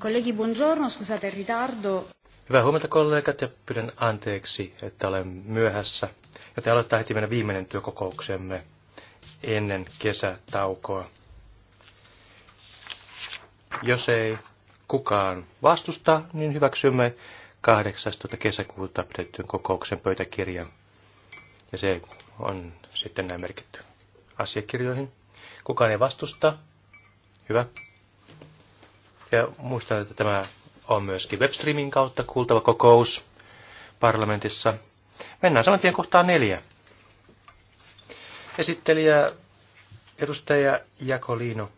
Kollegi, buongiorno, scusate il ritardo. Hyvää huomenta kollegat ja pyydän anteeksi, että olen myöhässä. te aloittaa heti meidän viimeinen työkokouksemme ennen kesätaukoa. Jos ei kukaan vastusta, niin hyväksymme 18. kesäkuuta pidettyyn kokouksen pöytäkirjan. Ja se on sitten näin merkitty asiakirjoihin. Kukaan ei vastusta. Hyvä. Ja muistan, että tämä on myöskin webstreamin kautta kuultava kokous parlamentissa. Mennään saman tien kohtaan neljä. Esittelijä edustaja Jakoliino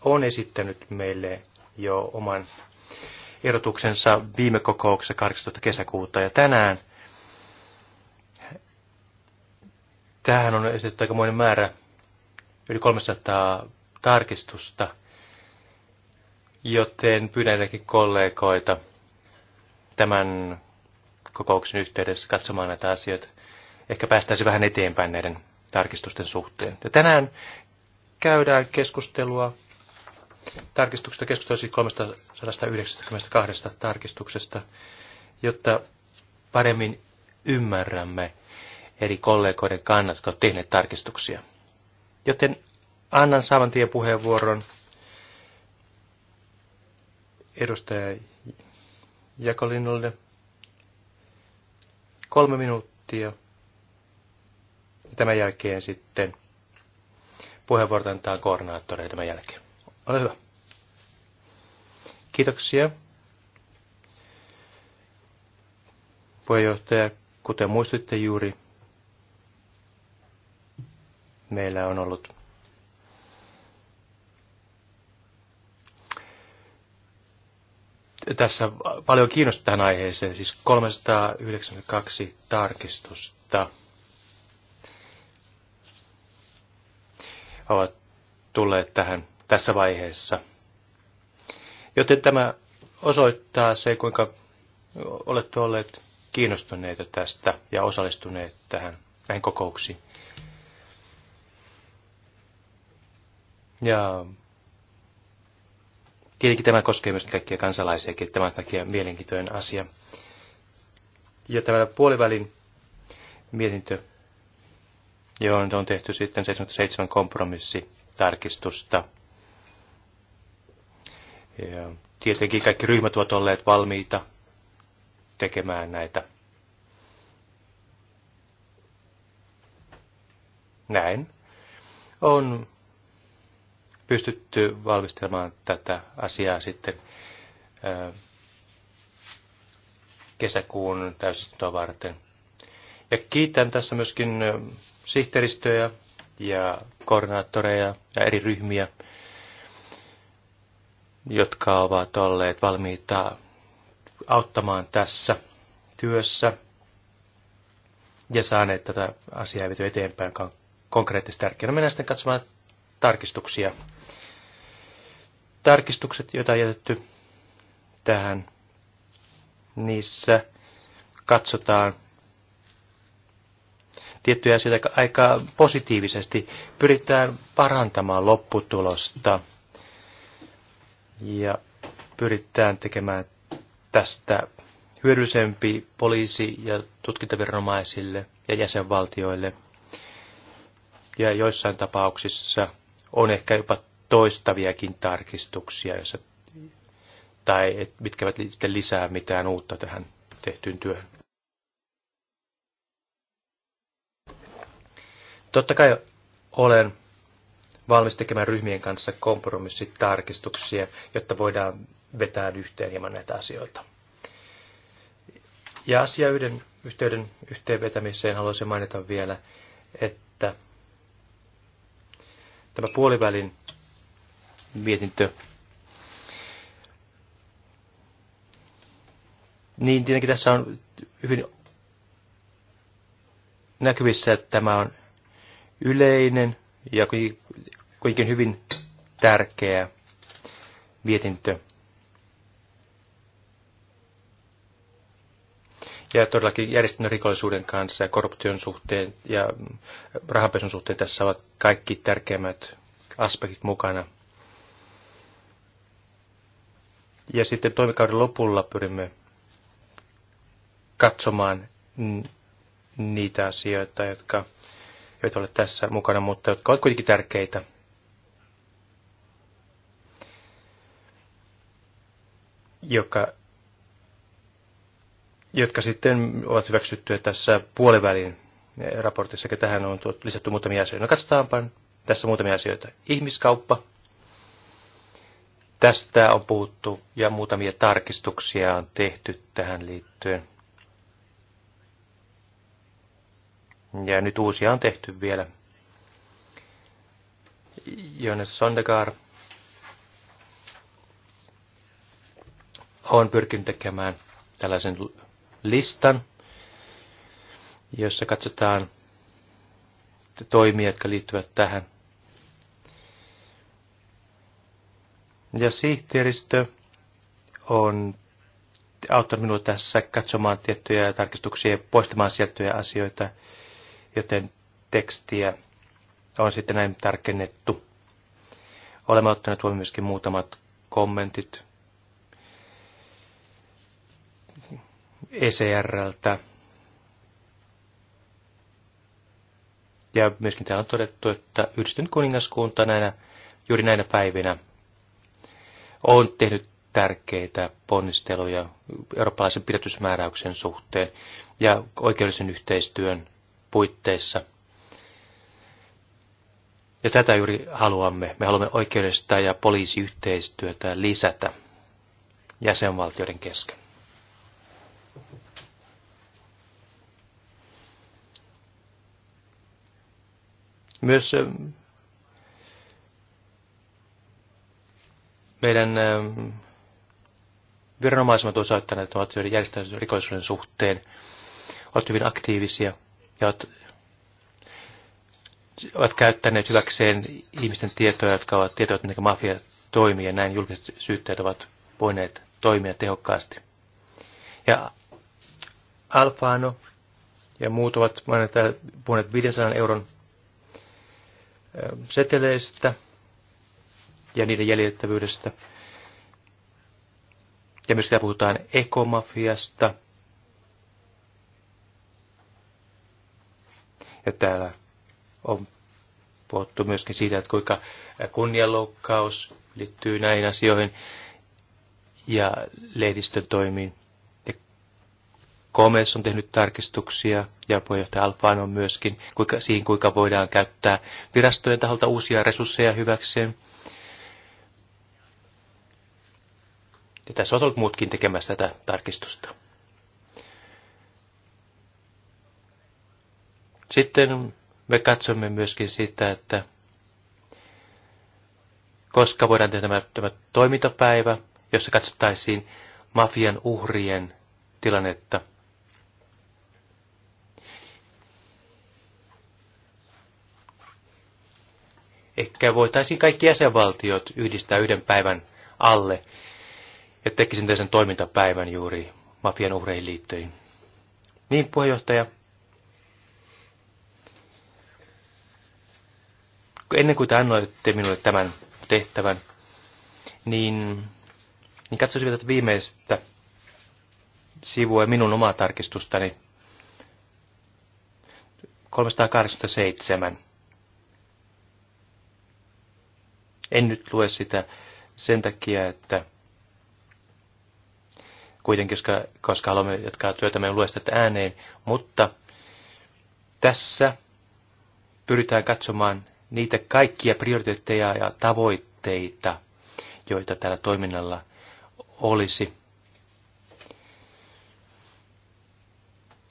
on esittänyt meille jo oman ehdotuksensa viime kokouksessa 18. kesäkuuta ja tänään tähän on esitetty aikamoinen määrä yli 300 tarkistusta – joten pyydän kollegoita tämän kokouksen yhteydessä katsomaan näitä asioita. Ehkä päästäisiin vähän eteenpäin näiden tarkistusten suhteen. Ja tänään käydään keskustelua tarkistuksesta, keskustelua 392 tarkistuksesta, jotta paremmin ymmärrämme eri kollegoiden kannat, jotka ovat tehneet tarkistuksia. Joten annan saman tien puheenvuoron edustaja Jakolinnolle kolme minuuttia. Tämän jälkeen sitten puheenvuorot antaa koordinaattoreille tämän jälkeen. Ole hyvä. Kiitoksia. Puheenjohtaja, kuten muistitte juuri, meillä on ollut tässä paljon kiinnosta tähän aiheeseen, siis 392 tarkistusta ovat tulleet tähän tässä vaiheessa. Joten tämä osoittaa se, kuinka olette olleet kiinnostuneita tästä ja osallistuneet tähän näihin kokouksiin. Ja Tietenkin tämä koskee myös kaikkia tämä tämän takia mielenkiintoinen asia. Ja tämä puolivälin mietintö, johon on tehty sitten 77 kompromissitarkistusta. Ja tietenkin kaikki ryhmät ovat olleet valmiita tekemään näitä. Näin. On pystytty valmistelemaan tätä asiaa sitten kesäkuun täysistuntoa varten. Ja kiitän tässä myöskin sihteeristöjä ja koordinaattoreja ja eri ryhmiä, jotka ovat olleet valmiita auttamaan tässä työssä ja saaneet tätä asiaa joka on konkreettisesti tärkeänä. No, mennään sitten katsomaan tarkistuksia. Tarkistukset, joita on jätetty tähän, niissä katsotaan tiettyjä asioita aika positiivisesti. Pyritään parantamaan lopputulosta ja pyritään tekemään tästä hyödyllisempi poliisi- ja tutkintaviranomaisille ja jäsenvaltioille. Ja joissain tapauksissa on ehkä jopa toistaviakin tarkistuksia, jossa, tai et, mitkä eivät sitten lisää mitään uutta tähän tehtyyn työhön. Totta kai olen valmis tekemään ryhmien kanssa kompromissitarkistuksia, jotta voidaan vetää yhteen hieman näitä asioita. Ja asia yhden yhteyden yhteenvetämiseen haluaisin mainita vielä, että tämä puolivälin mietintö, niin tietenkin tässä on hyvin näkyvissä, että tämä on yleinen ja kuitenkin hyvin tärkeä mietintö. ja todellakin järjestetyn rikollisuuden kanssa ja korruption suhteen ja rahanpesun suhteen tässä ovat kaikki tärkeimmät aspektit mukana. Ja sitten toimikauden lopulla pyrimme katsomaan niitä asioita, jotka eivät ole tässä mukana, mutta jotka ovat kuitenkin tärkeitä. Joka jotka sitten ovat hyväksyttyä tässä puolivälin raportissa, ja tähän on lisätty muutamia asioita. No katsotaanpa tässä muutamia asioita. Ihmiskauppa. Tästä on puhuttu ja muutamia tarkistuksia on tehty tähän liittyen. Ja nyt uusia on tehty vielä. Jonas Sondegar on pyrkinyt tekemään tällaisen listan, jossa katsotaan toimia, jotka liittyvät tähän. Ja sihteeristö on auttanut minua tässä katsomaan tiettyjä tarkistuksia ja poistamaan sieltä asioita, joten tekstiä on sitten näin tarkennettu. Olemme ottaneet huomioon myöskin muutamat kommentit ECRltä. Ja myöskin täällä on todettu, että yhdistynyt kuningaskunta näinä, juuri näinä päivinä on tehnyt tärkeitä ponnisteluja eurooppalaisen pidätysmääräyksen suhteen ja oikeudellisen yhteistyön puitteissa. Ja tätä juuri haluamme. Me haluamme oikeudellista ja poliisiyhteistyötä lisätä jäsenvaltioiden kesken. Myös meidän viranomaisemme osoittaneet ovat järjestäneet rikollisuuden suhteen, ovat hyvin aktiivisia ja ovat, ovat käyttäneet hyväkseen ihmisten tietoja, jotka ovat tietoja, miten mafia toimii ja näin julkiset syytteet ovat voineet toimia tehokkaasti. Ja Alfano ja muut ovat puhuneet 500 euron seteleistä ja niiden jäljitettävyydestä. Ja myös täällä puhutaan ekomafiasta. Ja täällä on puhuttu myöskin siitä, että kuinka kunnianloukkaus liittyy näihin asioihin ja lehdistön toimiin. Gomez on tehnyt tarkistuksia ja puheenjohtaja Alfano on myöskin kuinka, siihen, kuinka voidaan käyttää virastojen taholta uusia resursseja hyväkseen. Ja tässä on ollut muutkin tekemässä tätä tarkistusta. Sitten me katsomme myöskin sitä, että koska voidaan tehdä tämä, tämä toimintapäivä, jossa katsottaisiin mafian uhrien tilannetta – Ehkä voitaisiin kaikki jäsenvaltiot yhdistää yhden päivän alle ja tekisin sen toimintapäivän juuri mafian uhreihin liittyen. Niin, puheenjohtaja. Ennen kuin te annoitte minulle tämän tehtävän, niin, niin katsoisin vielä viimeistä sivua ja minun omaa tarkistustani. 387. En nyt lue sitä sen takia, että kuitenkin, koska, koska haluamme jatkaa työtä, me lue sitä ääneen, mutta tässä pyritään katsomaan niitä kaikkia prioriteetteja ja tavoitteita, joita tällä toiminnalla olisi.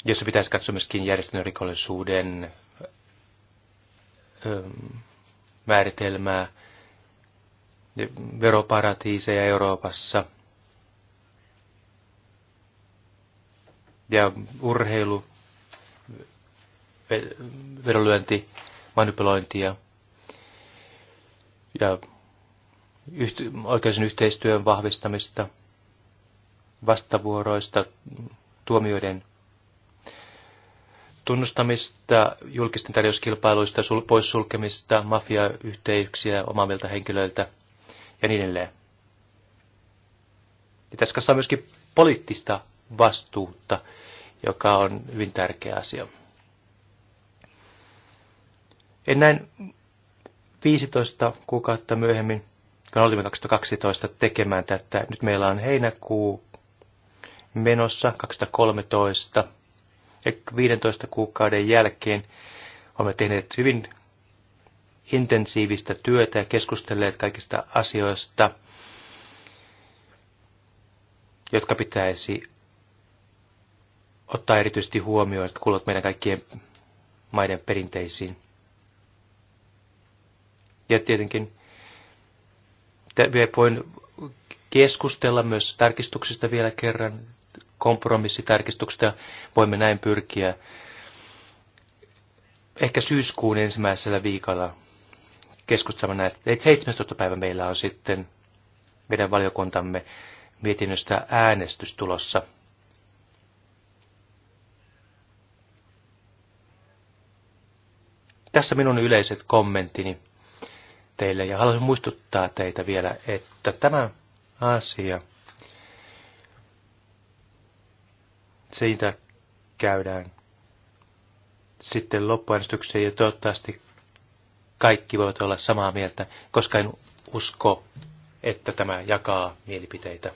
Jos pitäisi katsoa myöskin järjestön rikollisuuden määritelmää veroparatiiseja Euroopassa. Ja urheilu, vedonlyönti, manipulointia ja yhty, oikeisen yhteistyön vahvistamista, vastavuoroista, tuomioiden tunnustamista, julkisten tarjouskilpailuista sul, poissulkemista, mafiayhteyksiä omavilta henkilöiltä – ja niin edelleen. Ja tässä kasvaa myöskin poliittista vastuutta, joka on hyvin tärkeä asia. En näin 15 kuukautta myöhemmin, kun olimme 2012 tekemään tätä, nyt meillä on heinäkuu menossa 2013, ja 15 kuukauden jälkeen olemme tehneet hyvin intensiivistä työtä ja keskustelleet kaikista asioista, jotka pitäisi ottaa erityisesti huomioon, että kuuluvat meidän kaikkien maiden perinteisiin. Ja tietenkin voin keskustella myös tarkistuksista vielä kerran, kompromissitarkistuksista. Voimme näin pyrkiä ehkä syyskuun ensimmäisellä viikolla keskustelemme näistä. 17. päivä meillä on sitten meidän valiokuntamme mietinnöstä äänestystulossa. Tässä minun yleiset kommenttini teille ja haluaisin muistuttaa teitä vielä, että tämä asia, siitä käydään sitten loppuäänestykseen ja toivottavasti kaikki voivat olla samaa mieltä, koska en usko, että tämä jakaa mielipiteitä.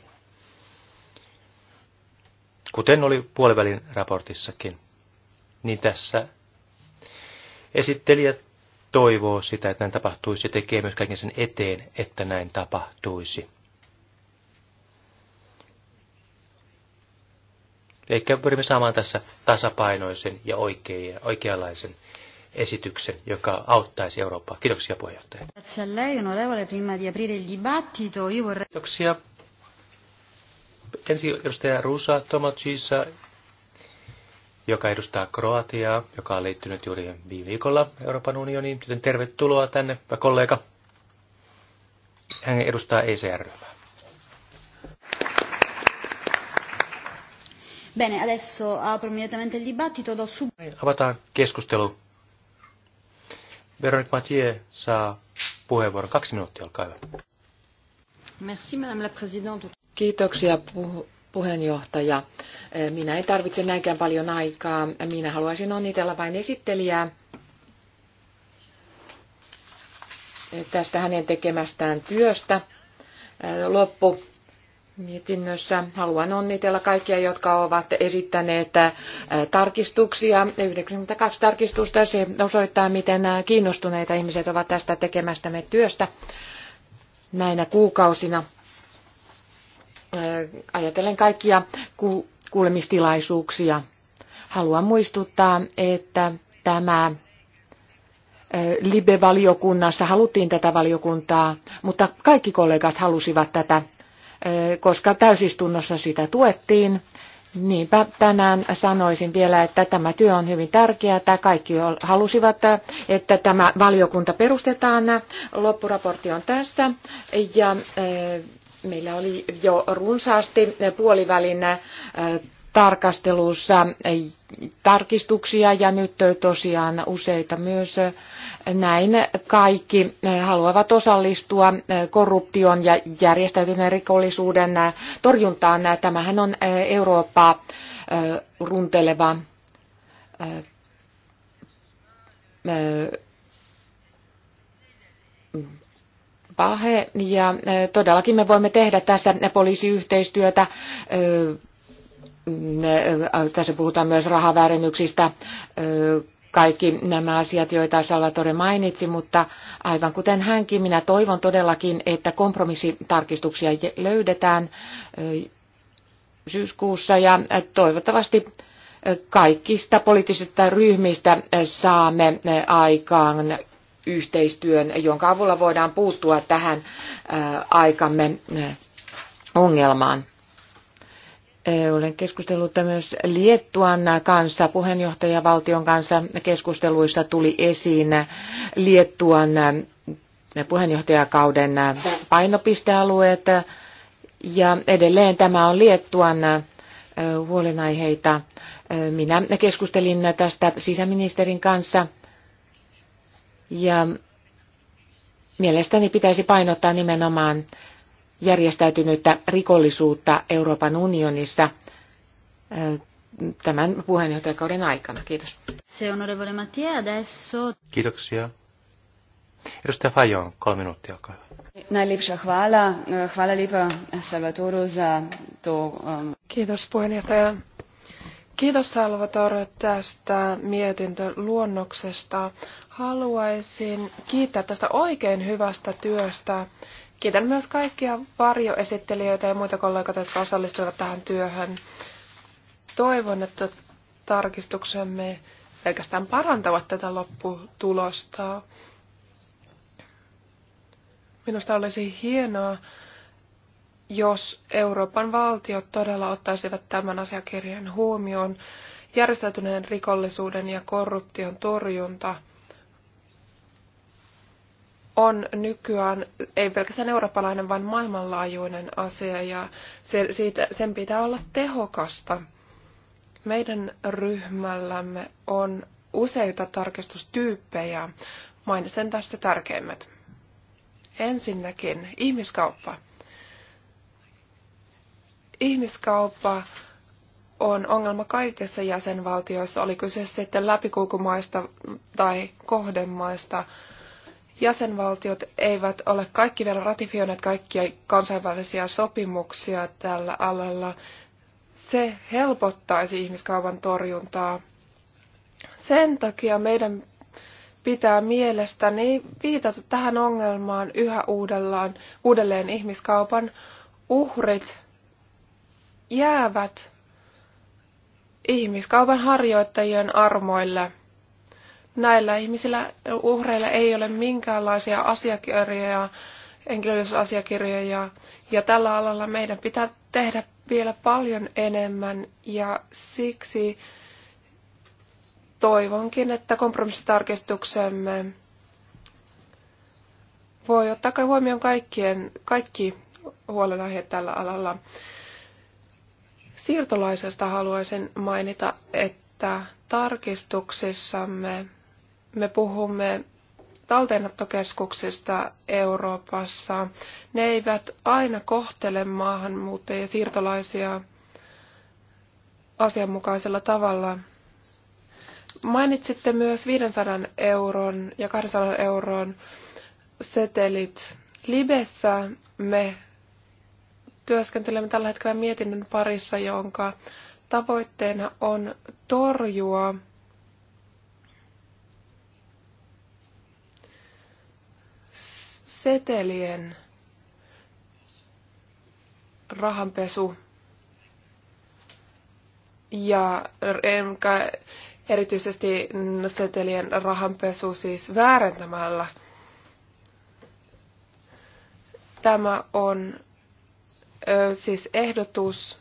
Kuten oli puolivälin raportissakin, niin tässä esittelijät toivoo sitä, että näin tapahtuisi ja tekee myös kaiken sen eteen, että näin tapahtuisi. Eli pyrimme saamaan tässä tasapainoisen ja oikean, oikeanlaisen esityksen, joka auttaisi Eurooppaa. Kiitoksia puheenjohtaja. Kiitoksia. Ensin edustaja Rusa Tomacisa, joka edustaa Kroatiaa, joka on liittynyt juuri viime viikolla Euroopan unioniin. Joten tervetuloa tänne, kollega. Hän edustaa ECR-ryhmää. Bene, adesso apro immediatamente il dibattito. Do sub... Avataan keskustelu Véronique Mathieu saa puheenvuoron. Kaksi minuuttia, olkaa hyvä. Merci, madame la présidente. Kiitoksia puh- puheenjohtaja. Eh, minä en tarvitse näinkään paljon aikaa. Minä haluaisin onnitella vain esittelijää eh, tästä hänen tekemästään työstä. Eh, loppu mietinnössä. Haluan onnitella kaikkia, jotka ovat esittäneet äh, tarkistuksia. 92 tarkistusta se osoittaa, miten äh, kiinnostuneita ihmiset ovat tästä tekemästämme työstä näinä kuukausina. Äh, ajatellen kaikkia kuulemistilaisuuksia. Haluan muistuttaa, että tämä Libe-valiokunnassa haluttiin tätä valiokuntaa, mutta kaikki kollegat halusivat tätä koska täysistunnossa sitä tuettiin. Niinpä tänään sanoisin vielä, että tämä työ on hyvin tärkeää. kaikki halusivat, että tämä valiokunta perustetaan. Loppuraportti on tässä. Ja meillä oli jo runsaasti puolivälin tarkastelussa tarkistuksia ja nyt tosiaan useita myös. Näin kaikki haluavat osallistua korruption ja järjestäytyneen rikollisuuden torjuntaan. Tämähän on Eurooppaa runteleva pahe ja todellakin me voimme tehdä tässä poliisiyhteistyötä Äh, tässä puhutaan myös rahaväärennyksistä, äh, kaikki nämä asiat, joita Salvatore mainitsi, mutta aivan kuten hänkin, minä toivon todellakin, että kompromissitarkistuksia löydetään äh, syyskuussa ja toivottavasti kaikista poliittisista ryhmistä saamme aikaan yhteistyön, jonka avulla voidaan puuttua tähän aikamme ongelmaan. Eh, olen keskustellut myös Liettuan kanssa, puheenjohtajavaltion kanssa keskusteluissa tuli esiin Liettuan eh, puheenjohtajakauden eh, painopistealueet. Ja edelleen tämä on Liettuan huolenaiheita. Minä keskustelin tästä sisäministerin kanssa ja mielestäni pitäisi painottaa nimenomaan järjestäytynyttä rikollisuutta Euroopan unionissa tämän puheenjohtajakauden aikana. Kiitos. Se on Mattia adesso. Kiitoksia. Edustaja Fajon, kolme minuuttia, olkaa hyvä. Najlepša hvala. E, hvala lipa Salvatoru za to. E, Kiitos puheenjohtaja. Kiitos Salvator tästä mietintöluonnoksesta. Haluaisin kiittää tästä oikein hyvästä työstä. Kiitän myös kaikkia varjoesittelijöitä ja muita kollegoita, jotka osallistuivat tähän työhön. Toivon, että tarkistuksemme pelkästään parantavat tätä lopputulosta. Minusta olisi hienoa, jos Euroopan valtiot todella ottaisivat tämän asiakirjan huomioon. Järjestäytyneen rikollisuuden ja korruption torjunta – on nykyään ei pelkästään eurooppalainen, vaan maailmanlaajuinen asia ja se, siitä, sen pitää olla tehokasta. Meidän ryhmällämme on useita tarkistustyyppejä. Mainitsen tässä tärkeimmät. Ensinnäkin ihmiskauppa. Ihmiskauppa on ongelma kaikissa jäsenvaltioissa, oli kyse sitten läpikulkumaista tai kohdemaista jäsenvaltiot eivät ole kaikki vielä ratifioineet kaikkia kansainvälisiä sopimuksia tällä alalla. Se helpottaisi ihmiskaupan torjuntaa. Sen takia meidän pitää mielestäni viitata tähän ongelmaan yhä uudellaan, uudelleen ihmiskaupan uhrit jäävät ihmiskaupan harjoittajien armoille. Näillä ihmisillä, uhreilla ei ole minkäänlaisia asiakirjoja, henkilöllisyysasiakirjoja, ja tällä alalla meidän pitää tehdä vielä paljon enemmän, ja siksi toivonkin, että kompromissitarkistuksemme voi ottaa kai huomioon kaikkien, kaikki huolenaiheet tällä alalla. Siirtolaisesta haluaisin mainita, että tarkistuksissamme me puhumme talteenottokeskuksista Euroopassa. Ne eivät aina kohtele maahanmuuttajia ja siirtolaisia asianmukaisella tavalla. Mainitsitte myös 500 euron ja 200 euron setelit. Libessä me työskentelemme tällä hetkellä mietinnön parissa, jonka tavoitteena on torjua setelien rahanpesu ja erityisesti setelien rahanpesu siis väärentämällä. Tämä on siis ehdotus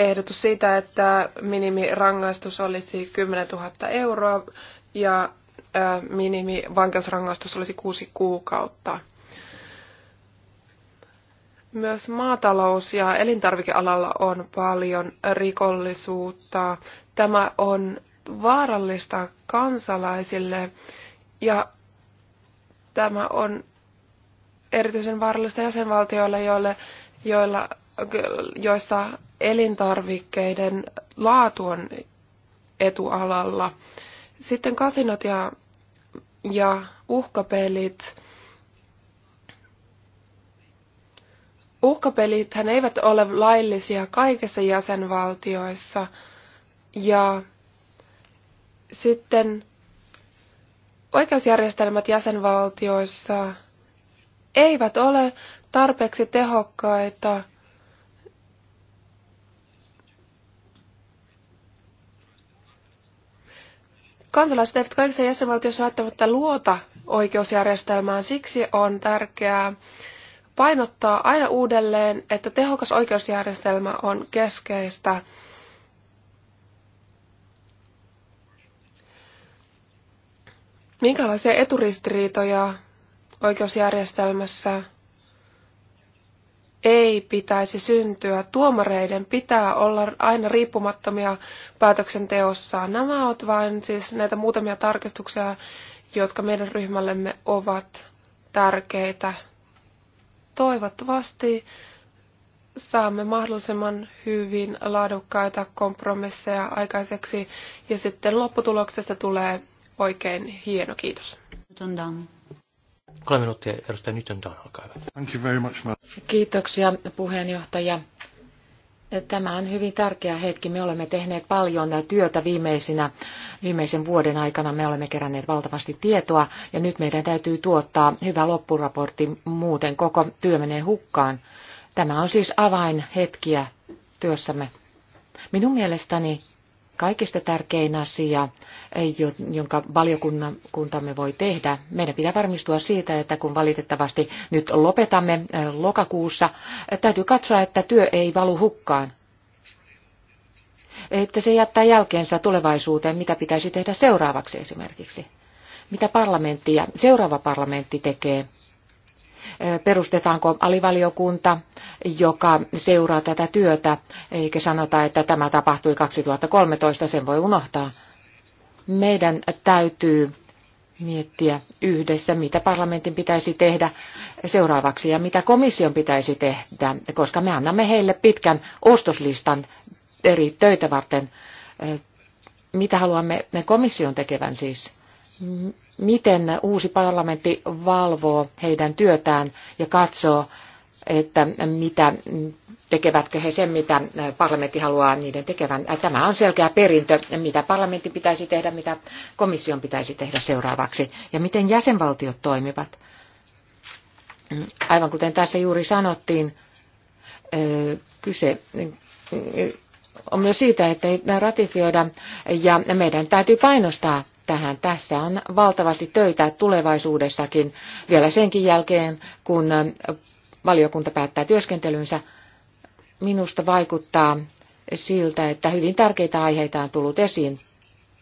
ehdotus siitä, että minimirangaistus olisi 10 000 euroa ja minimivankeusrangaistus olisi kuusi kuukautta. Myös maatalous- ja elintarvikealalla on paljon rikollisuutta. Tämä on vaarallista kansalaisille ja tämä on erityisen vaarallista jäsenvaltioille, joille, joilla, joissa elintarvikkeiden laatu on etualalla. Sitten kasinot ja, ja uhkapelit. Uhkapelit eivät ole laillisia kaikissa jäsenvaltioissa. Ja sitten oikeusjärjestelmät jäsenvaltioissa eivät ole tarpeeksi tehokkaita – Kansalaiset eivät kaikissa jäsenvaltioissa välttämättä luota oikeusjärjestelmään, siksi on tärkeää painottaa aina uudelleen, että tehokas oikeusjärjestelmä on keskeistä. Minkälaisia eturistiriitoja oikeusjärjestelmässä ei pitäisi syntyä. Tuomareiden pitää olla aina riippumattomia päätöksenteossaan. Nämä ovat vain siis näitä muutamia tarkistuksia, jotka meidän ryhmällemme ovat tärkeitä. Toivottavasti saamme mahdollisimman hyvin laadukkaita kompromisseja aikaiseksi ja sitten lopputuloksesta tulee oikein hieno kiitos. Tundan. Kolme minuuttia, edustaja Nytöntaan, olkaa hyvä. Thank you very much, Kiitoksia puheenjohtaja. Tämä on hyvin tärkeä hetki. Me olemme tehneet paljon työtä viimeisinä, viimeisen vuoden aikana. Me olemme keränneet valtavasti tietoa ja nyt meidän täytyy tuottaa hyvä loppuraportti. Muuten koko työ menee hukkaan. Tämä on siis avainhetkiä työssämme. Minun mielestäni kaikista tärkein asia, eh, jonka valiokuntamme voi tehdä. Meidän pitää varmistua siitä, että kun valitettavasti nyt lopetamme eh, lokakuussa, eh, täytyy katsoa, että työ ei valu hukkaan. Että se jättää jälkeensä tulevaisuuteen, mitä pitäisi tehdä seuraavaksi esimerkiksi. Mitä parlamentti ja seuraava parlamentti tekee perustetaanko alivaliokunta, joka seuraa tätä työtä, eikä sanota, että tämä tapahtui 2013, sen voi unohtaa. Meidän täytyy miettiä yhdessä, mitä parlamentin pitäisi tehdä seuraavaksi ja mitä komission pitäisi tehdä, koska me annamme heille pitkän ostoslistan eri töitä varten, mitä haluamme komission tekevän siis miten uusi parlamentti valvoo heidän työtään ja katsoo, että mitä, tekevätkö he sen, mitä parlamentti haluaa niiden tekevän. Tämä on selkeä perintö, mitä parlamentti pitäisi tehdä, mitä komission pitäisi tehdä seuraavaksi ja miten jäsenvaltiot toimivat. Aivan kuten tässä juuri sanottiin, kyse on myös siitä, että ei ratifioida ja meidän täytyy painostaa tähän. Tässä on valtavasti töitä tulevaisuudessakin vielä senkin jälkeen, kun valiokunta päättää työskentelynsä. Minusta vaikuttaa siltä, että hyvin tärkeitä aiheita on tullut esiin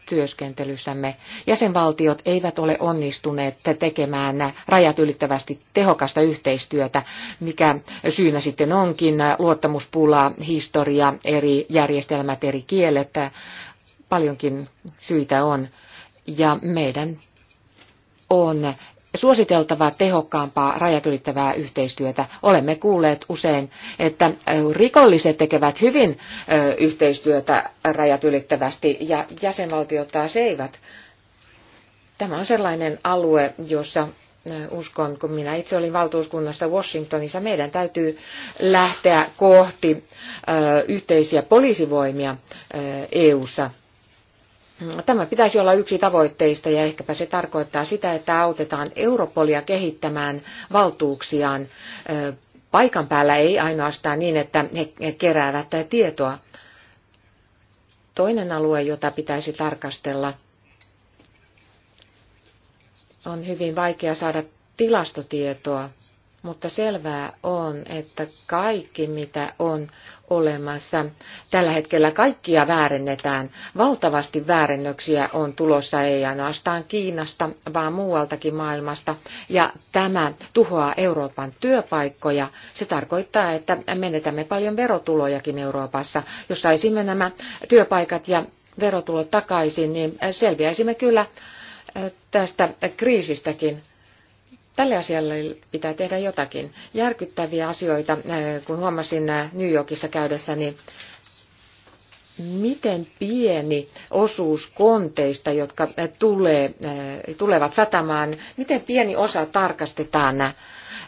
työskentelyssämme. Jäsenvaltiot eivät ole onnistuneet tekemään rajat ylittävästi tehokasta yhteistyötä, mikä syynä sitten onkin luottamuspula, historia, eri järjestelmät, eri kielet. Paljonkin syitä on ja meidän on suositeltavaa tehokkaampaa rajat ylittävää yhteistyötä. Olemme kuulleet usein, että rikolliset tekevät hyvin yhteistyötä rajat ylittävästi ja jäsenvaltiot taas eivät. Tämä on sellainen alue, jossa uskon, kun minä itse olin valtuuskunnassa Washingtonissa, meidän täytyy lähteä kohti yhteisiä poliisivoimia EU:ssa Tämä pitäisi olla yksi tavoitteista ja ehkäpä se tarkoittaa sitä, että autetaan Europolia kehittämään valtuuksiaan paikan päällä, ei ainoastaan niin, että he keräävät tietoa. Toinen alue, jota pitäisi tarkastella, on hyvin vaikea saada tilastotietoa mutta selvää on, että kaikki mitä on olemassa, tällä hetkellä kaikkia väärennetään. Valtavasti väärennöksiä on tulossa ei ainoastaan Kiinasta, vaan muualtakin maailmasta. Ja tämä tuhoaa Euroopan työpaikkoja. Se tarkoittaa, että menetämme paljon verotulojakin Euroopassa. Jos saisimme nämä työpaikat ja verotulot takaisin, niin selviäisimme kyllä tästä kriisistäkin Tälle asialle pitää tehdä jotakin. Järkyttäviä asioita, äh, kun huomasin äh, New Yorkissa käydessäni, miten pieni osuus konteista, jotka äh, tulee, tulevat satamaan, miten pieni osa tarkastetaan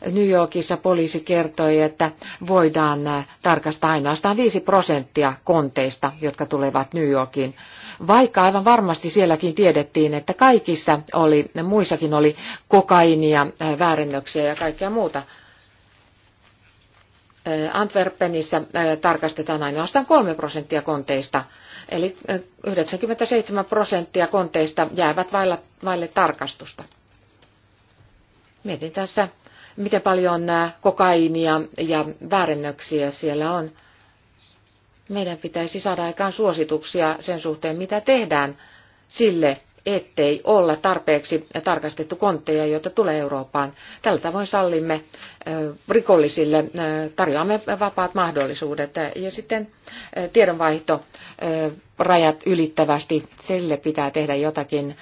New Yorkissa poliisi kertoi, että voidaan äh, tarkastaa ainoastaan 5 prosenttia konteista, jotka tulevat New Yorkiin. Vaikka aivan varmasti sielläkin tiedettiin, että kaikissa oli, muissakin oli kokainia, äh, väärennöksiä ja kaikkea muuta. Äh, Antwerpenissä tarkastetaan ainoastaan 3 prosenttia konteista, eli 97 prosenttia konteista jäävät vailla, vaille tarkastusta. Mietin tässä miten paljon äh, kokainia ja väärennöksiä siellä on. Meidän pitäisi saada aikaan suosituksia sen suhteen, mitä tehdään sille, ettei olla tarpeeksi tarkastettu kontteja, joita tulee Eurooppaan. Tällä tavoin sallimme äh, rikollisille, äh, tarjoamme vapaat mahdollisuudet. Ja sitten tiedonvaihto rajat ylittävästi, sille pitää tehdä jotakin.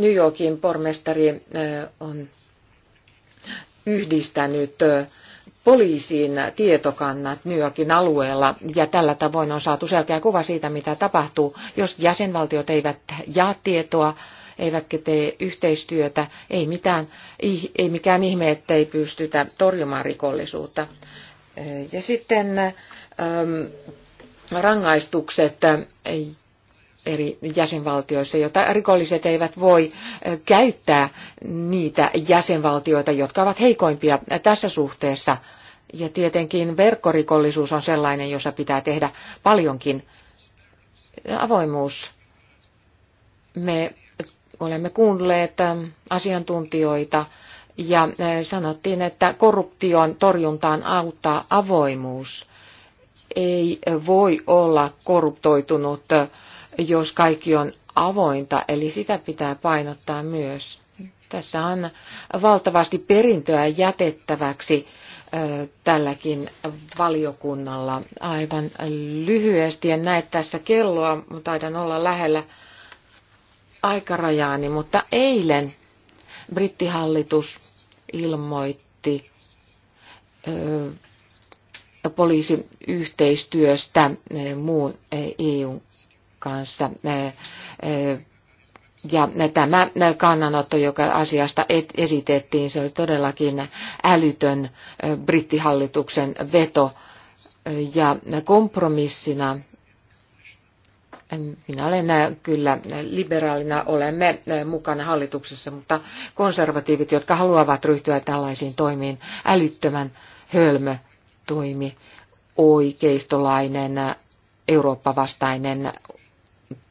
New Yorkin pormestari on yhdistänyt poliisin tietokannat New Yorkin alueella ja tällä tavoin on saatu selkeä kuva siitä, mitä tapahtuu, jos jäsenvaltiot eivät jaa tietoa, eivätkä tee yhteistyötä, ei, mitään, ei mikään ihme, ettei pystytä torjumaan rikollisuutta. Ja sitten ähm, rangaistukset eri jäsenvaltioissa, jotta rikolliset eivät voi käyttää niitä jäsenvaltioita, jotka ovat heikoimpia tässä suhteessa. Ja tietenkin verkkorikollisuus on sellainen, jossa pitää tehdä paljonkin avoimuus. Me olemme kuunnelleet asiantuntijoita ja sanottiin, että korruption torjuntaan auttaa avoimuus. Ei voi olla korruptoitunut jos kaikki on avointa, eli sitä pitää painottaa myös. Tässä on valtavasti perintöä jätettäväksi tälläkin valiokunnalla. Aivan lyhyesti, en näe tässä kelloa, taidan olla lähellä aikarajaani, mutta eilen brittihallitus ilmoitti poliisiyhteistyöstä muun EUn kanssa. Ja tämä kannanotto, joka asiasta esitettiin, se oli todellakin älytön brittihallituksen veto. Ja kompromissina, minä olen kyllä liberaalina, olemme mukana hallituksessa, mutta konservatiivit, jotka haluavat ryhtyä tällaisiin toimiin, älyttömän hölmö toimi, oikeistolainen, Eurooppa-vastainen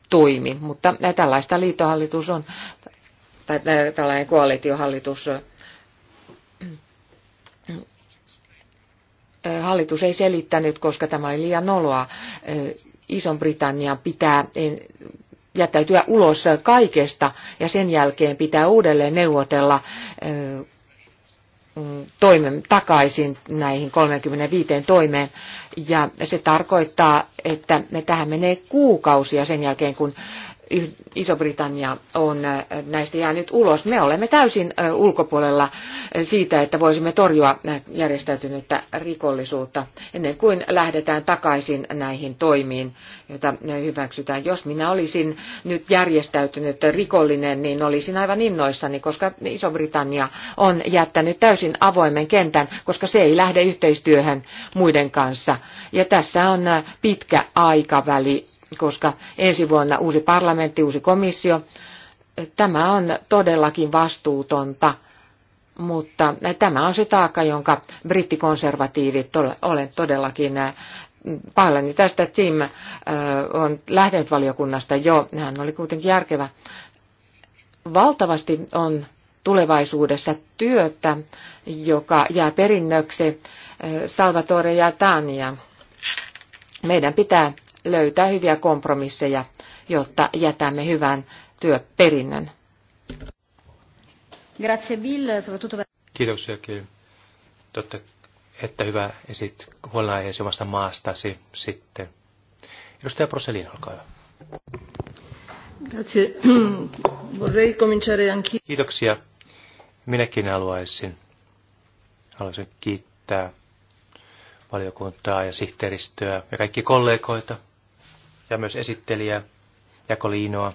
toimi, mutta tällaista liittohallitus on, tai tällainen koalitiohallitus Hallitus ei selittänyt, koska tämä oli liian noloa. Ison-Britannian pitää jättäytyä ulos kaikesta ja sen jälkeen pitää uudelleen neuvotella Mm, toimen takaisin näihin 35 toimeen. Ja se tarkoittaa, että tähän menee kuukausia sen jälkeen, kun Iso-Britannia on äh, näistä jäänyt ulos. Me olemme täysin äh, ulkopuolella äh, siitä, että voisimme torjua järjestäytynyttä rikollisuutta ennen kuin lähdetään takaisin näihin toimiin, joita hyväksytään. Jos minä olisin nyt järjestäytynyt rikollinen, niin olisin aivan innoissani, koska Iso-Britannia on jättänyt täysin avoimen kentän, koska se ei lähde yhteistyöhön muiden kanssa. Ja tässä on pitkä aikaväli koska ensi vuonna uusi parlamentti, uusi komissio. Tämä on todellakin vastuutonta, mutta tämä on se taakka, jonka brittikonservatiivit, olen todellakin äh, pahoillani tästä, Tim äh, on lähtenyt valiokunnasta jo, hän oli kuitenkin järkevä. Valtavasti on tulevaisuudessa työtä, joka jää perinnöksi äh, Salvatore ja Tania. Meidän pitää löytää hyviä kompromisseja, jotta jätämme hyvän työperinnön. Grazie mille, soprattutto... Kiitoksia, Totta, että hyvä esit huolenaiheesi omasta maastasi sitten. Edustaja Proselin, olkaa hyvä. Grazie. Vorrei cominciare Kiitoksia. Minäkin haluaisin, haluaisin kiittää valiokuntaa ja sihteeristöä ja kaikki kollegoita ja myös esittelijä Jakoliinoa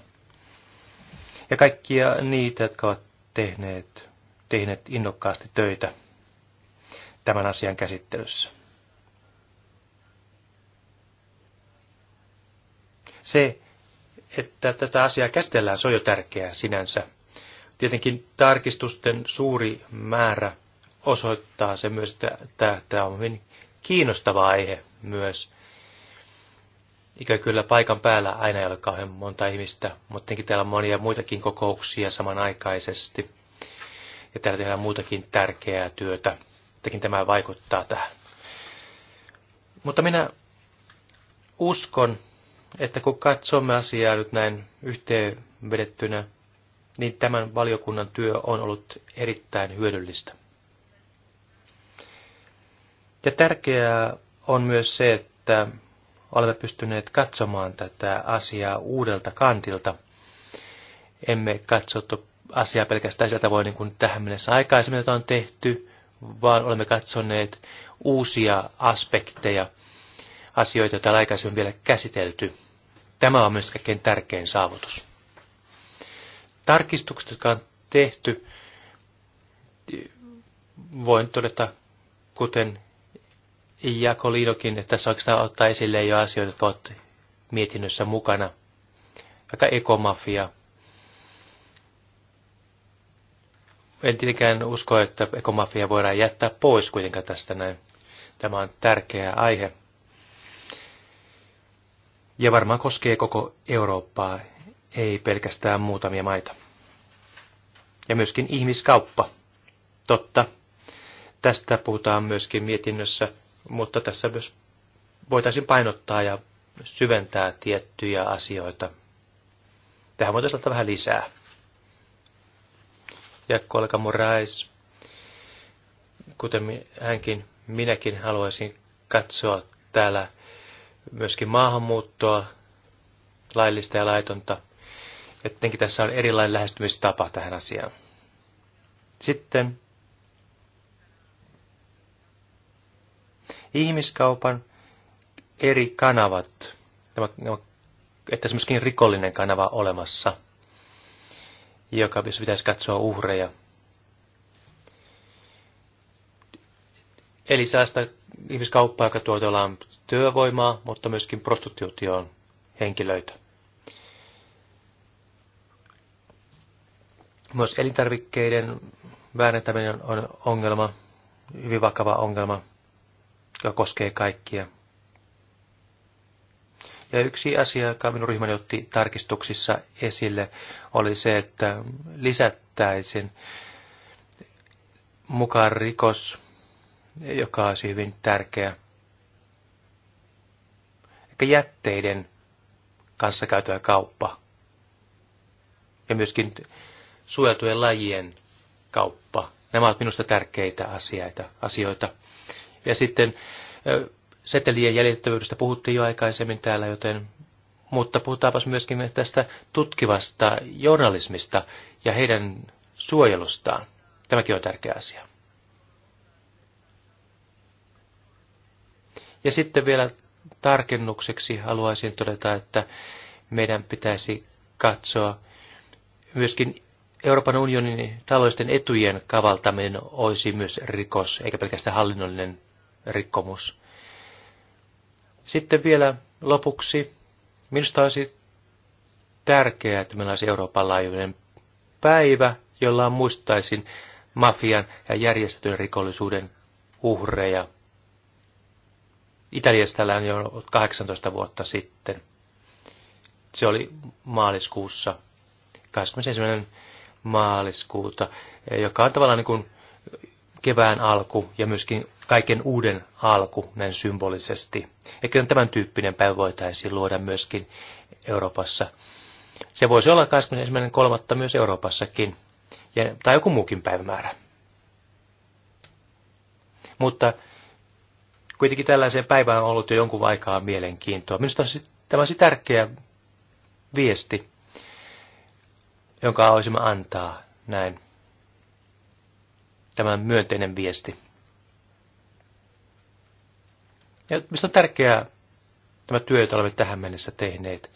ja kaikkia niitä, jotka ovat tehneet, tehneet innokkaasti töitä tämän asian käsittelyssä. Se, että tätä asiaa käsitellään, se on jo tärkeää sinänsä. Tietenkin tarkistusten suuri määrä osoittaa se myös, että tämä on hyvin kiinnostava aihe myös. Ikä kyllä paikan päällä aina ei ole kauhean monta ihmistä, mutta täällä on monia muitakin kokouksia samanaikaisesti. Ja täällä tehdään muutakin tärkeää työtä. Tekin tämä vaikuttaa tähän. Mutta minä uskon, että kun katsomme asiaa nyt näin yhteenvedettynä, niin tämän valiokunnan työ on ollut erittäin hyödyllistä. Ja tärkeää on myös se, että olemme pystyneet katsomaan tätä asiaa uudelta kantilta. Emme katsottu asiaa pelkästään sieltä voi niin kuin tähän mennessä aikaisemmin, jota on tehty, vaan olemme katsoneet uusia aspekteja, asioita, joita on vielä käsitelty. Tämä on myös kaikkein tärkein saavutus. Tarkistukset, jotka on tehty, voin todeta, kuten Jako Liidokin, että tässä oikeastaan ottaa esille jo asioita, jotka olet mietinnössä mukana. Aika ekomafia. En tietenkään usko, että ekomafia voidaan jättää pois kuitenkaan tästä näin. Tämä on tärkeä aihe. Ja varmaan koskee koko Eurooppaa, ei pelkästään muutamia maita. Ja myöskin ihmiskauppa. Totta. Tästä puhutaan myöskin mietinnössä – mutta tässä myös voitaisiin painottaa ja syventää tiettyjä asioita. Tähän voitaisiin ottaa vähän lisää. Ja kollega Morais, kuten hänkin, minäkin haluaisin katsoa täällä myöskin maahanmuuttoa, laillista ja laitonta. Etenkin tässä on erilainen lähestymistapa tähän asiaan. Sitten ihmiskaupan eri kanavat, että se myöskin rikollinen kanava olemassa, joka pitäisi katsoa uhreja. Eli sellaista ihmiskauppaa, joka tuotellaan työvoimaa, mutta myöskin prostituutioon henkilöitä. Myös elintarvikkeiden väärentäminen on ongelma, hyvin vakava ongelma – joka koskee kaikkia. Ja yksi asia, joka minun ryhmäni otti tarkistuksissa esille, oli se, että lisättäisin mukaan rikos, joka olisi hyvin tärkeä. Ehkä jätteiden kanssa käytävä kauppa. Ja myöskin suojeltujen lajien kauppa. Nämä ovat minusta tärkeitä asioita. asioita. Ja sitten setelien jäljittävyydestä puhuttiin jo aikaisemmin täällä, joten, mutta puhutaanpas myöskin tästä tutkivasta journalismista ja heidän suojelustaan. Tämäkin on tärkeä asia. Ja sitten vielä tarkennukseksi haluaisin todeta, että meidän pitäisi katsoa myöskin Euroopan unionin taloudellisten etujen kavaltaminen olisi myös rikos, eikä pelkästään hallinnollinen rikkomus. Sitten vielä lopuksi, minusta olisi tärkeää, että meillä olisi Euroopan laajuinen päivä, jolla muistaisin mafian ja järjestetyn rikollisuuden uhreja. Italiassa tällä on jo 18 vuotta sitten. Se oli maaliskuussa, 21. maaliskuuta, joka on tavallaan niin kuin kevään alku ja myöskin kaiken uuden alku näin symbolisesti. Ehkä tämän tyyppinen päivä voitaisiin luoda myöskin Euroopassa. Se voisi olla 21.3. myös Euroopassakin, ja, tai joku muukin päivämäärä. Mutta kuitenkin tällaiseen päivään on ollut jo jonkun aikaa mielenkiintoa. Minusta on tämä on tärkeä viesti, jonka haluaisimme antaa näin tämän myönteinen viesti. Ja mistä on tärkeää tämä työ, jota olemme tähän mennessä tehneet.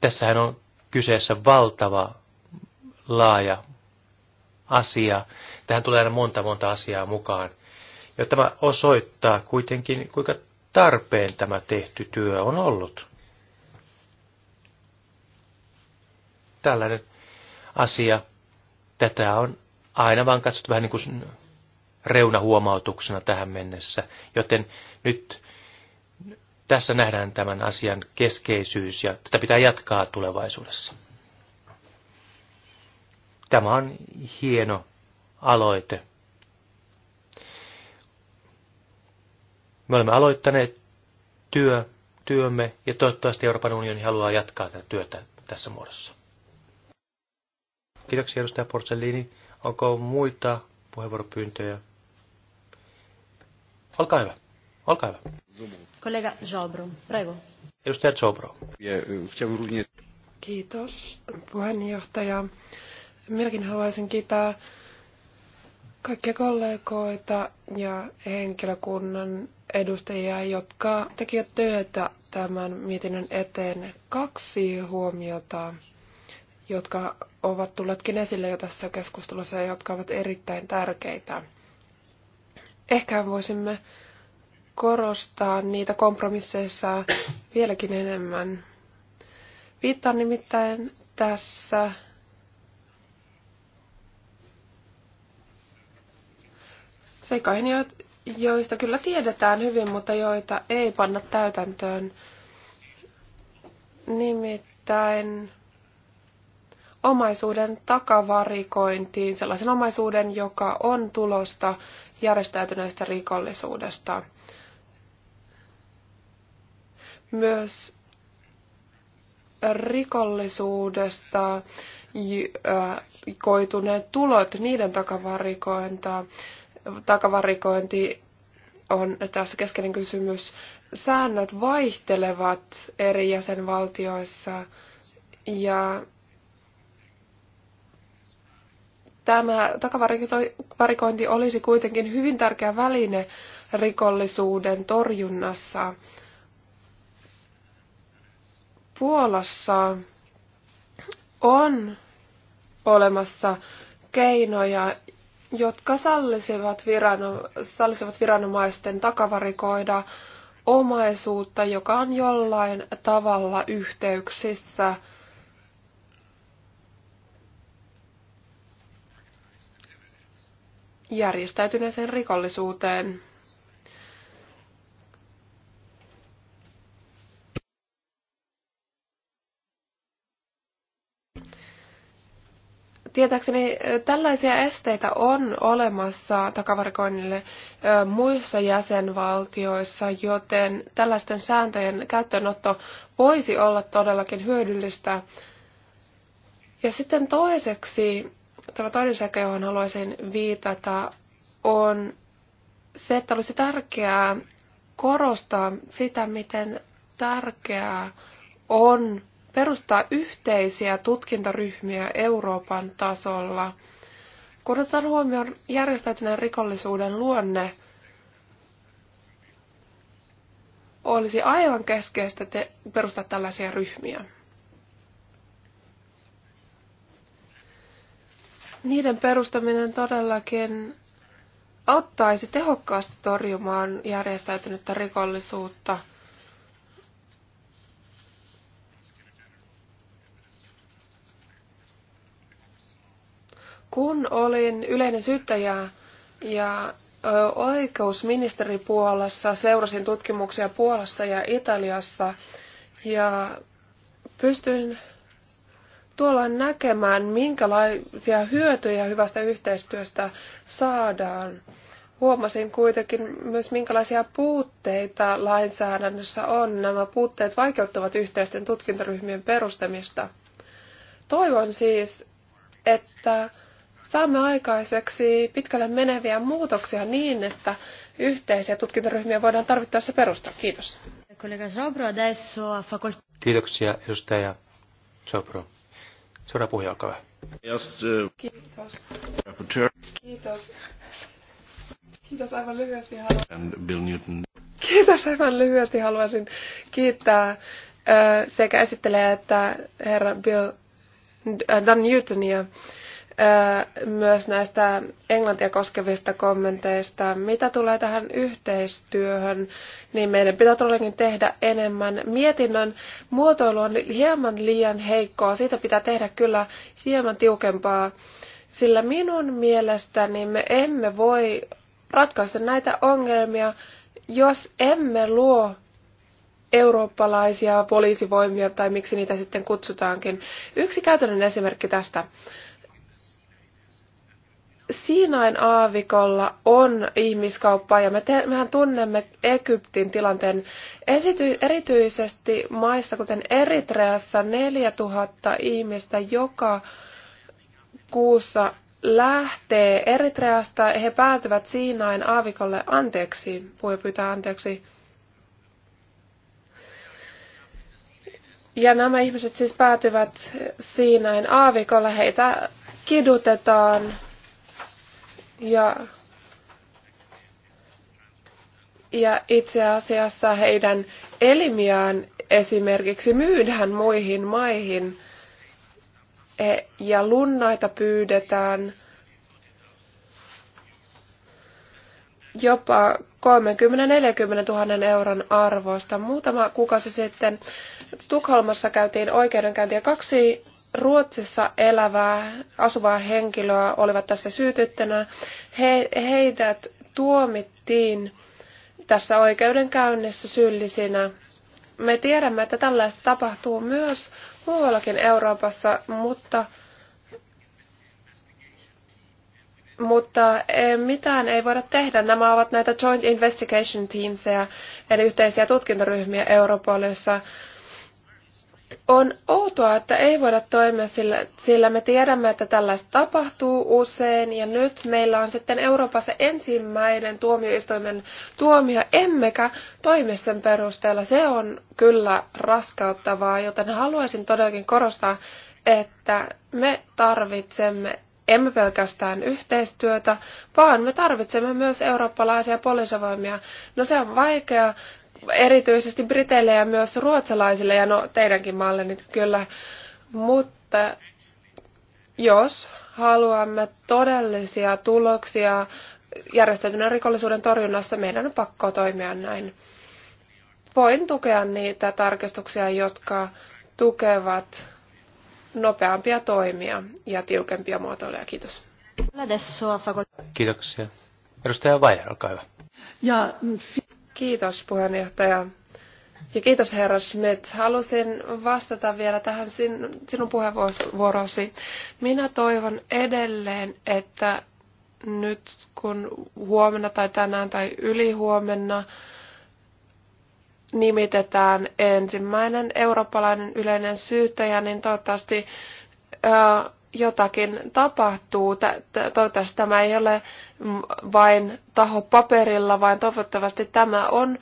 Tässähän on kyseessä valtava, laaja asia. Tähän tulee aina monta monta asiaa mukaan. Ja tämä osoittaa kuitenkin, kuinka tarpeen tämä tehty työ on ollut. Tällainen asia, tätä on aina vaan katsot vähän niin kuin reunahuomautuksena tähän mennessä. Joten nyt tässä nähdään tämän asian keskeisyys ja tätä pitää jatkaa tulevaisuudessa. Tämä on hieno aloite. Me olemme aloittaneet työ, työmme ja toivottavasti Euroopan unioni haluaa jatkaa tätä työtä tässä muodossa. Kiitoksia edustaja Porcellini. Onko muita puheenvuoropyyntöjä? Olkaa hyvä. Olkaa hyvä. Kollega Jobro, prego. Edustaja Jobro. Kiitos puheenjohtaja. Minäkin haluaisin kiittää kaikkia kollegoita ja henkilökunnan edustajia, jotka tekivät työtä tämän mietinnön eteen. Kaksi huomiota jotka ovat tulleetkin esille jo tässä keskustelussa ja jotka ovat erittäin tärkeitä. Ehkä voisimme korostaa niitä kompromisseissa vieläkin enemmän. Viittaan nimittäin tässä seikoihin, joista kyllä tiedetään hyvin, mutta joita ei panna täytäntöön. Nimittäin omaisuuden takavarikointiin, sellaisen omaisuuden, joka on tulosta järjestäytyneestä rikollisuudesta. Myös rikollisuudesta äh, koituneet tulot, niiden takavarikointa, takavarikointi on tässä keskeinen kysymys. Säännöt vaihtelevat eri jäsenvaltioissa ja Tämä takavarikointi olisi kuitenkin hyvin tärkeä väline rikollisuuden torjunnassa. Puolassa on olemassa keinoja, jotka sallisivat, virano, sallisivat viranomaisten takavarikoida omaisuutta, joka on jollain tavalla yhteyksissä järjestäytyneeseen rikollisuuteen. tietääkseni e, tällaisia esteitä on olemassa takavarikoinnille e, muissa jäsenvaltioissa, joten tällaisten sääntöjen käyttöönotto voisi olla todellakin hyödyllistä. Ja sitten toiseksi tämä toinen seikka, johon haluaisin viitata, on se, että olisi tärkeää korostaa sitä, miten tärkeää on perustaa yhteisiä tutkintaryhmiä Euroopan tasolla. Kun otetaan huomioon järjestäytyneen rikollisuuden luonne, olisi aivan keskeistä te- perustaa tällaisia ryhmiä. niiden perustaminen todellakin auttaisi tehokkaasti torjumaan järjestäytynyttä rikollisuutta. Kun olin yleinen syyttäjä ja oikeusministeri Puolassa, seurasin tutkimuksia Puolassa ja Italiassa ja pystyin tuolloin näkemään, minkälaisia hyötyjä hyvästä yhteistyöstä saadaan. Huomasin kuitenkin myös, minkälaisia puutteita lainsäädännössä on. Nämä puutteet vaikeuttavat yhteisten tutkintaryhmien perustamista. Toivon siis, että saamme aikaiseksi pitkälle meneviä muutoksia niin, että yhteisiä tutkintaryhmiä voidaan tarvittaessa perustaa. Kiitos. Kiitoksia edustaja Sopro. Suora puhe, olkaa hyvä. Uh, Kiitos. Kiitos. Kiitos aivan lyhyesti. Haluan... Kiitos aivan lyhyesti. Haluaisin kiittää sekä esittelee että herra Bill, äh, Dan Newtonia myös näistä englantia koskevista kommenteista. Mitä tulee tähän yhteistyöhön, niin meidän pitää todellakin tehdä enemmän. Mietinnön muotoilu on hieman liian heikkoa. Siitä pitää tehdä kyllä hieman tiukempaa, sillä minun mielestäni me emme voi ratkaista näitä ongelmia, jos emme luo eurooppalaisia poliisivoimia tai miksi niitä sitten kutsutaankin. Yksi käytännön esimerkki tästä. Siinain aavikolla on ihmiskauppaa ja me te, mehän tunnemme Egyptin tilanteen Esity, erityisesti maissa, kuten Eritreassa, 4000 ihmistä joka kuussa lähtee Eritreasta. He päätyvät Siinain aavikolle anteeksi, puhuja pyytää anteeksi. Ja nämä ihmiset siis päätyvät Siinain aavikolle, heitä kidutetaan, ja, ja itse asiassa heidän elimiään esimerkiksi myydään muihin maihin e, ja lunnaita pyydetään jopa 30-40 000 euron arvosta. Muutama kuukausi sitten Tukholmassa käytiin oikeudenkäyntiä. Kaksi Ruotsissa elävää asuvaa henkilöä olivat tässä syytettynä. He, heidät tuomittiin tässä oikeudenkäynnissä syyllisinä. Me tiedämme, että tällaista tapahtuu myös muuallakin Euroopassa, mutta, mutta eh, mitään ei voida tehdä. Nämä ovat näitä Joint Investigation Teamsia, eli yhteisiä tutkintaryhmiä Europolissa. On outoa, että ei voida toimia, sillä, sillä me tiedämme, että tällaista tapahtuu usein ja nyt meillä on sitten Euroopassa ensimmäinen tuomioistuimen tuomio, emmekä toimi sen perusteella. Se on kyllä raskauttavaa, joten haluaisin todellakin korostaa, että me tarvitsemme emme pelkästään yhteistyötä, vaan me tarvitsemme myös eurooppalaisia poliisivoimia. No se on vaikea erityisesti Briteille ja myös ruotsalaisille, ja no teidänkin maalle, nyt kyllä, mutta jos haluamme todellisia tuloksia järjestäytyneen rikollisuuden torjunnassa, meidän on pakko toimia näin. Voin tukea niitä tarkistuksia, jotka tukevat nopeampia toimia ja tiukempia muotoiluja. Kiitos. Kiitoksia. Edustaja Vajer, olkaa hyvä. Ja, Kiitos puheenjohtaja. Ja kiitos herra Schmidt. Halusin vastata vielä tähän sinun puheenvuorosi. Minä toivon edelleen, että nyt kun huomenna tai tänään tai ylihuomenna nimitetään ensimmäinen eurooppalainen yleinen syyttäjä, niin toivottavasti jotakin tapahtuu. Toivottavasti tämä ei ole vain taho paperilla, vaan toivottavasti tämä on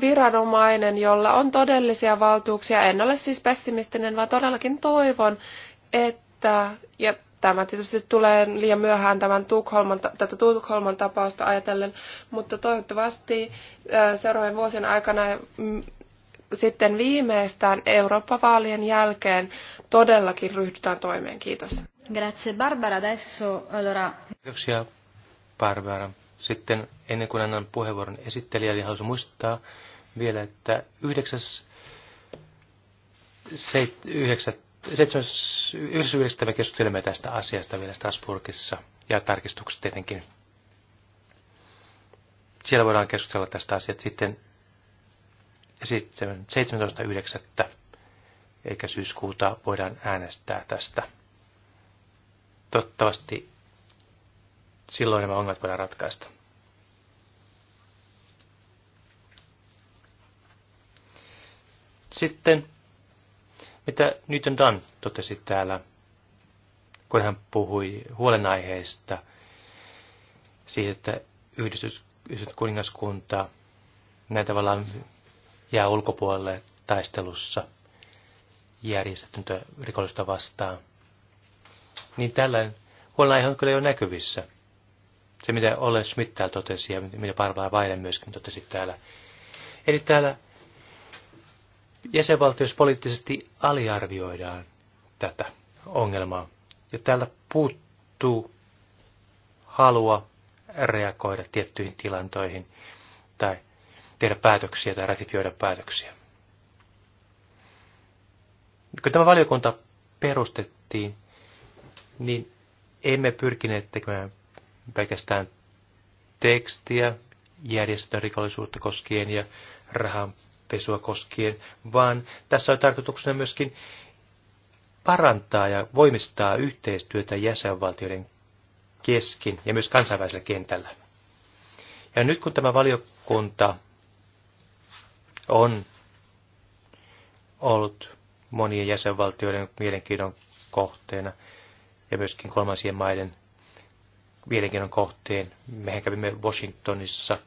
viranomainen, jolla on todellisia valtuuksia. En ole siis pessimistinen, vaan todellakin toivon, että, ja tämä tietysti tulee liian myöhään tämän Tukholman, tätä Tukholman tapausta ajatellen, mutta toivottavasti seuraavien vuosien aikana sitten viimeistään Eurooppa-vaalien jälkeen todellakin ryhdytään toimeen. Kiitos. Grazie Barbara. Adesso allora... Kiitoksia Barbara. Sitten ennen kuin annan puheenvuoron esittelijälle, niin haluaisin muistaa vielä, että 9.9. me keskustelemme tästä asiasta vielä Strasbourgissa ja tarkistukset tietenkin. Siellä voidaan keskustella tästä asiasta sitten 17.9. eikä syyskuuta voidaan äänestää tästä. Toivottavasti silloin nämä ongelmat voidaan ratkaista. Sitten, mitä Newton Dunn totesi täällä, kun hän puhui huolenaiheesta siitä, että yhdistys, yhdistys kuningaskunta näin tavallaan jää ulkopuolelle taistelussa järjestettyntä rikollista vastaan. Niin tällainen huolenaihe on kyllä jo näkyvissä – se, mitä Ole Schmidt täällä totesi ja mitä Barbara Vainen myöskin totesi täällä. Eli täällä jäsenvaltioissa poliittisesti aliarvioidaan tätä ongelmaa. Ja täällä puuttuu halua reagoida tiettyihin tilantoihin tai tehdä päätöksiä tai ratifioida päätöksiä. Kun tämä valiokunta perustettiin, niin emme pyrkineet tekemään pelkästään tekstiä järjestön rikollisuutta koskien ja rahanpesua koskien, vaan tässä on tarkoituksena myöskin parantaa ja voimistaa yhteistyötä jäsenvaltioiden kesken ja myös kansainvälisellä kentällä. Ja nyt kun tämä valiokunta on ollut monien jäsenvaltioiden mielenkiinnon kohteena ja myöskin kolmansien maiden mielenkiinnon kohteen. Mehän kävimme Washingtonissa.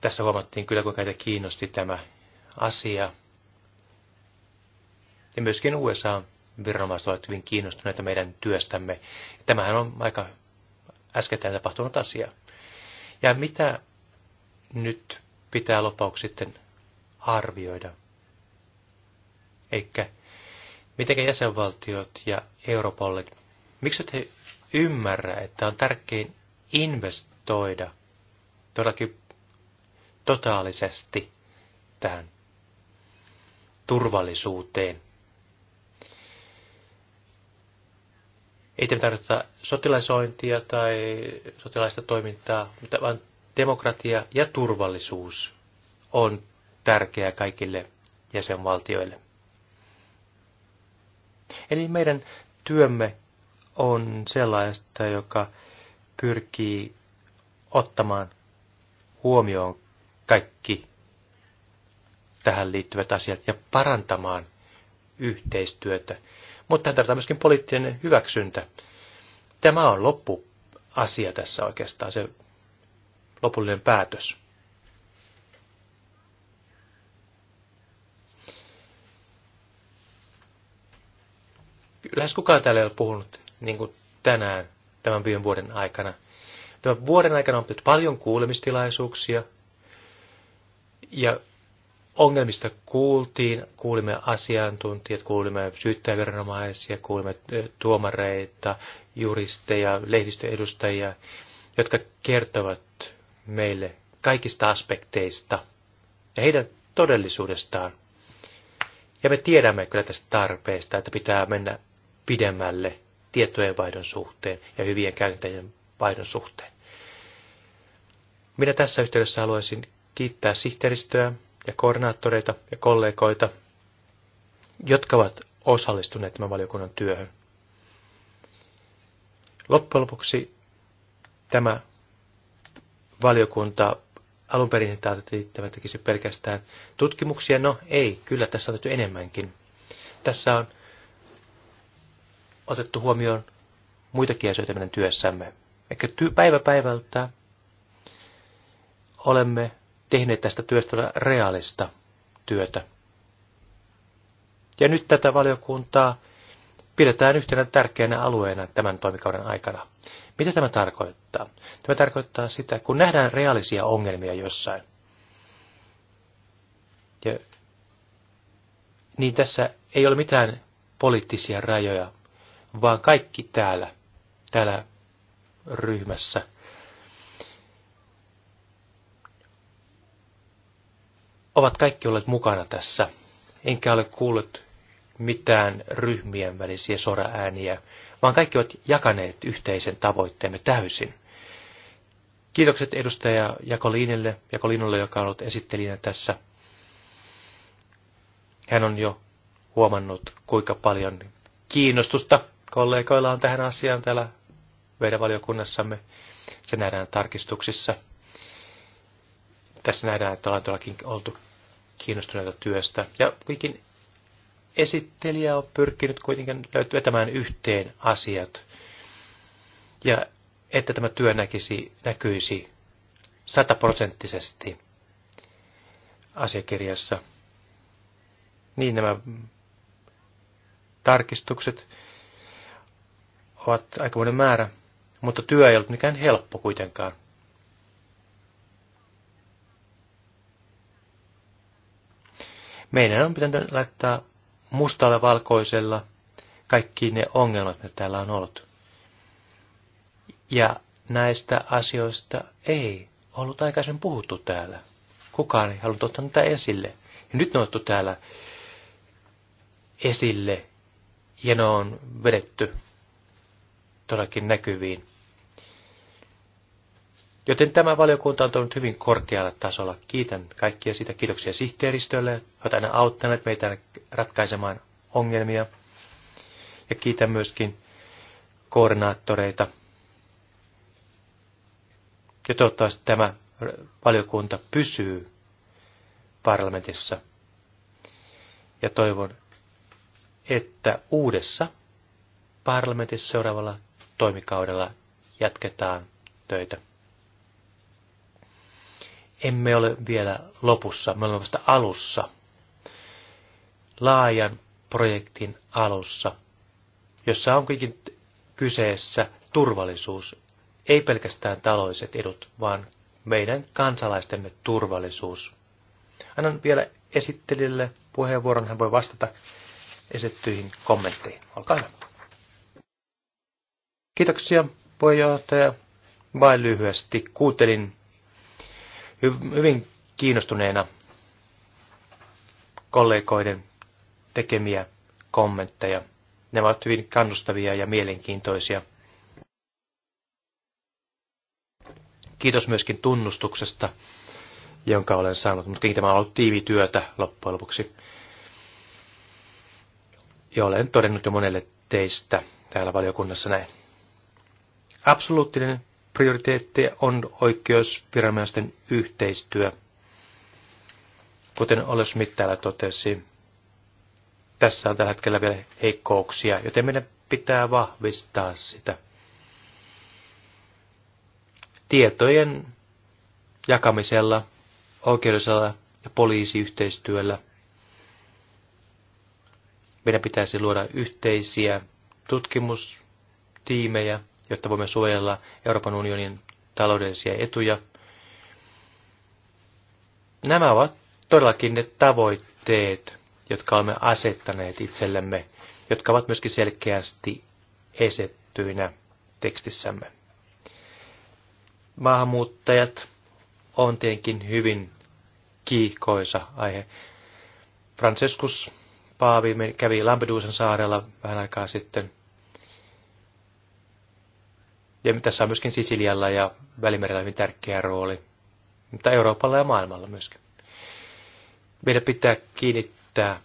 Tässä huomattiin kyllä, kuinka heitä kiinnosti tämä asia. Ja myöskin USA viranomaiset ovat hyvin kiinnostuneita meidän työstämme. Tämähän on aika äskettäin tapahtunut asia. Ja mitä nyt pitää lopuksi sitten arvioida? Eikä miten jäsenvaltiot ja Europolit, miksi he ymmärrä, että on tärkein investoida todellakin totaalisesti tähän turvallisuuteen. Ei tämä tarkoita sotilasointia tai sotilaista toimintaa, mutta vaan demokratia ja turvallisuus on tärkeää kaikille jäsenvaltioille. Eli meidän työmme on sellaista, joka pyrkii ottamaan huomioon kaikki tähän liittyvät asiat ja parantamaan yhteistyötä. Mutta tähän tarvitaan myöskin poliittinen hyväksyntä. Tämä on loppuasia tässä oikeastaan, se lopullinen päätös. Lähes kukaan täällä ei ole puhunut niin kuin tänään tämän viime vuoden aikana. Tämän vuoden aikana on pitänyt paljon kuulemistilaisuuksia ja ongelmista kuultiin, kuulimme asiantuntijat, kuulimme syyttäjäviranomaisia, kuulimme tuomareita, juristeja, lehdistöedustajia, jotka kertovat meille kaikista aspekteista ja heidän todellisuudestaan. Ja me tiedämme kyllä tästä tarpeesta, että pitää mennä pidemmälle tietojen vaihdon suhteen ja hyvien käyttäjien vaihdon suhteen. Minä tässä yhteydessä haluaisin kiittää sihteeristöä ja koordinaattoreita ja kollegoita, jotka ovat osallistuneet tämän valiokunnan työhön. Loppujen lopuksi tämä valiokunta alun perin että tämä tekisi pelkästään tutkimuksia. No ei, kyllä tässä on tehty enemmänkin. Tässä on otettu huomioon muitakin asioita meidän työssämme. Ehkä ty- päivä päivältä olemme tehneet tästä työstä reaalista työtä. Ja nyt tätä valiokuntaa pidetään yhtenä tärkeänä alueena tämän toimikauden aikana. Mitä tämä tarkoittaa? Tämä tarkoittaa sitä, kun nähdään reaalisia ongelmia jossain. Ja, niin tässä ei ole mitään poliittisia rajoja vaan kaikki täällä, täällä ryhmässä. Ovat kaikki olleet mukana tässä, enkä ole kuullut mitään ryhmien välisiä soraääniä, vaan kaikki ovat jakaneet yhteisen tavoitteemme täysin. Kiitokset edustaja Jakoliinille, Jakoliinulle, joka on ollut esittelijänä tässä. Hän on jo huomannut, kuinka paljon kiinnostusta kollegoilla on tähän asiaan täällä meidän valiokunnassamme. Se nähdään tarkistuksissa. Tässä nähdään, että ollaan todellakin oltu kiinnostuneita työstä. Ja kuitenkin esittelijä on pyrkinyt kuitenkin löytämään yhteen asiat. Ja että tämä työ näkisi, näkyisi sataprosenttisesti asiakirjassa. Niin nämä tarkistukset ovat aikamoinen määrä, mutta työ ei ollut mikään helppo kuitenkaan. Meidän on pitänyt laittaa mustalla valkoisella kaikki ne ongelmat, mitä täällä on ollut. Ja näistä asioista ei ollut aikaisemmin puhuttu täällä. Kukaan ei halunnut ottaa niitä esille. Ja nyt ne on otettu täällä esille ja ne on vedetty todellakin näkyviin. Joten tämä valiokunta on toiminut hyvin korkealla tasolla. Kiitän kaikkia siitä. Kiitoksia sihteeristölle, jotka aina auttaneet meitä ratkaisemaan ongelmia. Ja kiitän myöskin koordinaattoreita. Ja toivottavasti tämä valiokunta pysyy parlamentissa. Ja toivon, että uudessa parlamentissa seuraavalla toimikaudella jatketaan töitä. Emme ole vielä lopussa, me olemme vasta alussa. Laajan projektin alussa, jossa on kuitenkin kyseessä turvallisuus, ei pelkästään taloiset edut, vaan meidän kansalaistemme turvallisuus. Annan vielä esittelijälle puheenvuoron, hän voi vastata esittyihin kommentteihin. Olkaa hyvä. Kiitoksia puheenjohtaja. Vain lyhyesti kuuntelin hyvin kiinnostuneena kollegoiden tekemiä kommentteja. Ne ovat hyvin kannustavia ja mielenkiintoisia. Kiitos myöskin tunnustuksesta, jonka olen saanut, mutta tämä on ollut tiivityötä loppujen lopuksi. Ja olen todennut jo monelle teistä täällä valiokunnassa näin. Absoluuttinen prioriteetti on oikeusviranomaisten yhteistyö, kuten Oles täällä totesi. Tässä on tällä hetkellä vielä heikkouksia, joten meidän pitää vahvistaa sitä. Tietojen jakamisella, oikeudellisella ja poliisiyhteistyöllä meidän pitäisi luoda yhteisiä tutkimustiimejä – jotta voimme suojella Euroopan unionin taloudellisia etuja. Nämä ovat todellakin ne tavoitteet, jotka olemme asettaneet itsellemme, jotka ovat myöskin selkeästi esettyinä tekstissämme. Maahanmuuttajat on tietenkin hyvin kiihkoisa aihe. Franciscus Paavi kävi Lampedusan saarella vähän aikaa sitten – ja tässä on myöskin Sisilialla ja Välimerellä hyvin tärkeä rooli, mutta Euroopalla ja maailmalla myöskin. Meidän pitää kiinnittää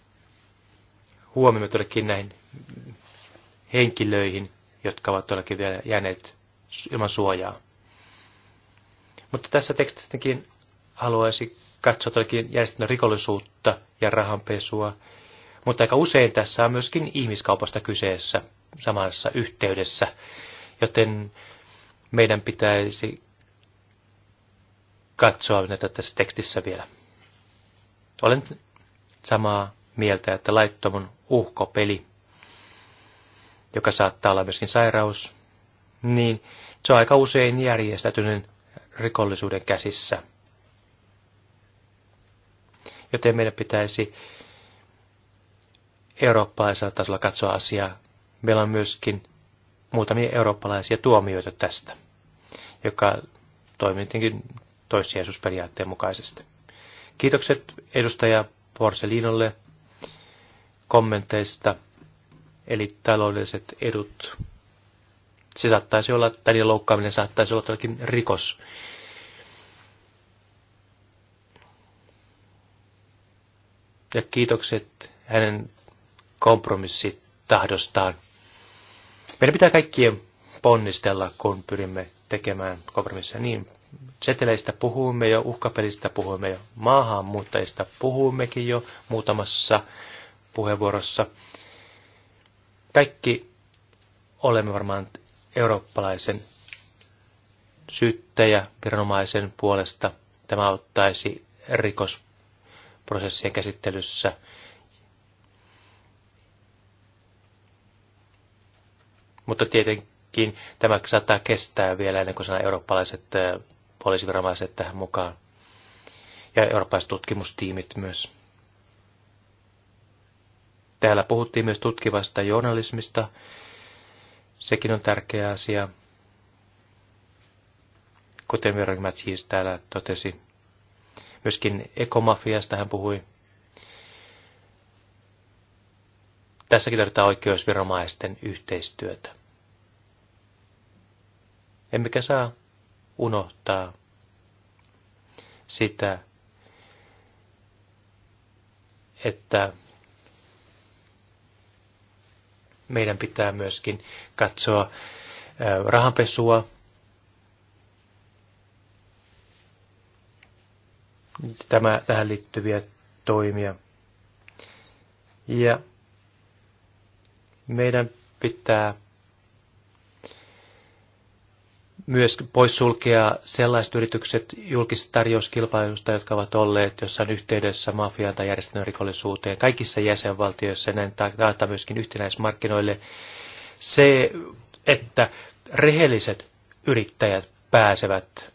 huomioon todellakin näihin henkilöihin, jotka ovat todellakin vielä jääneet ilman suojaa. Mutta tässä tekstissäkin haluaisi katsoa todellakin järjestelmän rikollisuutta ja rahanpesua, mutta aika usein tässä on myöskin ihmiskaupasta kyseessä samassa yhteydessä joten meidän pitäisi katsoa näitä tässä tekstissä vielä. Olen samaa mieltä, että laittomun uhkopeli, joka saattaa olla myöskin sairaus, niin se on aika usein järjestäytyneen rikollisuuden käsissä. Joten meidän pitäisi eurooppalaisella tasolla katsoa asiaa. Meillä on myöskin muutamia eurooppalaisia tuomioita tästä, joka toimii tietenkin toissijaisuusperiaatteen mukaisesti. Kiitokset edustaja Porcelinolle kommenteista, eli taloudelliset edut. Se saattaisi olla, tai niiden loukkaaminen saattaisi olla todellakin rikos. Ja kiitokset hänen kompromissitahdostaan. Meidän pitää kaikkien ponnistella, kun pyrimme tekemään kompromisseja niin. Seteleistä puhuimme jo, uhkapelistä puhuimme jo, maahanmuuttajista puhuimmekin jo muutamassa puheenvuorossa. Kaikki olemme varmaan eurooppalaisen syyttäjä viranomaisen puolesta. Tämä auttaisi rikosprosessien käsittelyssä Mutta tietenkin tämä saattaa kestää vielä ennen kuin saadaan eurooppalaiset poliisiviranomaiset tähän mukaan. Ja eurooppalaiset tutkimustiimit myös. Täällä puhuttiin myös tutkivasta journalismista. Sekin on tärkeä asia. Kuten Veronik Matthews täällä totesi. Myöskin ekomafiasta hän puhui. Tässäkin tarvitaan oikeusviranomaisten yhteistyötä. Emmekä saa unohtaa sitä, että meidän pitää myöskin katsoa rahanpesua. Tämä, tähän liittyviä toimia. Ja meidän pitää myös poissulkea sellaiset yritykset julkisista tarjouskilpailusta, jotka ovat olleet jossain yhteydessä mafiaan tai järjestelmän rikollisuuteen kaikissa jäsenvaltioissa, näin taata myöskin yhtenäismarkkinoille se, että rehelliset yrittäjät pääsevät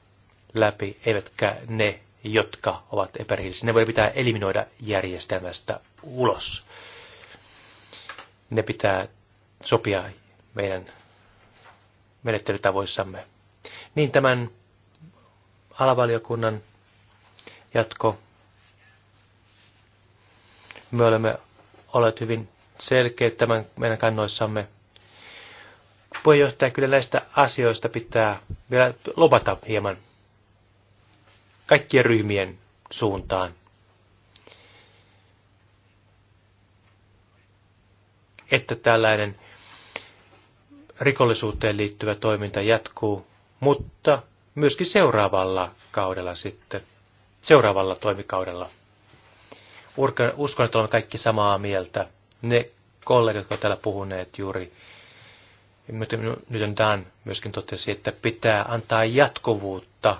läpi, eivätkä ne, jotka ovat epärehellisiä. Ne voi pitää eliminoida järjestelmästä ulos ne pitää sopia meidän menettelytavoissamme. Niin tämän alavaliokunnan jatko. Me olemme olleet hyvin selkeät tämän meidän kannoissamme. Puheenjohtaja, kyllä näistä asioista pitää vielä lopata hieman kaikkien ryhmien suuntaan. että tällainen rikollisuuteen liittyvä toiminta jatkuu, mutta myöskin seuraavalla kaudella sitten, seuraavalla toimikaudella. Uskon, että olemme kaikki samaa mieltä. Ne kollegat, jotka ovat täällä puhuneet juuri, nyt on Dan myöskin totesi, että pitää antaa jatkuvuutta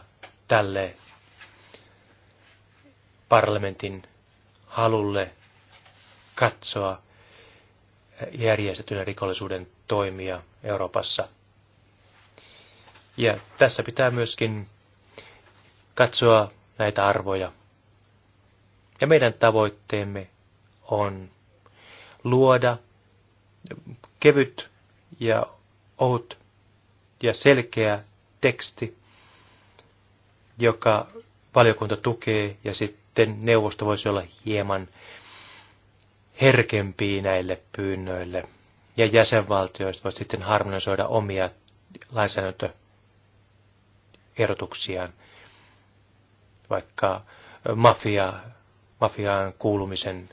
tälle parlamentin halulle katsoa järjestetyn rikollisuuden toimia Euroopassa. Ja tässä pitää myöskin katsoa näitä arvoja. Ja meidän tavoitteemme on luoda kevyt ja ohut ja selkeä teksti, joka valiokunta tukee ja sitten neuvosto voisi olla hieman herkempiä näille pyynnöille. Ja jäsenvaltioista voi sitten harmonisoida omia lainsäädäntöerotuksiaan, vaikka mafia, mafiaan kuulumisen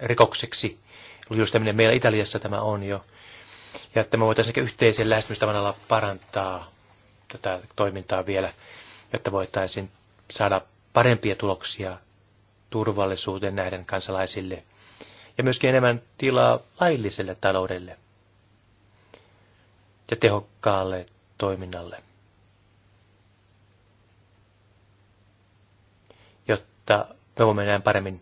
rikokseksi. Just tämmöinen meillä Italiassa tämä on jo. Ja että me voitaisiin yhteisen lähestymistavalla parantaa tätä toimintaa vielä, jotta voitaisiin saada parempia tuloksia turvallisuuteen nähden kansalaisille ja myöskin enemmän tilaa lailliselle taloudelle ja tehokkaalle toiminnalle, jotta me voimme näin paremmin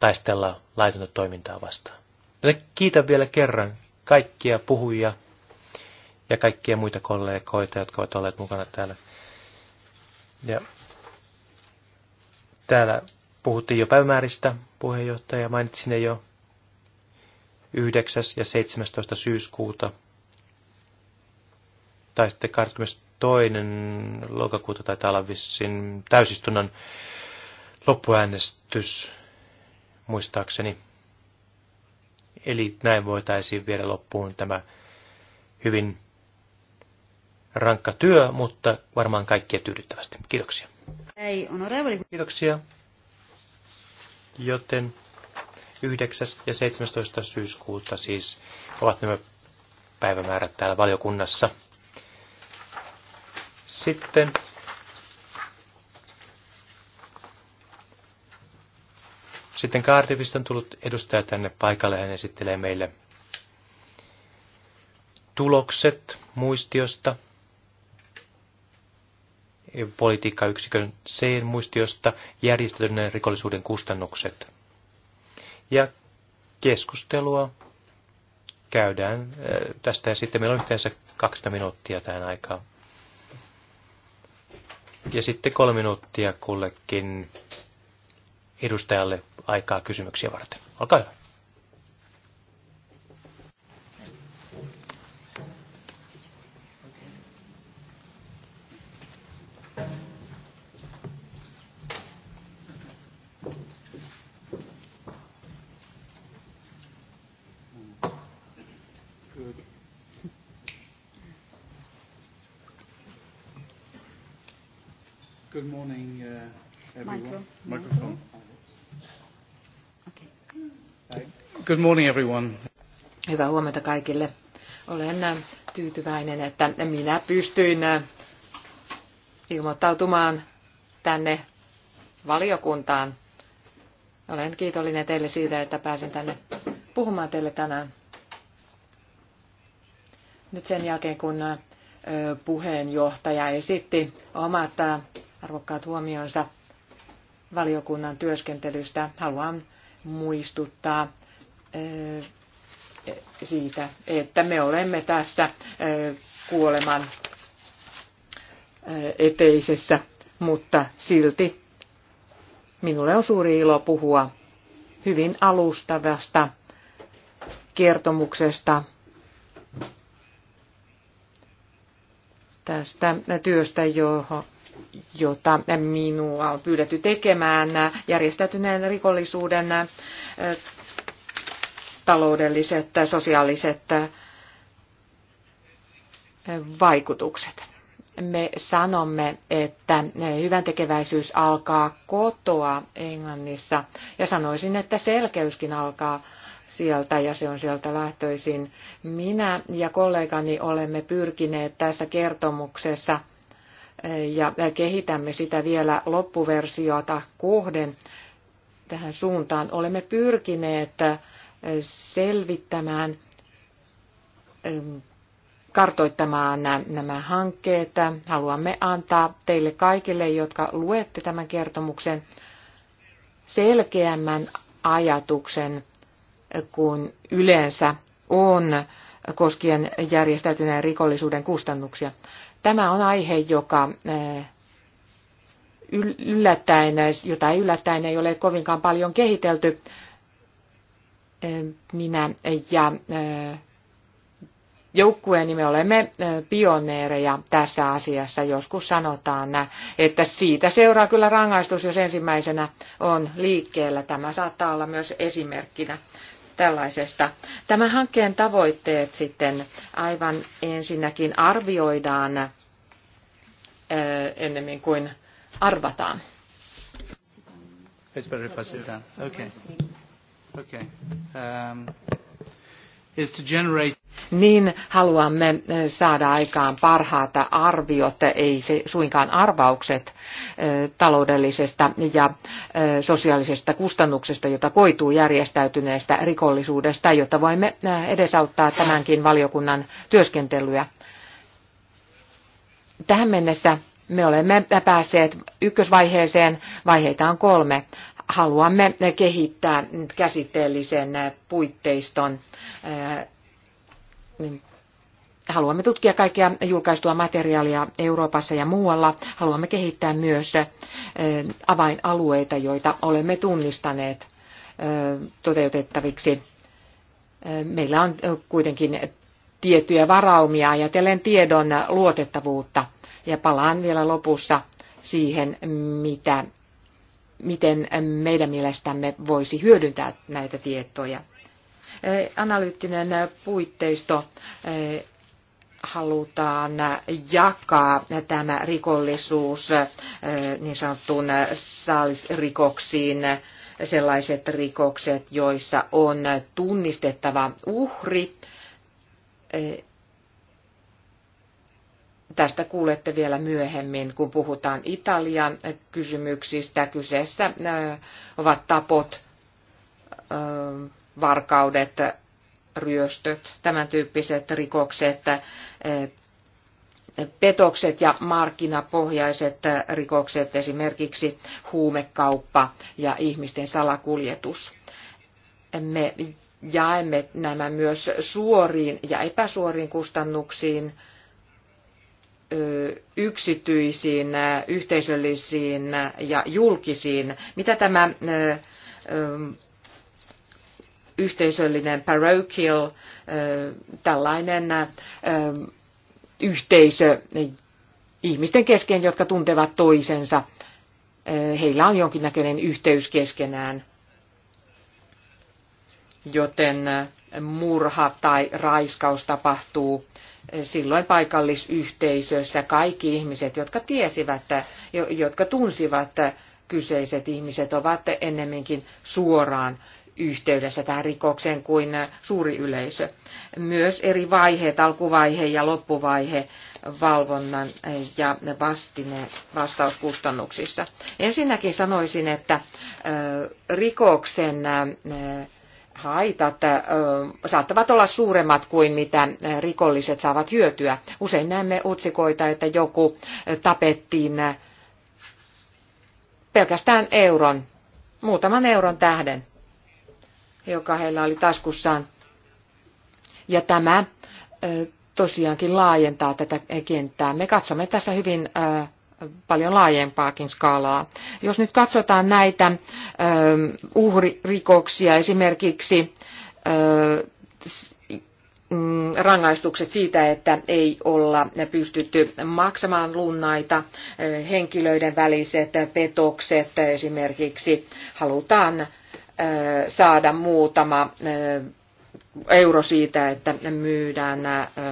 taistella laitonta toimintaa vastaan. Joten kiitän vielä kerran kaikkia puhujia ja kaikkia muita kollegoita, jotka ovat olleet mukana täällä. Ja täällä Puhuttiin jo päivämääristä, puheenjohtaja mainitsi ne jo 9. ja 17. syyskuuta, tai sitten 22. lokakuuta tai olla vissin täysistunnon loppuäänestys, muistaakseni. Eli näin voitaisiin viedä loppuun tämä hyvin rankka työ, mutta varmaan kaikkia tyydyttävästi. Kiitoksia. Ei, onorevoli. Kiitoksia joten 9. ja 17. syyskuuta siis ovat nämä päivämäärät täällä valiokunnassa. Sitten Sitten Cardiffista on tullut edustaja tänne paikalle. Hän esittelee meille tulokset muistiosta – politiikkayksikön C-muistiosta järjestelyn rikollisuuden kustannukset. Ja keskustelua käydään äh, tästä ja sitten meillä on yhteensä 20 minuuttia tähän aikaan. Ja sitten kolme minuuttia kullekin edustajalle aikaa kysymyksiä varten. Olkaa hyvä. Good morning everyone. Hyvää huomenta kaikille. Olen äh, tyytyväinen, että minä pystyin äh, ilmoittautumaan tänne valiokuntaan. Olen kiitollinen teille siitä, että pääsin tänne puhumaan teille tänään. Nyt sen jälkeen, kun äh, puheenjohtaja esitti omat arvokkaat huomionsa valiokunnan työskentelystä, haluan muistuttaa siitä, että me olemme tässä kuoleman eteisessä, mutta silti minulle on suuri ilo puhua hyvin alustavasta kertomuksesta tästä työstä, jota minua on pyydetty tekemään järjestäytyneen rikollisuuden taloudelliset, sosiaaliset vaikutukset. Me sanomme, että hyvän tekeväisyys alkaa kotoa Englannissa ja sanoisin, että selkeyskin alkaa sieltä ja se on sieltä lähtöisin. Minä ja kollegani olemme pyrkineet tässä kertomuksessa ja kehitämme sitä vielä loppuversiota kohden tähän suuntaan. Olemme pyrkineet selvittämään, kartoittamaan nämä hankkeet. Haluamme antaa teille kaikille, jotka luette tämän kertomuksen, selkeämmän ajatuksen kuin yleensä on koskien järjestäytyneen rikollisuuden kustannuksia. Tämä on aihe, joka e, yllättäen, jota yllättäen ei ole kovinkaan paljon kehitelty minä ja joukkueeni me olemme pioneereja tässä asiassa. Joskus sanotaan, että siitä seuraa kyllä rangaistus, jos ensimmäisenä on liikkeellä. Tämä saattaa olla myös esimerkkinä tällaisesta. Tämän hankkeen tavoitteet sitten aivan ensinnäkin arvioidaan ennemmin kuin arvataan. Okay. Okay. Um, Niin haluamme eh, saada aikaan parhaat arviot, ei se suinkaan arvaukset eh, taloudellisesta ja eh, sosiaalisesta kustannuksesta, jota koituu järjestäytyneestä rikollisuudesta, jotta voimme edesauttaa tämänkin valiokunnan työskentelyä. Tähän mennessä me olemme päässeet ykkösvaiheeseen, vaiheita on kolme haluamme kehittää käsitteellisen puitteiston. Niin haluamme tutkia kaikkea julkaistua materiaalia Euroopassa ja muualla. Haluamme kehittää myös avainalueita, joita olemme tunnistaneet toteutettaviksi. Meillä on kuitenkin tiettyjä varaumia ajatellen tiedon luotettavuutta. Ja palaan vielä lopussa siihen, mitä miten meidän mielestämme voisi hyödyntää näitä tietoja. Eh, analyyttinen puitteisto eh, halutaan jakaa tämä rikollisuus eh, niin sanottuun saalisrikoksiin, sellaiset rikokset, joissa on tunnistettava uhri Tästä kuulette vielä myöhemmin, kun puhutaan Italian kysymyksistä. Kyseessä ovat tapot, varkaudet, ryöstöt, tämän tyyppiset rikokset, petokset ja markkinapohjaiset rikokset, esimerkiksi huumekauppa ja ihmisten salakuljetus. Me jaemme nämä myös suoriin ja epäsuoriin kustannuksiin yksityisiin, yhteisöllisiin ja julkisiin. Mitä tämä yhteisöllinen parochial, tällainen yhteisö ihmisten kesken, jotka tuntevat toisensa, heillä on jonkinnäköinen yhteys keskenään. Joten murha tai raiskaus tapahtuu silloin paikallisyhteisössä kaikki ihmiset, jotka tiesivät, jotka tunsivat kyseiset ihmiset, ovat ennemminkin suoraan yhteydessä tähän rikokseen kuin suuri yleisö. Myös eri vaiheet, alkuvaihe ja loppuvaihe valvonnan ja vastine vastauskustannuksissa. Ensinnäkin sanoisin, että rikoksen haitat saattavat olla suuremmat kuin mitä rikolliset saavat hyötyä. Usein näemme otsikoita, että joku tapettiin pelkästään euron, muutaman euron tähden, joka heillä oli taskussaan. Ja tämä tosiaankin laajentaa tätä kenttää. Me katsomme tässä hyvin paljon laajempaakin skaalaa. Jos nyt katsotaan näitä uhririkoksia, esimerkiksi mm, rangaistukset siitä, että ei olla pystytty maksamaan lunnaita, henkilöiden väliset petokset esimerkiksi halutaan saada muutama euro siitä, että myydään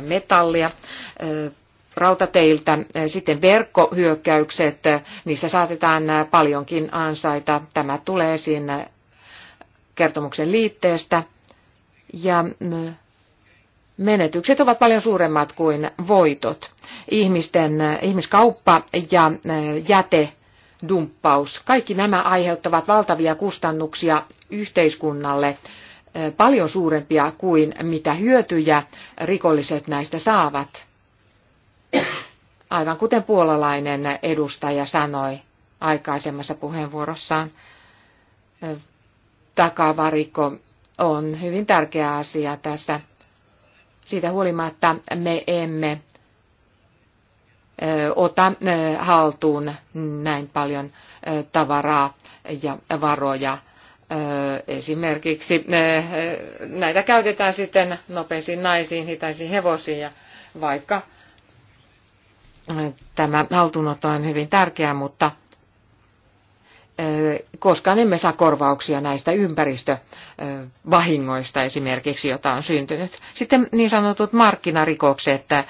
metallia rautateiltä. Sitten verkkohyökkäykset, niissä saatetaan paljonkin ansaita. Tämä tulee siinä kertomuksen liitteestä. Ja menetykset ovat paljon suuremmat kuin voitot. Ihmisten, ihmiskauppa ja jäte dumppaus. Kaikki nämä aiheuttavat valtavia kustannuksia yhteiskunnalle, paljon suurempia kuin mitä hyötyjä rikolliset näistä saavat. Aivan kuten puolalainen edustaja sanoi aikaisemmassa puheenvuorossaan, takavarikko on hyvin tärkeä asia tässä. Siitä huolimatta me emme ota haltuun näin paljon tavaraa ja varoja. Esimerkiksi näitä käytetään sitten nopeisiin naisiin, hitaisiin hevosiin ja vaikka Tämä haltuunotto on hyvin tärkeää, mutta koskaan emme saa korvauksia näistä ympäristövahingoista esimerkiksi, jota on syntynyt. Sitten niin sanotut markkinarikokset, että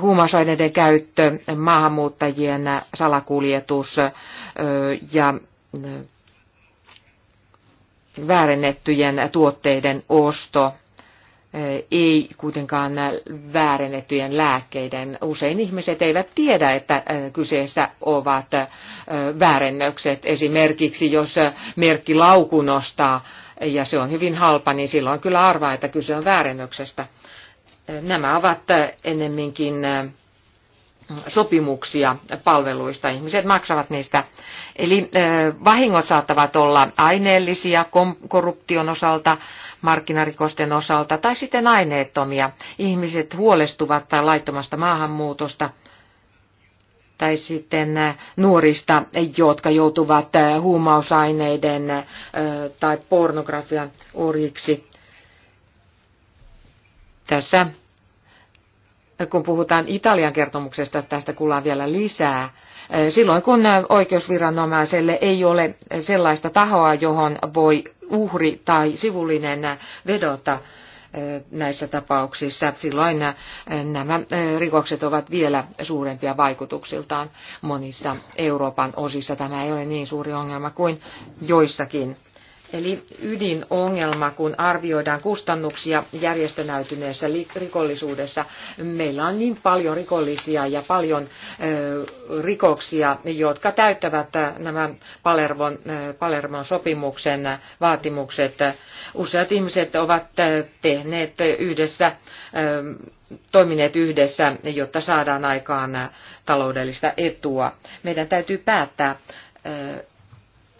huumausaineiden käyttö, maahanmuuttajien salakuljetus ja väärennettyjen tuotteiden osto ei kuitenkaan väärennettyjen lääkkeiden. Usein ihmiset eivät tiedä, että kyseessä ovat väärennökset. Esimerkiksi jos merkki laukunosta ja se on hyvin halpa, niin silloin kyllä arvaa, että kyse on väärennöksestä. Nämä ovat enemminkin sopimuksia palveluista. Ihmiset maksavat niistä. Eli vahingot saattavat olla aineellisia korruption osalta, markkinarikosten osalta tai sitten aineettomia. Ihmiset huolestuvat tai laittomasta maahanmuutosta tai sitten äh, nuorista, jotka joutuvat äh, huumausaineiden äh, tai pornografian orjiksi. Tässä kun puhutaan Italian kertomuksesta, tästä kuullaan vielä lisää. Eh, silloin kun oikeusviranomaiselle ei ole sellaista tahoa, johon voi uhri tai sivullinen vedota eh, näissä tapauksissa, silloin eh, nämä rikokset ovat vielä suurempia vaikutuksiltaan monissa Euroopan osissa. Tämä ei ole niin suuri ongelma kuin joissakin Eli ydinongelma, kun arvioidaan kustannuksia järjestäytyneessä rikollisuudessa. Meillä on niin paljon rikollisia ja paljon rikoksia, jotka täyttävät nämä Palermon, Palermon sopimuksen vaatimukset. Useat ihmiset ovat tehneet yhdessä toimineet yhdessä, jotta saadaan aikaan taloudellista etua. Meidän täytyy päättää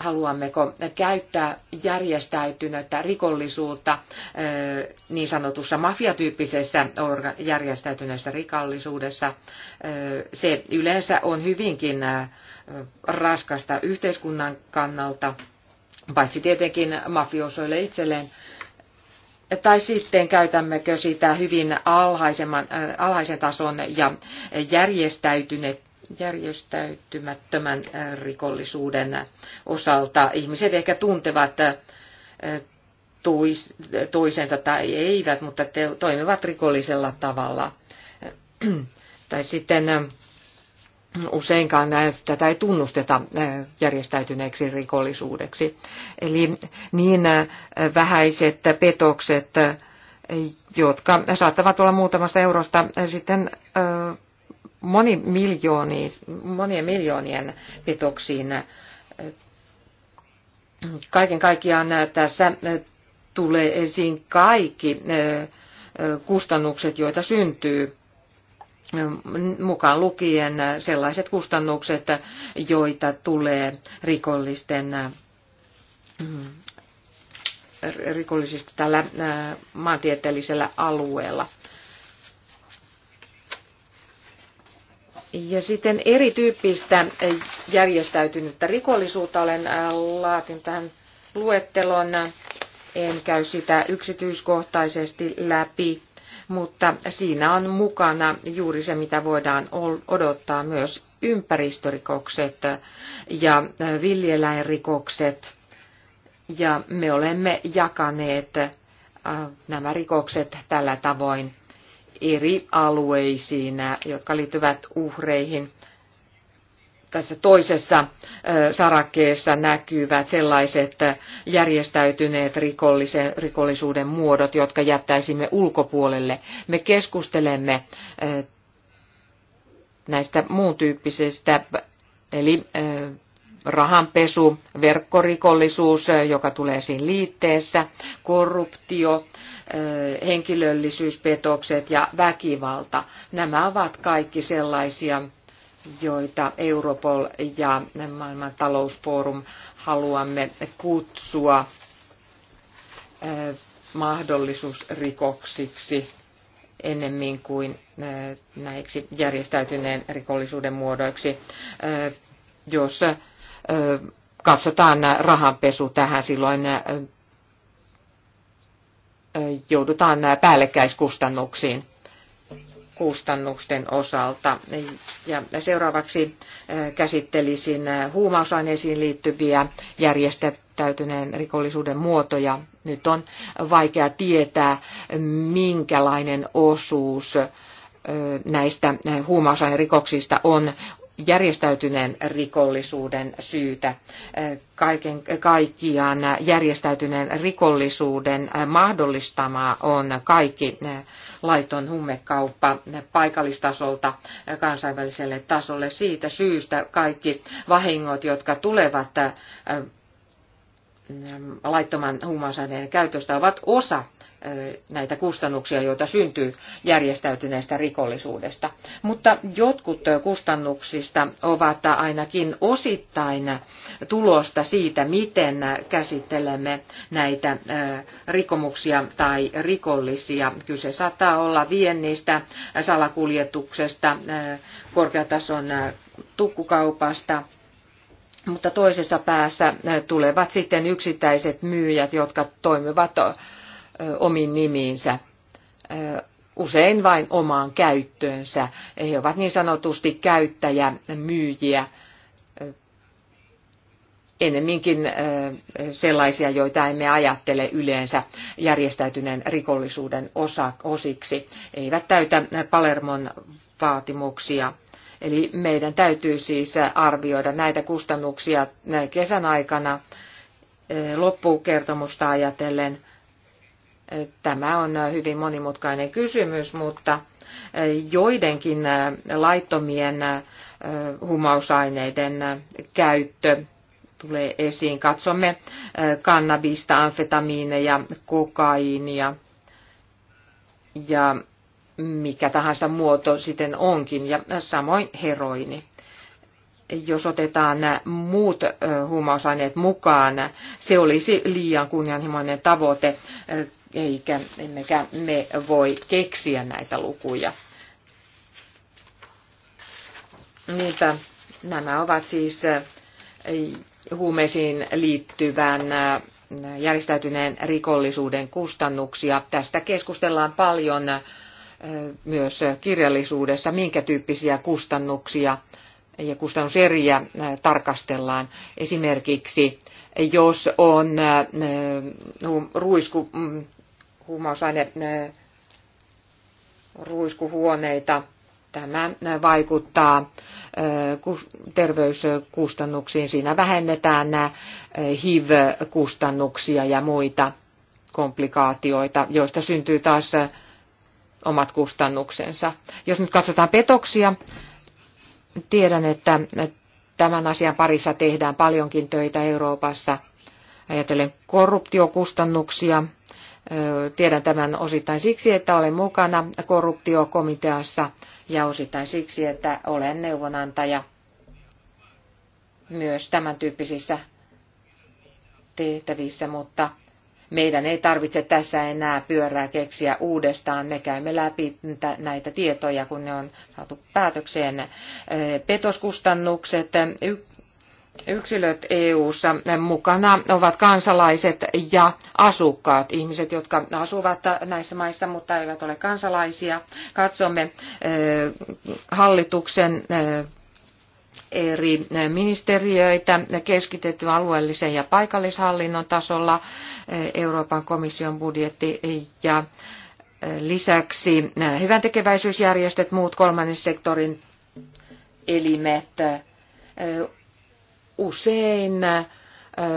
haluammeko käyttää järjestäytynyttä rikollisuutta niin sanotussa mafiatyyppisessä järjestäytyneessä rikollisuudessa. Se yleensä on hyvinkin raskasta yhteiskunnan kannalta, paitsi tietenkin mafiosoille itselleen. Tai sitten käytämmekö sitä hyvin alhaisemman, alhaisen tason ja järjestäytynyt järjestäytymättömän äh, rikollisuuden osalta. Ihmiset ehkä tuntevat äh, toisensa tai eivät, mutta te toimivat rikollisella tavalla. tai sitten äh, useinkaan tätä ei tunnusteta järjestäytyneeksi rikollisuudeksi. Eli niin vähäiset petokset, jotka saattavat olla muutamasta eurosta sitten moni monien miljoonien petoksiin. Kaiken kaikkiaan tässä tulee esiin kaikki eh, kustannukset, joita syntyy mukaan lukien sellaiset kustannukset, joita tulee rikollisten mm, rikollisista tällä eh, maantieteellisellä alueella. Ja sitten erityyppistä järjestäytynyttä rikollisuutta olen äh, laatin tähän luettelon. En käy sitä yksityiskohtaisesti läpi, mutta siinä on mukana juuri se, mitä voidaan odottaa myös ympäristörikokset ja äh, villieläinrikokset. Ja me olemme jakaneet äh, nämä rikokset tällä tavoin eri alueisiin, äh, jotka liittyvät uhreihin. Tässä toisessa äh, sarakkeessa näkyvät sellaiset äh, järjestäytyneet rikollisuuden muodot, jotka jättäisimme ulkopuolelle. Me keskustelemme näistä muun tyyppisistä, eli rahanpesu, verkkorikollisuus, joka tulee siinä liitteessä, korruptio, eh, henkilöllisyyspetokset ja väkivalta. Nämä ovat kaikki sellaisia, joita Europol ja maailman talousfoorum haluamme kutsua eh, mahdollisuusrikoksiksi ennemmin kuin eh, näiksi järjestäytyneen rikollisuuden muodoiksi, jos katsotaan rahanpesu tähän, silloin joudutaan päällekkäiskustannuksiin kustannusten osalta. Ja seuraavaksi käsittelisin huumausaineisiin liittyviä järjestäytyneen rikollisuuden muotoja. Nyt on vaikea tietää, minkälainen osuus näistä huumausainerikoksista on järjestäytyneen rikollisuuden syytä. Kaiken kaikkiaan järjestäytyneen rikollisuuden mahdollistamaa on kaikki laiton hummekauppa paikallistasolta kansainväliselle tasolle. Siitä syystä kaikki vahingot, jotka tulevat laittoman huumausaineen käytöstä, ovat osa näitä kustannuksia, joita syntyy järjestäytyneestä rikollisuudesta. Mutta jotkut kustannuksista ovat ainakin osittain tulosta siitä, miten käsittelemme näitä rikomuksia tai rikollisia. Kyse saattaa olla viennistä, salakuljetuksesta, korkeatason tukkukaupasta, mutta toisessa päässä tulevat sitten yksittäiset myyjät, jotka toimivat omiin nimiinsä, usein vain omaan käyttöönsä. He ovat niin sanotusti käyttäjämyyjiä, enemminkin sellaisia, joita emme ajattele yleensä järjestäytyneen rikollisuuden osa, osiksi, eivät täytä Palermon vaatimuksia. Eli meidän täytyy siis arvioida näitä kustannuksia kesän aikana loppukertomusta ajatellen – Tämä on hyvin monimutkainen kysymys, mutta joidenkin laittomien humausaineiden käyttö tulee esiin. Katsomme kannabista, amfetamiineja, kokaiinia ja mikä tahansa muoto sitten onkin, ja samoin heroini. Jos otetaan muut huumausaineet mukaan, se olisi liian kunnianhimoinen tavoite eikä emmekä me voi keksiä näitä lukuja. Niinpä nämä ovat siis eh, huumeisiin liittyvän eh, järjestäytyneen rikollisuuden kustannuksia. Tästä keskustellaan paljon eh, myös kirjallisuudessa, minkä tyyppisiä kustannuksia ja kustannuseriä tarkastellaan. Esimerkiksi jos on ruisku mm, huumausaine äh, ruiskuhuoneita. Tämä äh, vaikuttaa äh, terveyskustannuksiin. Siinä vähennetään HIV-kustannuksia ja muita komplikaatioita, joista syntyy taas omat kustannuksensa. Jos nyt katsotaan petoksia, tiedän, että tämän asian parissa tehdään paljonkin töitä Euroopassa. Ajatellen korruptiokustannuksia, Tiedän tämän osittain siksi, että olen mukana korruptiokomiteassa ja osittain siksi, että olen neuvonantaja myös tämän tyyppisissä tehtävissä, mutta meidän ei tarvitse tässä enää pyörää keksiä uudestaan. Me käymme läpi näitä tietoja, kun ne on saatu päätökseen. Petoskustannukset, yksilöt EU-ssa mukana ovat kansalaiset ja asukkaat, ihmiset, jotka asuvat näissä maissa, mutta eivät ole kansalaisia. Katsomme hallituksen eri ministeriöitä keskitetty alueellisen ja paikallishallinnon tasolla, Euroopan komission budjetti ja lisäksi hyväntekeväisyysjärjestöt, muut kolmannen sektorin elimet usein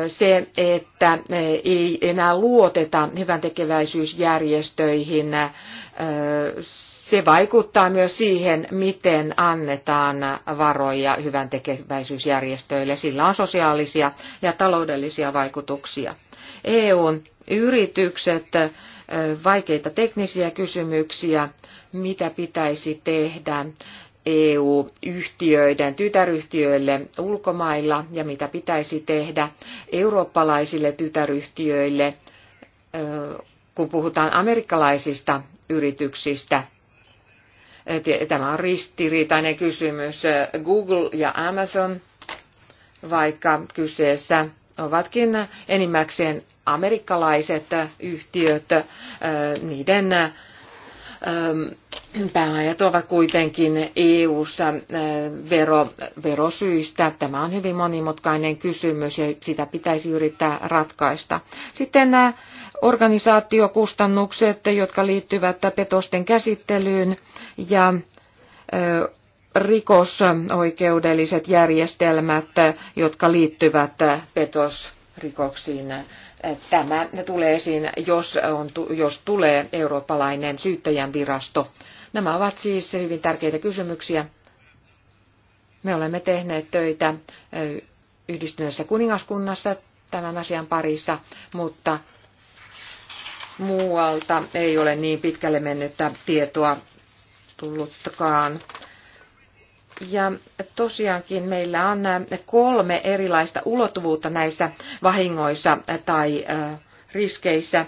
se, että ei enää luoteta hyvän tekeväisyysjärjestöihin, se vaikuttaa myös siihen, miten annetaan varoja hyvän tekeväisyysjärjestöille. Sillä on sosiaalisia ja taloudellisia vaikutuksia. EUn yritykset, vaikeita teknisiä kysymyksiä, mitä pitäisi tehdä EU-yhtiöiden tytäryhtiöille ulkomailla ja mitä pitäisi tehdä eurooppalaisille tytäryhtiöille, kun puhutaan amerikkalaisista yrityksistä. Tämä on ristiriitainen kysymys. Google ja Amazon, vaikka kyseessä ovatkin enimmäkseen amerikkalaiset yhtiöt, niiden pääajat ovat kuitenkin EU-ssa vero, verosyistä. Tämä on hyvin monimutkainen kysymys ja sitä pitäisi yrittää ratkaista. Sitten nämä organisaatiokustannukset, jotka liittyvät petosten käsittelyyn ja rikosoikeudelliset järjestelmät, jotka liittyvät petosrikoksiin. Tämä tulee esiin, jos, on, jos tulee eurooppalainen syyttäjän virasto. Nämä ovat siis hyvin tärkeitä kysymyksiä. Me olemme tehneet töitä yhdistyneessä kuningaskunnassa tämän asian parissa, mutta muualta ei ole niin pitkälle mennyttä tietoa tullutkaan. Ja tosiaankin meillä on äh, kolme erilaista ulottuvuutta näissä vahingoissa tai äh, riskeissä.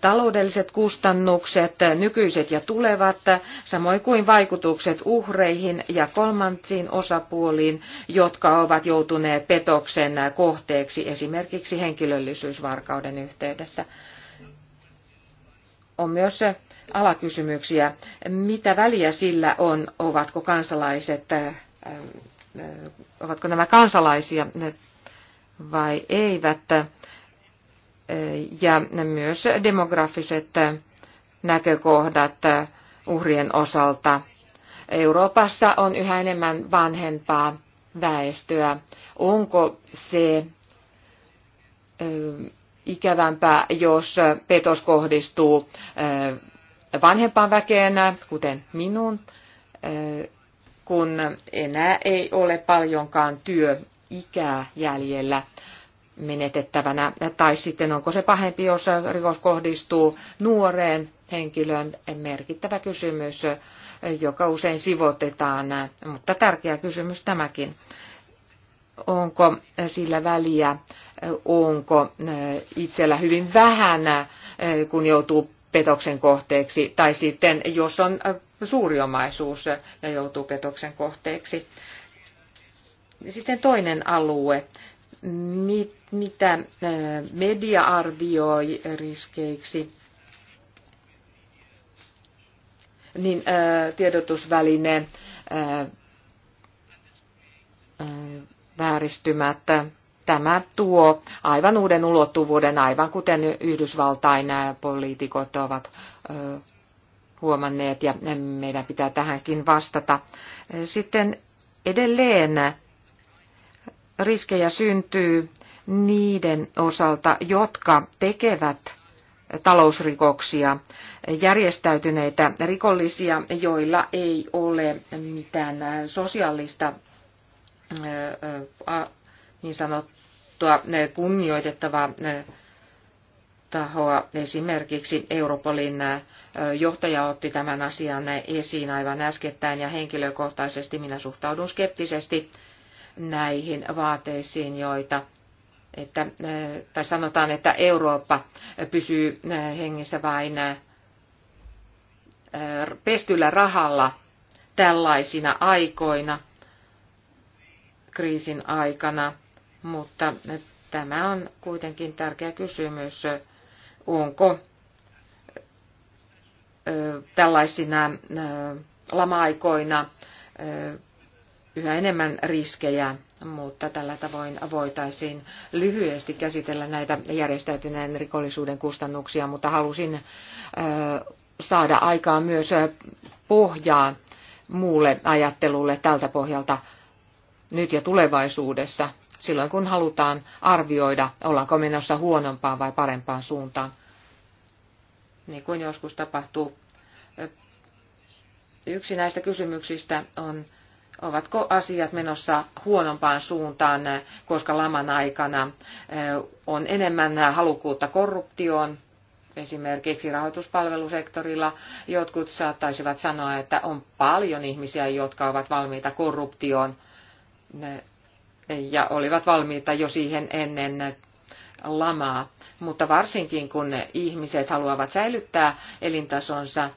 Taloudelliset kustannukset, nykyiset ja tulevat, samoin kuin vaikutukset uhreihin ja kolmansiin osapuoliin, jotka ovat joutuneet petoksen kohteeksi esimerkiksi henkilöllisyysvarkauden yhteydessä. On myös alakysymyksiä. Mitä väliä sillä on, ovatko kansalaiset, äh, äh, ovatko nämä kansalaisia vai eivät? Äh, ja myös demografiset näkökohdat uhrien osalta. Euroopassa on yhä enemmän vanhempaa väestöä. Onko se ikävämpää, jos petos kohdistuu vanhempaan väkeen, kuten minun, eh, kun enää ei ole paljonkaan työikää jäljellä menetettävänä, tai sitten onko se pahempi, jos rikos kohdistuu nuoreen henkilöön, merkittävä kysymys, joka usein sivotetaan, mutta tärkeä kysymys tämäkin. Onko sillä väliä, onko eh, itsellä hyvin vähän, eh, kun joutuu petoksen kohteeksi, tai sitten jos on äh, suuri omaisuus ja joutuu petoksen kohteeksi. Sitten toinen alue, mitä äh, media arvioi riskeiksi, niin äh, tiedotusväline vääristymättä tämä tuo aivan uuden ulottuvuuden, aivan kuten Yhdysvaltain poliitikot ovat huomanneet ja meidän pitää tähänkin vastata. Sitten edelleen riskejä syntyy niiden osalta, jotka tekevät talousrikoksia, järjestäytyneitä rikollisia, joilla ei ole mitään sosiaalista niin sanot, tunnettua eh, kunnioitettavaa eh, tahoa. Esimerkiksi Europolin eh, johtaja otti tämän asian esiin aivan äskettäin ja henkilökohtaisesti minä suhtaudun skeptisesti näihin vaateisiin, joita että, tai sanotaan, että Eurooppa pysyy hengissä vain pestyllä rahalla tällaisina aikoina, kriisin aikana mutta tämä on kuitenkin tärkeä kysymys. Onko tällaisina lama-aikoina yhä enemmän riskejä, mutta tällä tavoin voitaisiin lyhyesti käsitellä näitä järjestäytyneen rikollisuuden kustannuksia, mutta halusin saada aikaan myös pohjaa muulle ajattelulle tältä pohjalta nyt ja tulevaisuudessa silloin kun halutaan arvioida, ollaanko menossa huonompaan vai parempaan suuntaan. Niin kuin joskus tapahtuu. Yksi näistä kysymyksistä on, ovatko asiat menossa huonompaan suuntaan, koska laman aikana eh, on enemmän halukkuutta korruptioon, esimerkiksi rahoituspalvelusektorilla jotkut saattaisivat sanoa, että on paljon ihmisiä, jotka ovat valmiita korruptioon ja olivat valmiita jo siihen ennen lamaa. Mutta varsinkin kun ihmiset haluavat säilyttää elintasonsa,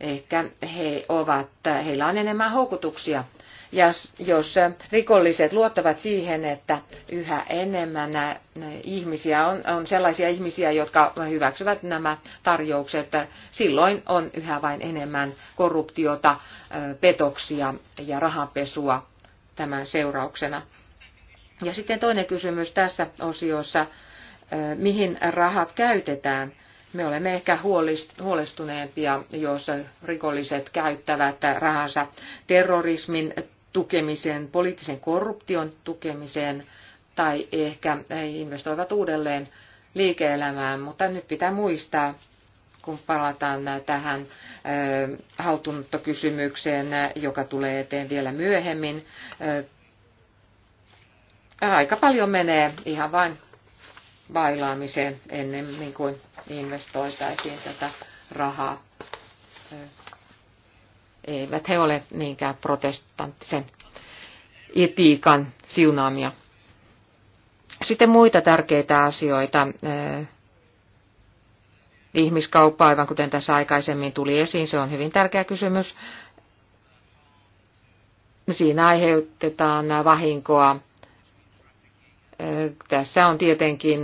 ehkä he ovat, heillä on enemmän houkutuksia. Ja jos rikolliset luottavat siihen, että yhä enemmän ihmisiä on, on sellaisia ihmisiä, jotka hyväksyvät nämä tarjoukset, silloin on yhä vain enemmän korruptiota, petoksia ja rahanpesua tämän seurauksena. Ja sitten toinen kysymys tässä osiossa, mihin rahat käytetään. Me olemme ehkä huolestuneempia, jos rikolliset käyttävät rahansa terrorismin tukemiseen, poliittisen korruption tukemiseen tai ehkä investoivat uudelleen liike-elämään. Mutta nyt pitää muistaa, kun palataan tähän haltuunottokysymykseen, joka tulee eteen vielä myöhemmin. Äh, aika paljon menee ihan vain bailaamiseen ennen kuin investoitaisiin tätä rahaa. Äh, eivät he ole niinkään protestanttisen etiikan siunaamia. Sitten muita tärkeitä asioita. Äh, ihmiskauppa, aivan kuten tässä aikaisemmin tuli esiin, se on hyvin tärkeä kysymys. Siinä aiheutetaan vahinkoa tässä on tietenkin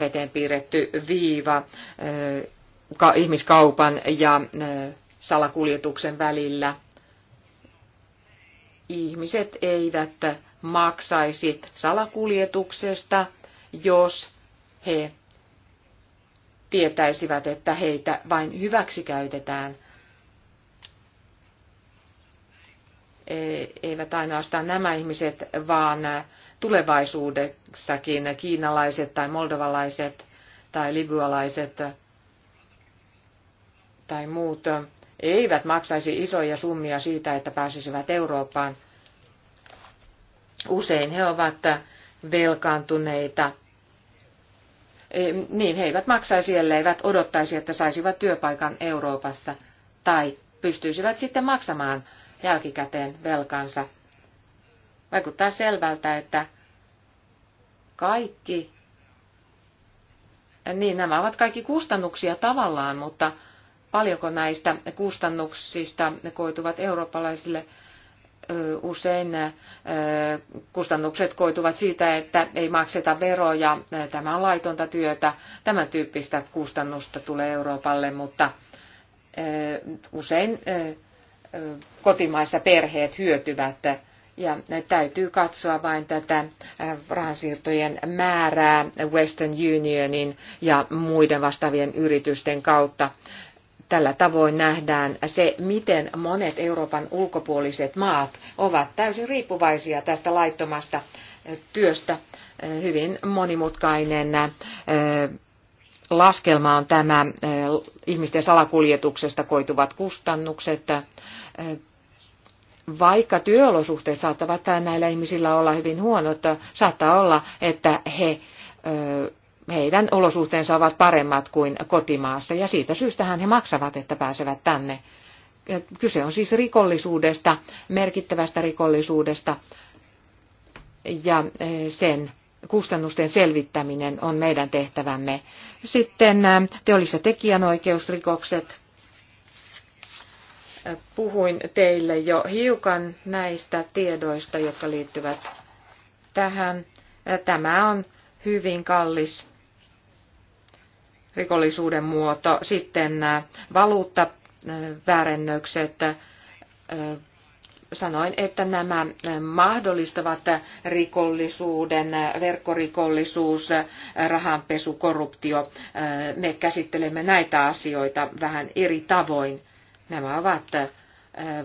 veteen piirretty viiva ihmiskaupan ja salakuljetuksen välillä. Ihmiset eivät maksaisi salakuljetuksesta, jos he tietäisivät, että heitä vain hyväksikäytetään. E, eivät ainoastaan nämä ihmiset, vaan tulevaisuudessakin kiinalaiset tai moldovalaiset tai libyalaiset tai muut eivät maksaisi isoja summia siitä, että pääsisivät Eurooppaan. Usein he ovat velkaantuneita. Niin he eivät maksaisi, elleivät odottaisi, että saisivat työpaikan Euroopassa tai pystyisivät sitten maksamaan jälkikäteen velkansa Vaikuttaa selvältä, että kaikki, niin nämä ovat kaikki kustannuksia tavallaan, mutta paljonko näistä kustannuksista koituvat eurooppalaisille usein kustannukset koituvat siitä, että ei makseta veroja, tämä on laitonta työtä, tämän tyyppistä kustannusta tulee Euroopalle, mutta usein kotimaissa perheet hyötyvät ja täytyy katsoa vain tätä äh, rahansiirtojen määrää Western Unionin ja muiden vastaavien yritysten kautta. Tällä tavoin nähdään se, miten monet Euroopan ulkopuoliset maat ovat täysin riippuvaisia tästä laittomasta äh, työstä. Äh, hyvin monimutkainen laskelma on tämä ihmisten salakuljetuksesta koituvat kustannukset vaikka työolosuhteet saattavat näillä ihmisillä olla hyvin huonot, saattaa olla, että he, heidän olosuhteensa ovat paremmat kuin kotimaassa. Ja siitä syystähän he maksavat, että pääsevät tänne. Kyse on siis rikollisuudesta, merkittävästä rikollisuudesta. Ja sen kustannusten selvittäminen on meidän tehtävämme. Sitten teollis- ja tekijänoikeusrikokset puhuin teille jo hiukan näistä tiedoista, jotka liittyvät tähän. Tämä on hyvin kallis rikollisuuden muoto. Sitten valuuttaväärennökset. Sanoin, että nämä mahdollistavat rikollisuuden, verkkorikollisuus, rahanpesu, korruptio. Me käsittelemme näitä asioita vähän eri tavoin Nämä ovat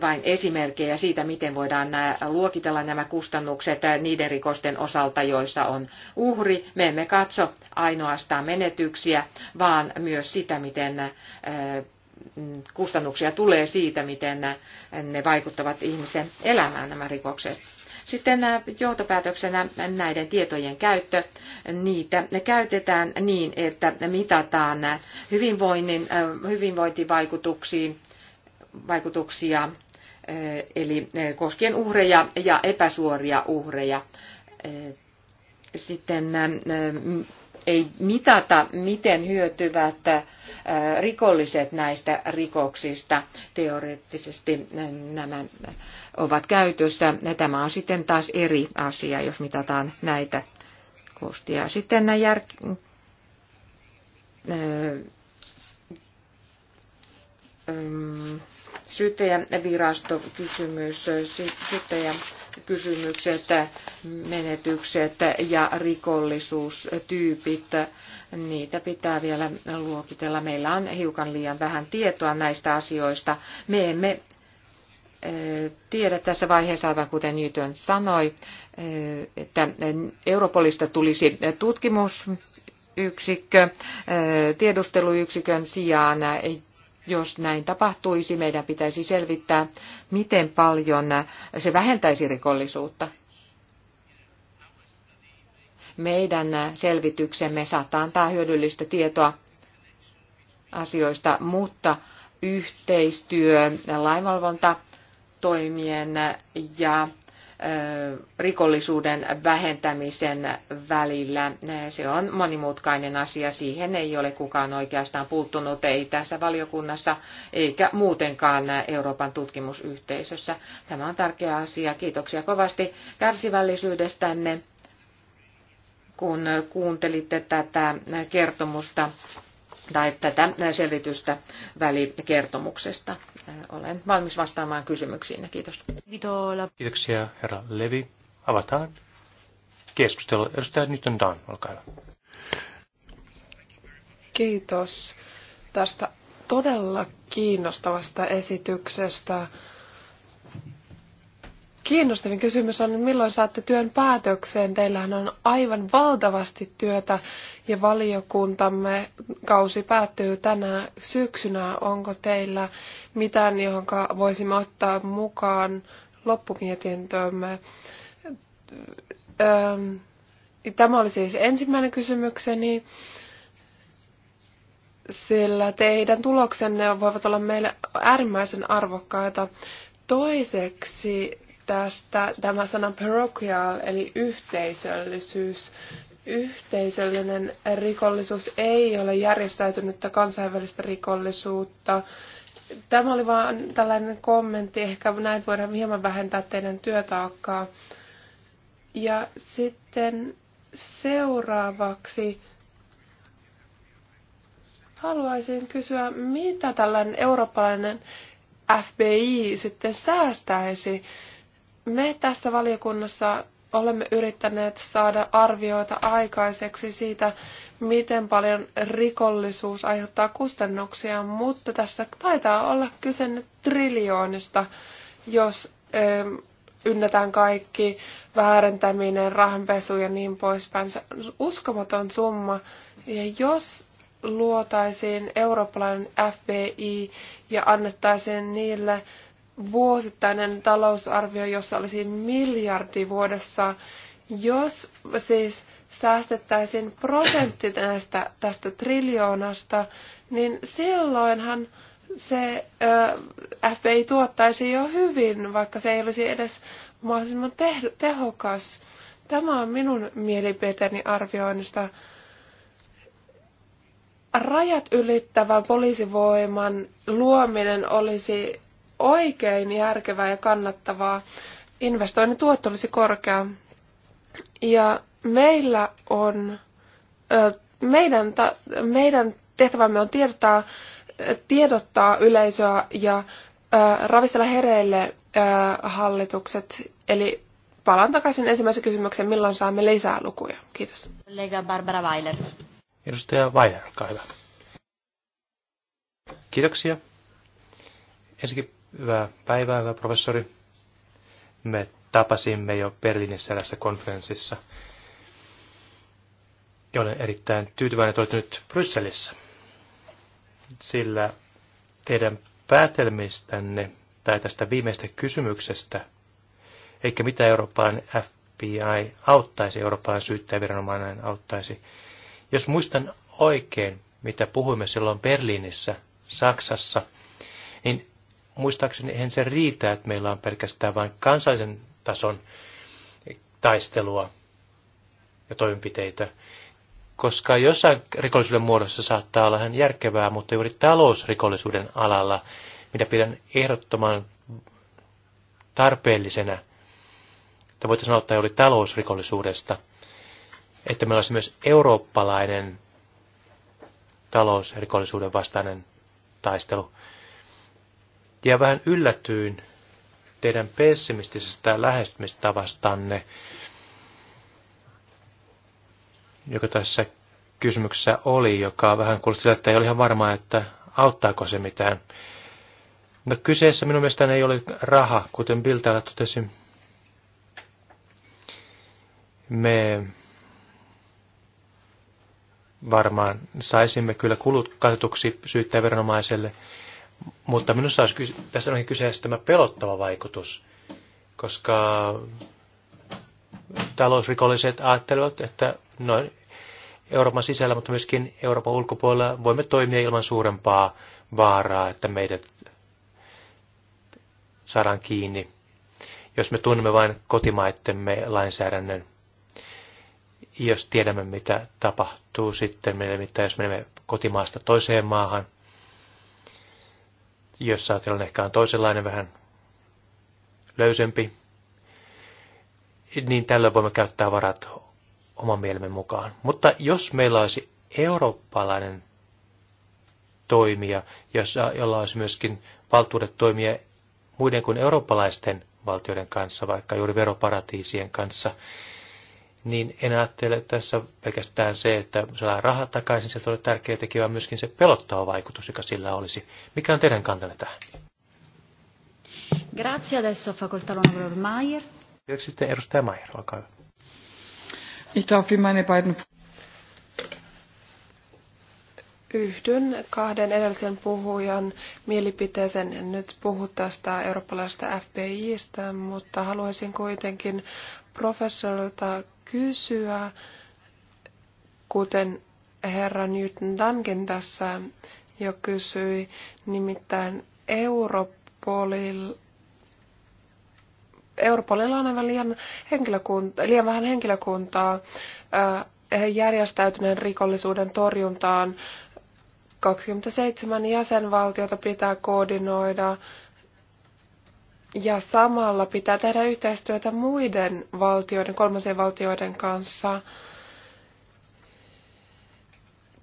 vain esimerkkejä siitä, miten voidaan luokitella nämä kustannukset niiden rikosten osalta, joissa on uhri. Me emme katso ainoastaan menetyksiä, vaan myös sitä, miten kustannuksia tulee siitä, miten ne vaikuttavat ihmisten elämään nämä rikokset. Sitten johtopäätöksenä näiden tietojen käyttö. Niitä käytetään niin, että mitataan hyvinvointivaikutuksiin vaikutuksia, eh, eli eh, koskien uhreja ja epäsuoria uhreja. Eh, sitten ei mitata, miten hyötyvät rikolliset näistä rikoksista. Teoreettisesti nämä ovat käytössä. Tämä on sitten taas eri asia, jos mitataan näitä kostia. Sitten nämä jär syyttäjävirasto kysymys, syyttäjä menetykset ja rikollisuustyypit. Niitä pitää vielä luokitella. Meillä on hiukan liian vähän tietoa näistä asioista. Me emme eh, tiedä tässä vaiheessa, aivan kuten Newton sanoi, eh, että Europolista tulisi tutkimusyksikkö eh, tiedusteluyksikön sijaan jos näin tapahtuisi, meidän pitäisi selvittää, miten paljon se vähentäisi rikollisuutta. Meidän selvityksemme saattaa antaa hyödyllistä tietoa asioista, mutta yhteistyö toimien ja rikollisuuden vähentämisen välillä. Se on monimutkainen asia. Siihen ei ole kukaan oikeastaan puuttunut, ei tässä valiokunnassa eikä muutenkaan Euroopan tutkimusyhteisössä. Tämä on tärkeä asia. Kiitoksia kovasti kärsivällisyydestänne kun kuuntelitte tätä kertomusta tai tätä selvitystä välikertomuksesta. Olen valmis vastaamaan kysymyksiin. Kiitos. Kiitoksia, herra Levi. Avataan keskustelu. Edustaja Newton Dan, olkaa hyvä. Kiitos tästä todella kiinnostavasta esityksestä. Kiinnostavin kysymys on, milloin saatte työn päätökseen? Teillähän on aivan valtavasti työtä ja valiokuntamme kausi päättyy tänä syksynä. Onko teillä mitään, johon voisimme ottaa mukaan loppumietintöömme? Ähm, tämä oli siis ensimmäinen kysymykseni, sillä teidän tuloksenne voivat olla meille äärimmäisen arvokkaita. Toiseksi tästä tämä sana parochial, eli yhteisöllisyys. Yhteisöllinen rikollisuus ei ole järjestäytynyttä kansainvälistä rikollisuutta. Tämä oli vain tällainen kommentti, ehkä näin voidaan hieman vähentää teidän työtaakkaa. Ja sitten seuraavaksi haluaisin kysyä, mitä tällainen eurooppalainen FBI sitten säästäisi? Me tässä valiokunnassa olemme yrittäneet saada arvioita aikaiseksi siitä, miten paljon rikollisuus aiheuttaa kustannuksia, mutta tässä taitaa olla kyse nyt triljoonista, jos ö, ynnätään kaikki väärentäminen, rahanpesu ja niin poispäin. Se on uskomaton summa. Ja jos luotaisiin eurooppalainen FBI ja annettaisiin niille vuosittainen talousarvio, jossa olisi miljardi vuodessa, jos siis säästettäisiin prosentti näistä, tästä triljoonasta, niin silloinhan se ö, FBI tuottaisi jo hyvin, vaikka se ei olisi edes mahdollisimman tehokas. Tämä on minun mielipiteeni arvioinnista. Rajat ylittävän poliisivoiman luominen olisi oikein järkevää ja kannattavaa. Investoinnin tuotto olisi korkea. Ja meillä on, meidän, meidän tehtävämme on tiedottaa, tiedottaa yleisöä ja ravistella hereille hallitukset. Eli palaan takaisin ensimmäisen kysymykseen, milloin saamme lisää lukuja. Kiitos. Kollega Barbara Weiler. Edustaja Weiler, olkaa hyvä. Kiitoksia. Ensinnäkin Hyvää päivää, hyvä professori. Me tapasimme jo Berliinissä tässä konferenssissa. Ja olen erittäin tyytyväinen, että nyt Brysselissä. Sillä teidän päätelmistänne tai tästä viimeistä kysymyksestä, eikä mitä Euroopan FBI auttaisi, Euroopan syyttäjäviranomainen auttaisi. Jos muistan oikein, mitä puhuimme silloin Berliinissä, Saksassa, niin muistaakseni eihän se riitä, että meillä on pelkästään vain kansallisen tason taistelua ja toimenpiteitä, koska jossain rikollisuuden muodossa saattaa olla ihan järkevää, mutta juuri talousrikollisuuden alalla, mitä pidän ehdottoman tarpeellisena, että voitaisiin aloittaa juuri talousrikollisuudesta, että meillä olisi myös eurooppalainen talousrikollisuuden vastainen taistelu. Ja vähän yllätyin teidän pessimistisestä lähestymistavastanne, joka tässä kysymyksessä oli, joka vähän kuulosti sillä, että ei ole ihan varmaa, että auttaako se mitään. No kyseessä minun mielestäni ei ole raha, kuten Bill täällä totesi. Me varmaan saisimme kyllä kulut katetuksi syyttäjäviranomaiselle, viranomaiselle mutta minusta olisi, tässä onkin kyseessä tämä pelottava vaikutus, koska talousrikolliset ajattelevat, että noin Euroopan sisällä, mutta myöskin Euroopan ulkopuolella voimme toimia ilman suurempaa vaaraa, että meidät saadaan kiinni, jos me tunnemme vain kotimaittemme lainsäädännön. Jos tiedämme, mitä tapahtuu sitten, mitä jos menemme kotimaasta toiseen maahan, jossain tilanne ehkä on toisenlainen, vähän löysempi, niin tällöin voimme käyttää varat oman mielemme mukaan. Mutta jos meillä olisi eurooppalainen toimija, jossa, jolla olisi myöskin valtuudet toimia muiden kuin eurooppalaisten valtioiden kanssa, vaikka juuri veroparatiisien kanssa, niin en ajattele tässä pelkästään se, että saadaan rahat takaisin, se on tärkeä tekijä, vaan myöskin se pelottava vaikutus, joka sillä olisi. Mikä on teidän kantanne tähän? Grazie, adesso facoltà l'onorevole Mayer. Kiitoksia sitten edustaja Maier, olkaa hyvä. Ich darf meine beiden Yhdyn kahden edellisen puhujan mielipiteeseen. En nyt puhu tästä eurooppalaisesta FBIstä, mutta haluaisin kuitenkin professorilta kysyä, kuten herra Newton Duncan tässä jo kysyi, nimittäin Europolilla Europolilla on aivan liian, henkilökunta, liian vähän henkilökuntaa järjestäytyneen rikollisuuden torjuntaan. 27 jäsenvaltiota pitää koordinoida ja samalla pitää tehdä yhteistyötä muiden valtioiden, kolmansien valtioiden kanssa.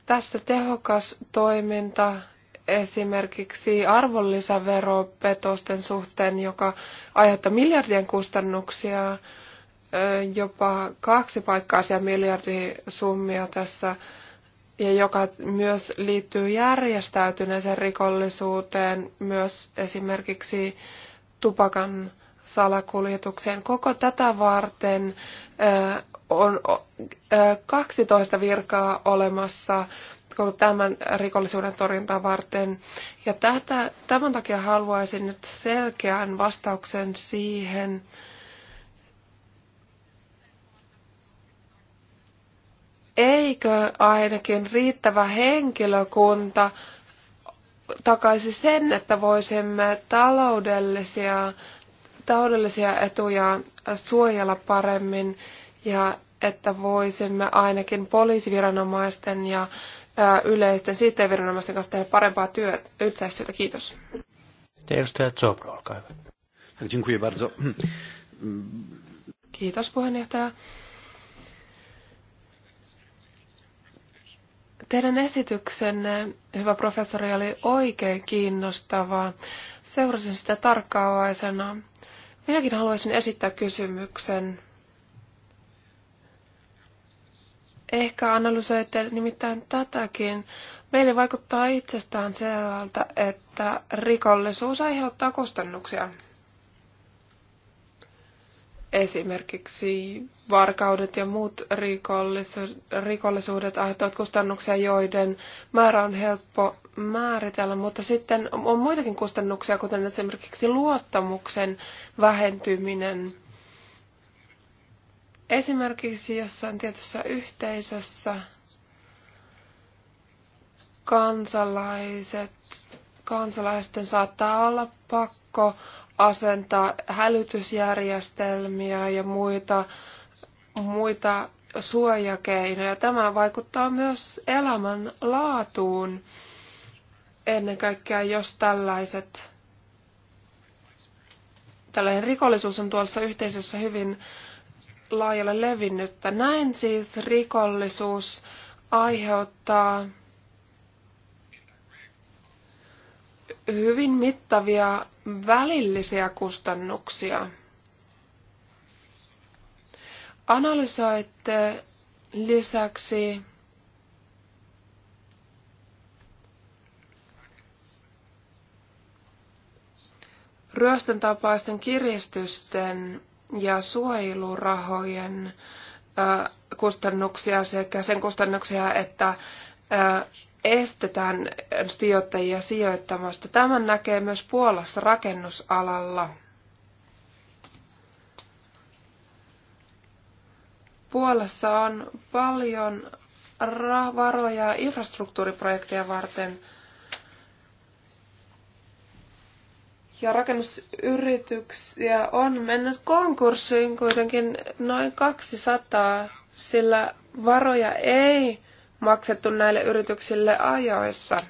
Tässä tehokas toiminta esimerkiksi arvonlisäveropetosten suhteen, joka aiheuttaa miljardien kustannuksia, jopa kaksi paikkaisia miljardisummia tässä, ja joka myös liittyy järjestäytyneeseen rikollisuuteen, myös esimerkiksi tupakan salakuljetukseen. Koko tätä varten on 12 virkaa olemassa koko tämän rikollisuuden torjuntaa varten. Ja tätä, tämän takia haluaisin nyt selkeän vastauksen siihen, eikö ainakin riittävä henkilökunta takaisi sen, että voisimme taloudellisia, taloudellisia etuja suojella paremmin ja että voisimme ainakin poliisiviranomaisten ja yleisten syyttäjäviranomaisten kanssa tehdä parempaa työtä yhteistyötä. Kiitos. Edustaja Zobro, olkaa hyvä. Kiitos puheenjohtaja. Teidän esityksenne, hyvä professori, oli oikein kiinnostavaa. Seurasin sitä tarkkaavaisena. Minäkin haluaisin esittää kysymyksen. Ehkä analysoitte nimittäin tätäkin. Meille vaikuttaa itsestään selvältä, että rikollisuus aiheuttaa kustannuksia. Esimerkiksi varkaudet ja muut rikollisuudet aiheuttavat kustannuksia, joiden määrä on helppo määritellä, mutta sitten on muitakin kustannuksia, kuten esimerkiksi luottamuksen vähentyminen. Esimerkiksi jossain tietyssä yhteisössä kansalaiset, kansalaisten saattaa olla pakko asentaa hälytysjärjestelmiä ja muita, muita suojakeinoja. Tämä vaikuttaa myös elämän laatuun ennen kaikkea, jos tällaiset tällainen rikollisuus on tuossa yhteisössä hyvin laajalle levinnyttä. Näin siis rikollisuus aiheuttaa hyvin mittavia välillisiä kustannuksia. Analysoitte lisäksi ryöstöntapaisten kiristysten ja suojelurahojen kustannuksia sekä sen kustannuksia, että estetään sijoittajia sijoittamasta. Tämän näkee myös Puolassa rakennusalalla. Puolassa on paljon varoja infrastruktuuriprojekteja varten. Ja rakennusyrityksiä on mennyt konkurssiin kuitenkin noin 200, sillä varoja ei maksettu näille yrityksille ajoissa.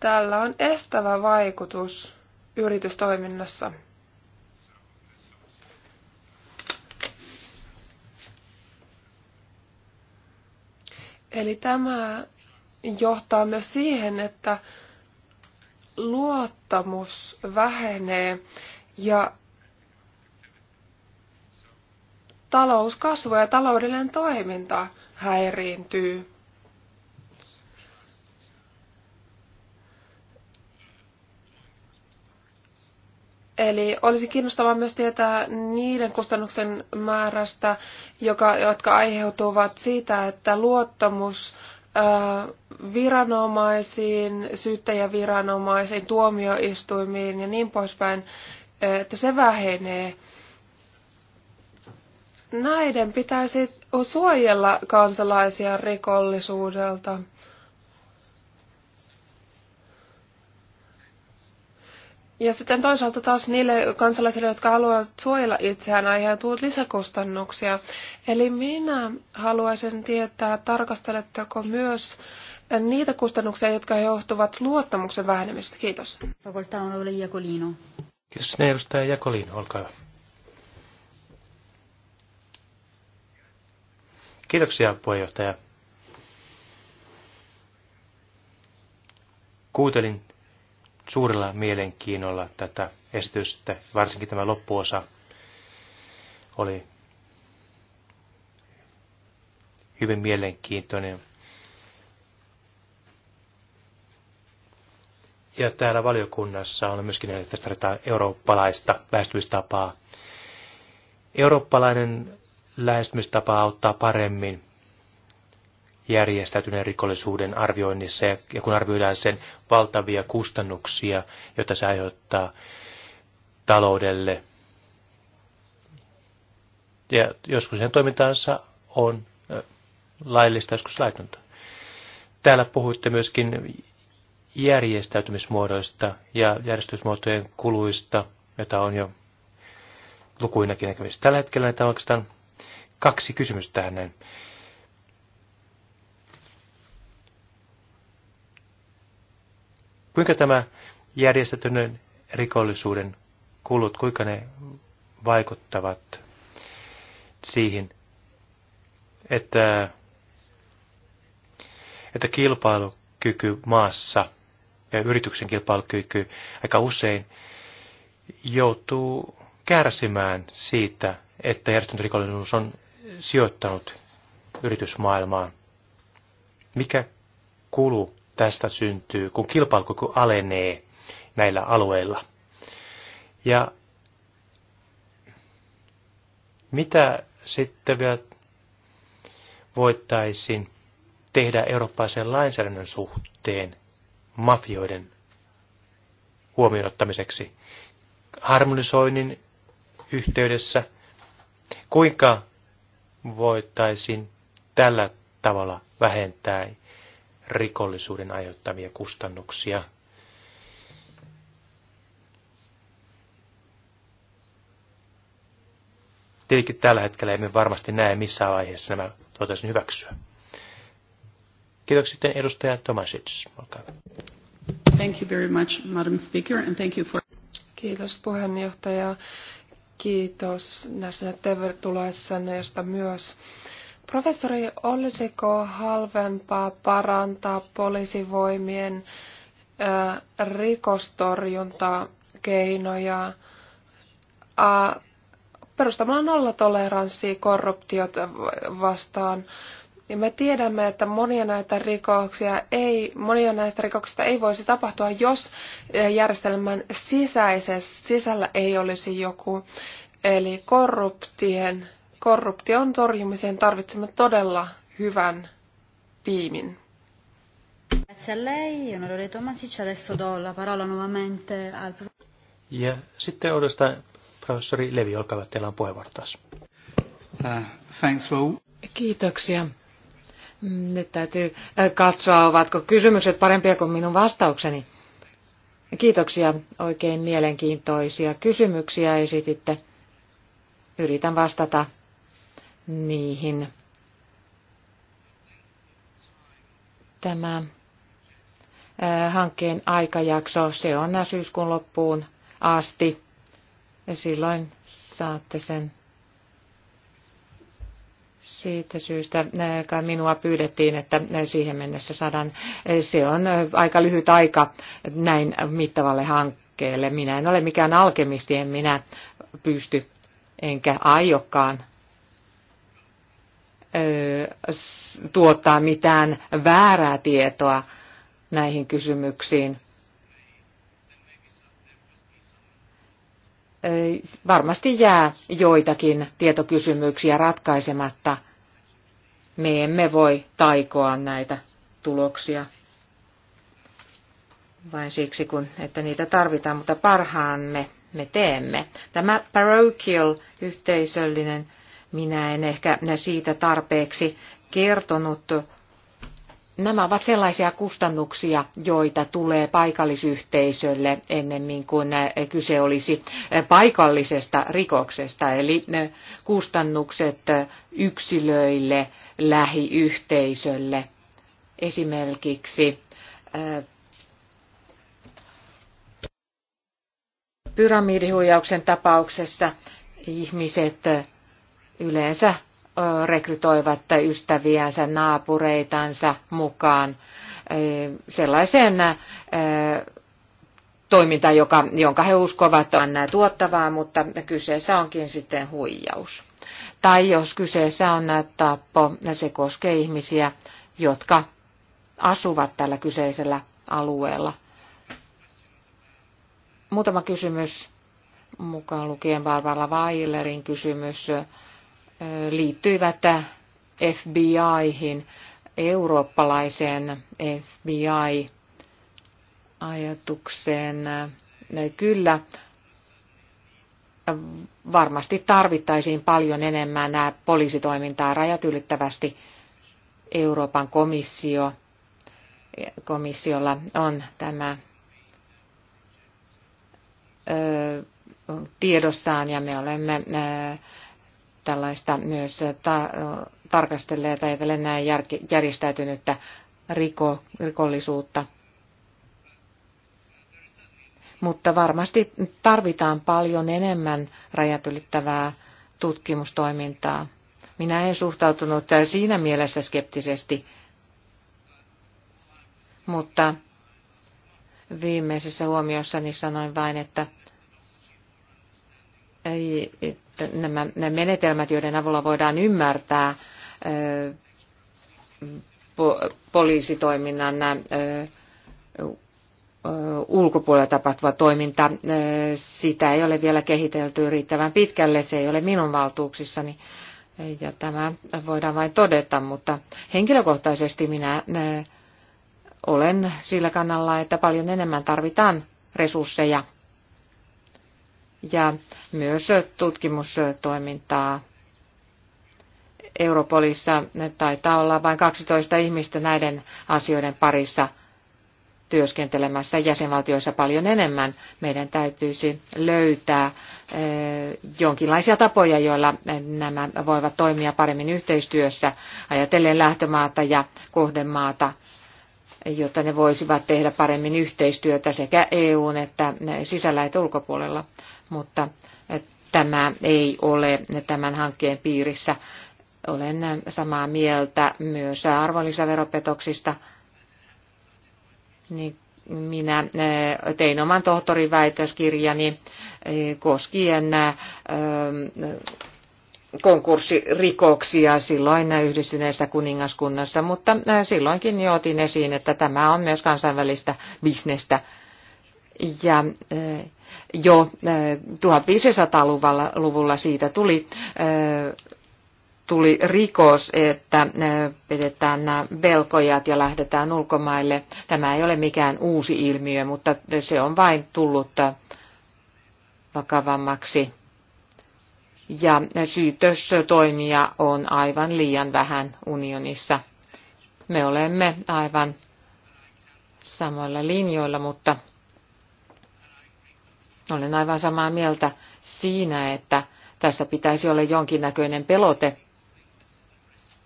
Tällä on estävä vaikutus yritystoiminnassa. Eli tämä johtaa myös siihen, että luottamus vähenee ja talouskasvu ja taloudellinen toiminta häiriintyy. Eli olisi kiinnostavaa myös tietää niiden kustannuksen määrästä, joka, jotka aiheutuvat siitä, että luottamus viranomaisiin, syyttäjäviranomaisiin, tuomioistuimiin ja niin poispäin, että se vähenee näiden pitäisi suojella kansalaisia rikollisuudelta. Ja sitten toisaalta taas niille kansalaisille, jotka haluavat suojella itseään, aiheutuu lisäkustannuksia. Eli minä haluaisin tietää, tarkasteletteko myös niitä kustannuksia, jotka johtuvat luottamuksen vähenemistä. Kiitos. Facoltà onorevole Jacolino. Kiitos. edustaja Jacolino, olkaa hyvä. Kiitoksia puheenjohtaja. Kuuntelin suurella mielenkiinnolla tätä esitystä, varsinkin tämä loppuosa oli hyvin mielenkiintoinen. Ja täällä valiokunnassa on myöskin näitä tästä eurooppalaista väestymistapaa. Eurooppalainen lähestymistapa auttaa paremmin järjestäytyneen rikollisuuden arvioinnissa ja kun arvioidaan sen valtavia kustannuksia, joita se aiheuttaa taloudelle. Ja joskus sen toimintaansa on laillista, joskus laitonta. Täällä puhuitte myöskin järjestäytymismuodoista ja järjestysmuotojen kuluista, joita on jo lukuinakin näkemistä. Tällä hetkellä näitä on oikeastaan kaksi kysymystä hänen. Kuinka tämä järjestetyn rikollisuuden kulut, kuinka ne vaikuttavat siihen, että, että kilpailukyky maassa ja yrityksen kilpailukyky aika usein joutuu kärsimään siitä, että järjestetyn rikollisuus on sijoittanut yritysmaailmaan. Mikä kulu tästä syntyy, kun kilpailukyky alenee näillä alueilla? Ja mitä sitten vielä voittaisin tehdä eurooppalaisen lainsäädännön suhteen mafioiden huomioon ottamiseksi harmonisoinnin yhteydessä? Kuinka voitaisiin tällä tavalla vähentää rikollisuuden aiheuttamia kustannuksia. Tietenkin tällä hetkellä emme varmasti näe missään vaiheessa nämä voitaisiin hyväksyä. Kiitoksia sitten edustaja Tomasic. Olkaa Thank you very much, Madam Speaker, and thank you for... Kiitos puheenjohtaja Kiitos näistä tervetulleista myös. Professori, olisiko halvempaa parantaa poliisivoimien rikostorjuntakeinoja perustamalla nollatoleranssia korruptiota vastaan niin me tiedämme, että monia näitä rikoksia ei, monia näistä rikoksista ei voisi tapahtua, jos e, järjestelmän sisäisessä, sisällä ei olisi joku. Eli korruptien, korruption torjumiseen tarvitsemme todella hyvän tiimin. Grazie a lei, onorevole Tomasic. Adesso do la parola nuovamente al Ja sitten odotetaan professori Levi, olkaa teillä on puheenvuoro taas. Uh, thanks for... Kiitoksia nyt täytyy katsoa, ovatko kysymykset parempia kuin minun vastaukseni. Kiitoksia, oikein mielenkiintoisia kysymyksiä esititte. Yritän vastata niihin. Tämä hankkeen aikajakso, se on syyskuun loppuun asti. Ja silloin saatte sen siitä syystä äh, minua pyydettiin, että äh, siihen mennessä sadan. Äh, se on aika lyhyt aika näin mittavalle hankkeelle. Minä en ole mikään alkemisti, en minä pysty enkä aiokkaan tuottaa mitään väärää tietoa näihin kysymyksiin. varmasti jää joitakin tietokysymyksiä ratkaisematta. Me emme voi taikoa näitä tuloksia vain siksi, kun, että niitä tarvitaan, mutta parhaamme me teemme. Tämä parochial, yhteisöllinen, minä en ehkä siitä tarpeeksi kertonut, Nämä ovat sellaisia kustannuksia, joita tulee paikallisyhteisölle ennemmin kuin kyse olisi paikallisesta rikoksesta, eli ne kustannukset yksilöille, lähiyhteisölle. Esimerkiksi pyramidihuijauksen tapauksessa ihmiset yleensä rekrytoivat ystäviänsä, naapureitansa mukaan sellaiseen toimintaan, joka, jonka he uskovat on tuottavaa, mutta kyseessä onkin sitten huijaus. Tai jos kyseessä on tappo, se koskee ihmisiä, jotka asuvat tällä kyseisellä alueella. Muutama kysymys, mukaan lukien Barbara Weilerin kysymys liittyivät FBIhin, eurooppalaiseen FBI-ajatukseen. Kyllä, varmasti tarvittaisiin paljon enemmän nämä poliisitoimintaa rajat ylittävästi. Euroopan komissio, komissiolla on tämä tiedossaan ja me olemme tällaista myös äh, ta- tai ajatellen näin järjestäytynyttä riko- rikollisuutta. Mutta varmasti tarvitaan paljon enemmän rajat ylittävää tutkimustoimintaa. Minä en suhtautunut siinä mielessä skeptisesti, mutta viimeisessä huomiossani sanoin vain, että ei, nämä menetelmät, joiden avulla voidaan ymmärtää poliisitoiminnan ulkopuolella tapahtuva toiminta, sitä ei ole vielä kehitelty riittävän pitkälle, se ei ole minun valtuuksissani. Ja tämä voidaan vain todeta, mutta henkilökohtaisesti minä olen sillä kannalla, että paljon enemmän tarvitaan resursseja ja myös tutkimustoimintaa. Europolissa taitaa olla vain 12 ihmistä näiden asioiden parissa työskentelemässä jäsenvaltioissa paljon enemmän. Meidän täytyisi löytää eh, jonkinlaisia tapoja, joilla nämä voivat toimia paremmin yhteistyössä, ajatellen lähtömaata ja kohdemaata, jotta ne voisivat tehdä paremmin yhteistyötä sekä EUn että sisällä että ulkopuolella mutta eh, tämä ei ole tämän hankkeen piirissä. Olen eh, samaa mieltä myös arvonlisäveropetoksista. Niin minä eh, tein oman tohtorin väitöskirjani koskien konkurssirikoksia silloin yhdistyneessä kuningaskunnassa, mutta silloinkin jo otin esiin, että tämä on myös kansainvälistä bisnestä. Ja jo 1500-luvulla siitä tuli, tuli rikos, että pidetään nämä velkojat ja lähdetään ulkomaille. Tämä ei ole mikään uusi ilmiö, mutta se on vain tullut vakavammaksi. Ja syytöstoimia on aivan liian vähän unionissa. Me olemme aivan samoilla linjoilla, mutta olen aivan samaa mieltä siinä, että tässä pitäisi olla jonkinnäköinen pelote,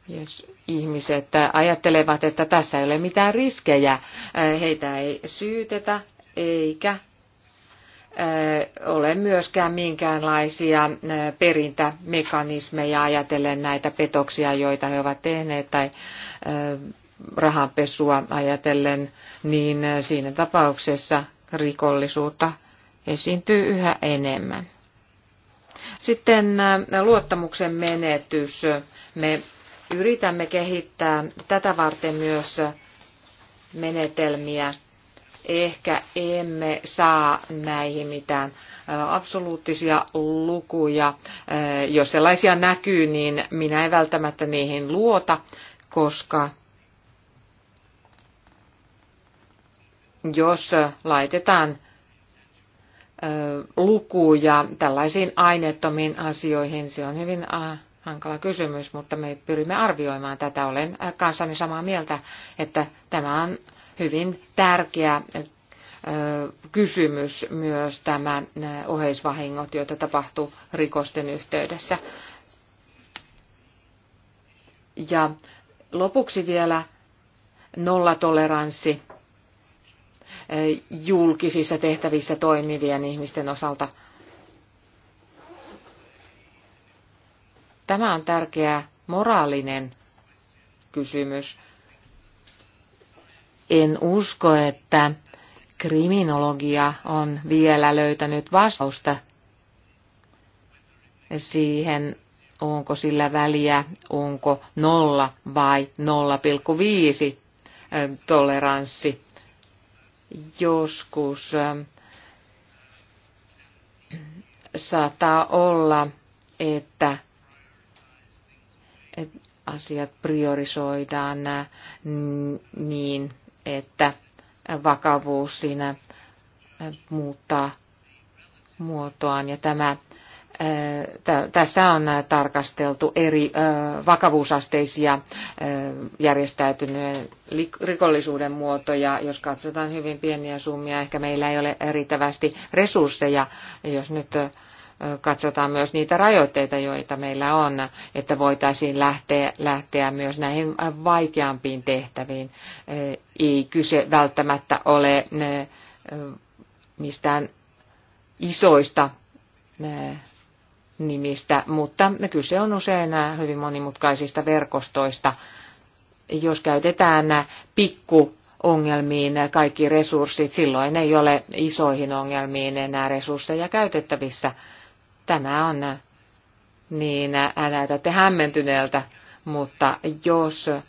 jos ihmiset ajattelevat, että tässä ei ole mitään riskejä. Äh, heitä ei syytetä eikä äh, ole myöskään minkäänlaisia äh, perintämekanismeja ajatellen näitä petoksia, joita he ovat tehneet tai rahanpesua ajatellen, niin siinä tapauksessa rikollisuutta esiintyy yhä enemmän. Sitten luottamuksen menetys. Me yritämme kehittää tätä varten myös menetelmiä. Ehkä emme saa näihin mitään absoluuttisia lukuja. Jos sellaisia näkyy, niin minä en välttämättä niihin luota, koska jos laitetaan luku ja tällaisiin aineettomiin asioihin. Se on hyvin hankala kysymys, mutta me pyrimme arvioimaan tätä. Olen kanssani samaa mieltä, että tämä on hyvin tärkeä kysymys myös tämä oheisvahingot, joita tapahtuu rikosten yhteydessä. Ja lopuksi vielä nollatoleranssi julkisissa tehtävissä toimivien ihmisten osalta. Tämä on tärkeä moraalinen kysymys. En usko, että kriminologia on vielä löytänyt vastausta siihen, onko sillä väliä, onko nolla vai 0,5 toleranssi joskus ähm, saattaa olla, että asiat priorisoidaan äh, niin, että vakavuus siinä äh, muuttaa muotoaan. Ja tämä tässä on tarkasteltu eri vakavuusasteisia järjestäytyneen rikollisuuden muotoja. Jos katsotaan hyvin pieniä summia, ehkä meillä ei ole riittävästi resursseja, jos nyt katsotaan myös niitä rajoitteita, joita meillä on, että voitaisiin lähteä, lähteä myös näihin vaikeampiin tehtäviin. Ei kyse välttämättä ole mistään isoista nimistä, mutta kyse on usein hyvin monimutkaisista verkostoista. Jos käytetään pikkuongelmiin kaikki resurssit, silloin ei ole isoihin ongelmiin enää resursseja käytettävissä. Tämä on niin, näytätte hämmentyneeltä, mutta jos, eh,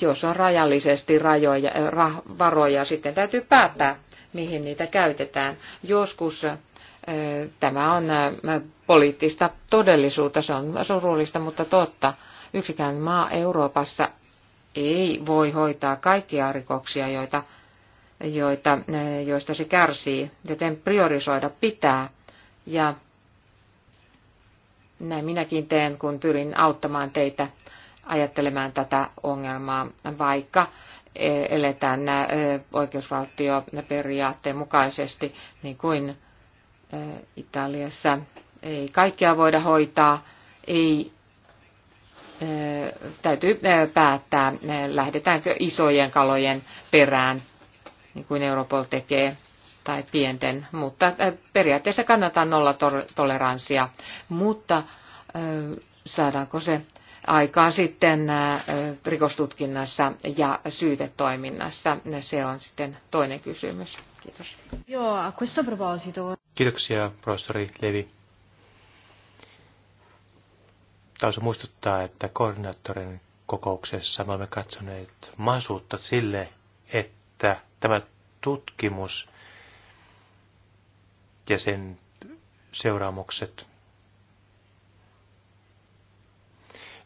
jos on rajallisesti rajoja, varoja, sitten täytyy päättää, mihin niitä käytetään. Joskus Tämä on poliittista todellisuutta, se on surullista, mutta totta. Yksikään maa Euroopassa ei voi hoitaa kaikkia rikoksia, joita, joita, joista se kärsii, joten priorisoida pitää. Ja näin minäkin teen, kun pyrin auttamaan teitä ajattelemaan tätä ongelmaa, vaikka e, eletään oikeusvaltioperiaatteen mukaisesti, niin kuin Italiassa. Ei kaikkea voida hoitaa, ei täytyy päättää, lähdetäänkö isojen kalojen perään, niin kuin Europol tekee, tai pienten, mutta periaatteessa kannattaa toleranssia, mutta saadaanko se aikaan sitten rikostutkinnassa ja syytetoiminnassa, se on sitten toinen kysymys. Kiitos. Joo, a questo proposito. Kiitoksia, professori Levi. Taas muistuttaa, että koordinaattorin kokouksessa me olemme katsoneet mahdollisuutta sille, että tämä tutkimus ja sen seuraamukset,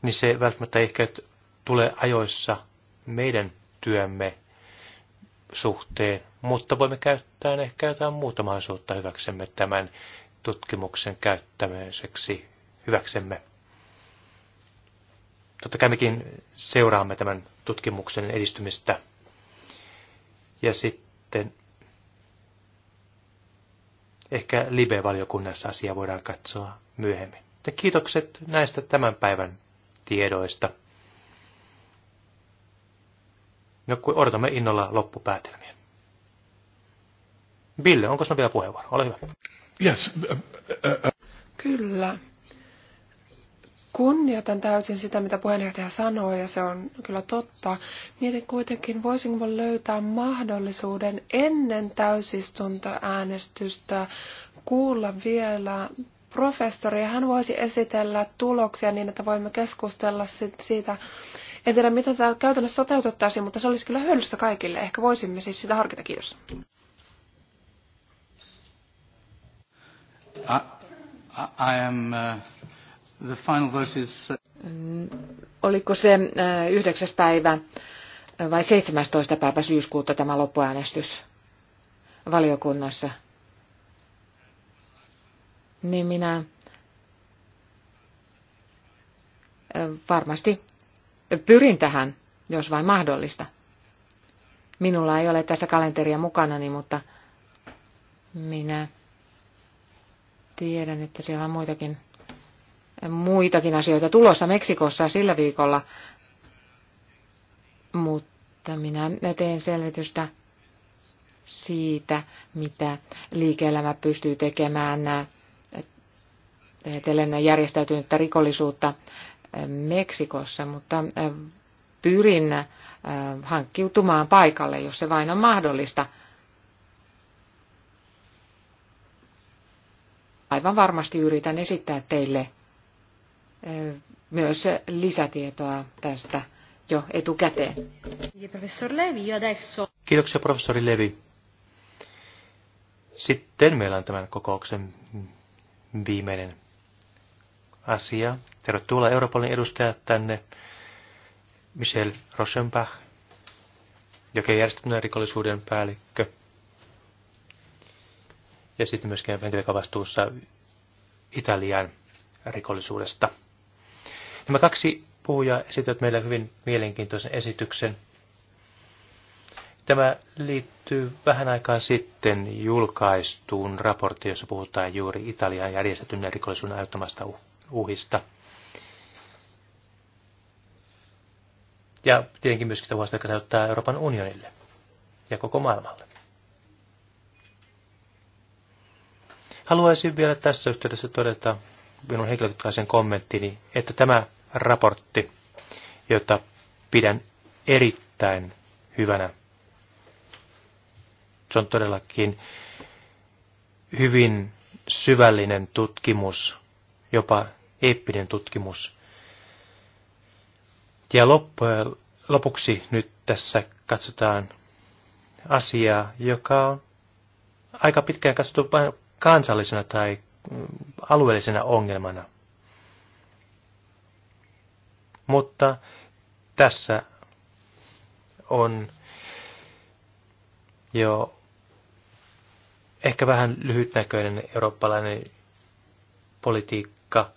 niin se välttämättä ehkä tule ajoissa meidän työmme suhteen, mutta voimme käyttää ehkä jotain muuta mahdollisuutta hyväksemme tämän tutkimuksen käyttämiseksi hyväksemme. Totta kai mekin seuraamme tämän tutkimuksen edistymistä. Ja sitten ehkä live valiokunnassa asia voidaan katsoa myöhemmin. Ja kiitokset näistä tämän päivän tiedoista. No, kun odotamme innolla loppupäätelmiä. Bille, onko sinulla vielä puheenvuoro? Ole hyvä. Yes. Uh, uh, uh. Kyllä. Kunnioitan täysin sitä, mitä puheenjohtaja sanoi, ja se on kyllä totta. Mietin kuitenkin, voisinko löytää mahdollisuuden ennen täysistuntoäänestystä kuulla vielä professori, ja hän voisi esitellä tuloksia niin, että voimme keskustella siitä, en tiedä, miten tämä käytännössä toteutettaisiin, mutta se olisi kyllä hyödyllistä kaikille. Ehkä voisimme siis sitä harkita. Kiitos. A- I am, uh, the final vote is... Uh, mm, oliko se 9. Uh, päivä uh, vai 17. päivä syyskuuta tämä loppuäänestys valiokunnassa? Niin minä varmasti Pyrin tähän, jos vain mahdollista. Minulla ei ole tässä kalenteria mukanani, mutta minä tiedän, että siellä on muitakin, muitakin asioita tulossa Meksikossa sillä viikolla. Mutta minä teen selvitystä siitä, mitä liike-elämä pystyy tekemään ajatellen järjestäytynyttä rikollisuutta Meksikossa, mutta pyrin hankkiutumaan paikalle, jos se vain on mahdollista. Aivan varmasti yritän esittää teille myös lisätietoa tästä jo etukäteen. Kiitoksia professori Levi. Sitten meillä on tämän kokouksen viimeinen asia, Tervetuloa Euroopan edustajat tänne. Michel Rosenbach, joka on järjestetynä rikollisuuden päällikkö. Ja sitten myöskin henkilö, joka vastuussa Italian rikollisuudesta. Nämä kaksi puhujaa esittävät meille hyvin mielenkiintoisen esityksen. Tämä liittyy vähän aikaa sitten julkaistuun raporttiin, jossa puhutaan juuri Italian järjestetyn rikollisuuden aiheuttamasta uhista – Ja tietenkin myöskin sitä huolesta, joka täyttää Euroopan unionille ja koko maailmalle. Haluaisin vielä tässä yhteydessä todeta minun henkilökohtaisen kommenttini, että tämä raportti, jota pidän erittäin hyvänä, se on todellakin hyvin syvällinen tutkimus, jopa eeppinen tutkimus ja loppujen lopuksi nyt tässä katsotaan asiaa, joka on aika pitkään katsottu vain kansallisena tai mm, alueellisena ongelmana. Mutta tässä on jo ehkä vähän lyhytnäköinen eurooppalainen politiikka –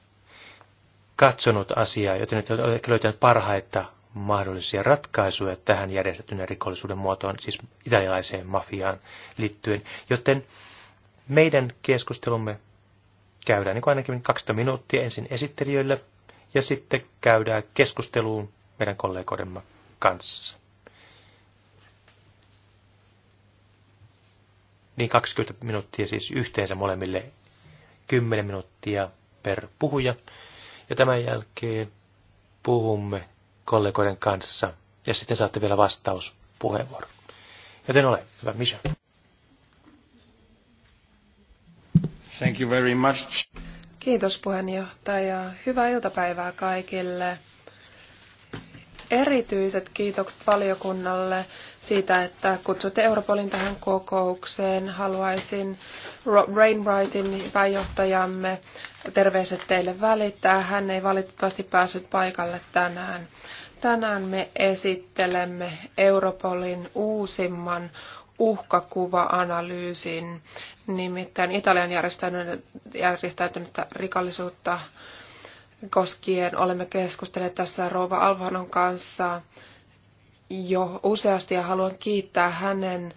katsonut asiaa, joten nyt on ehkä löytänyt parhaita mahdollisia ratkaisuja tähän järjestetyn rikollisuuden muotoon, siis italialaiseen mafiaan liittyen. Joten meidän keskustelumme käydään niin kuin ainakin 20 minuuttia ensin esittelijöille ja sitten käydään keskusteluun meidän kollegoidemme kanssa. Niin 20 minuuttia siis yhteensä molemmille 10 minuuttia per puhuja. Ja tämän jälkeen puhumme kollegoiden kanssa. Ja sitten saatte vielä vastauspuheenvuoron. Joten ole hyvä, Misha. Thank you very much. Kiitos puheenjohtaja. Hyvää iltapäivää kaikille erityiset kiitokset valiokunnalle siitä, että kutsutte Europolin tähän kokoukseen. Haluaisin Rainwrightin pääjohtajamme terveiset teille välittää. Hän ei valitettavasti päässyt paikalle tänään. Tänään me esittelemme Europolin uusimman uhkakuva-analyysin, nimittäin Italian järjestäytynyttä rikollisuutta koskien olemme keskustelleet tässä Rouva Alvanon kanssa jo useasti ja haluan kiittää hänen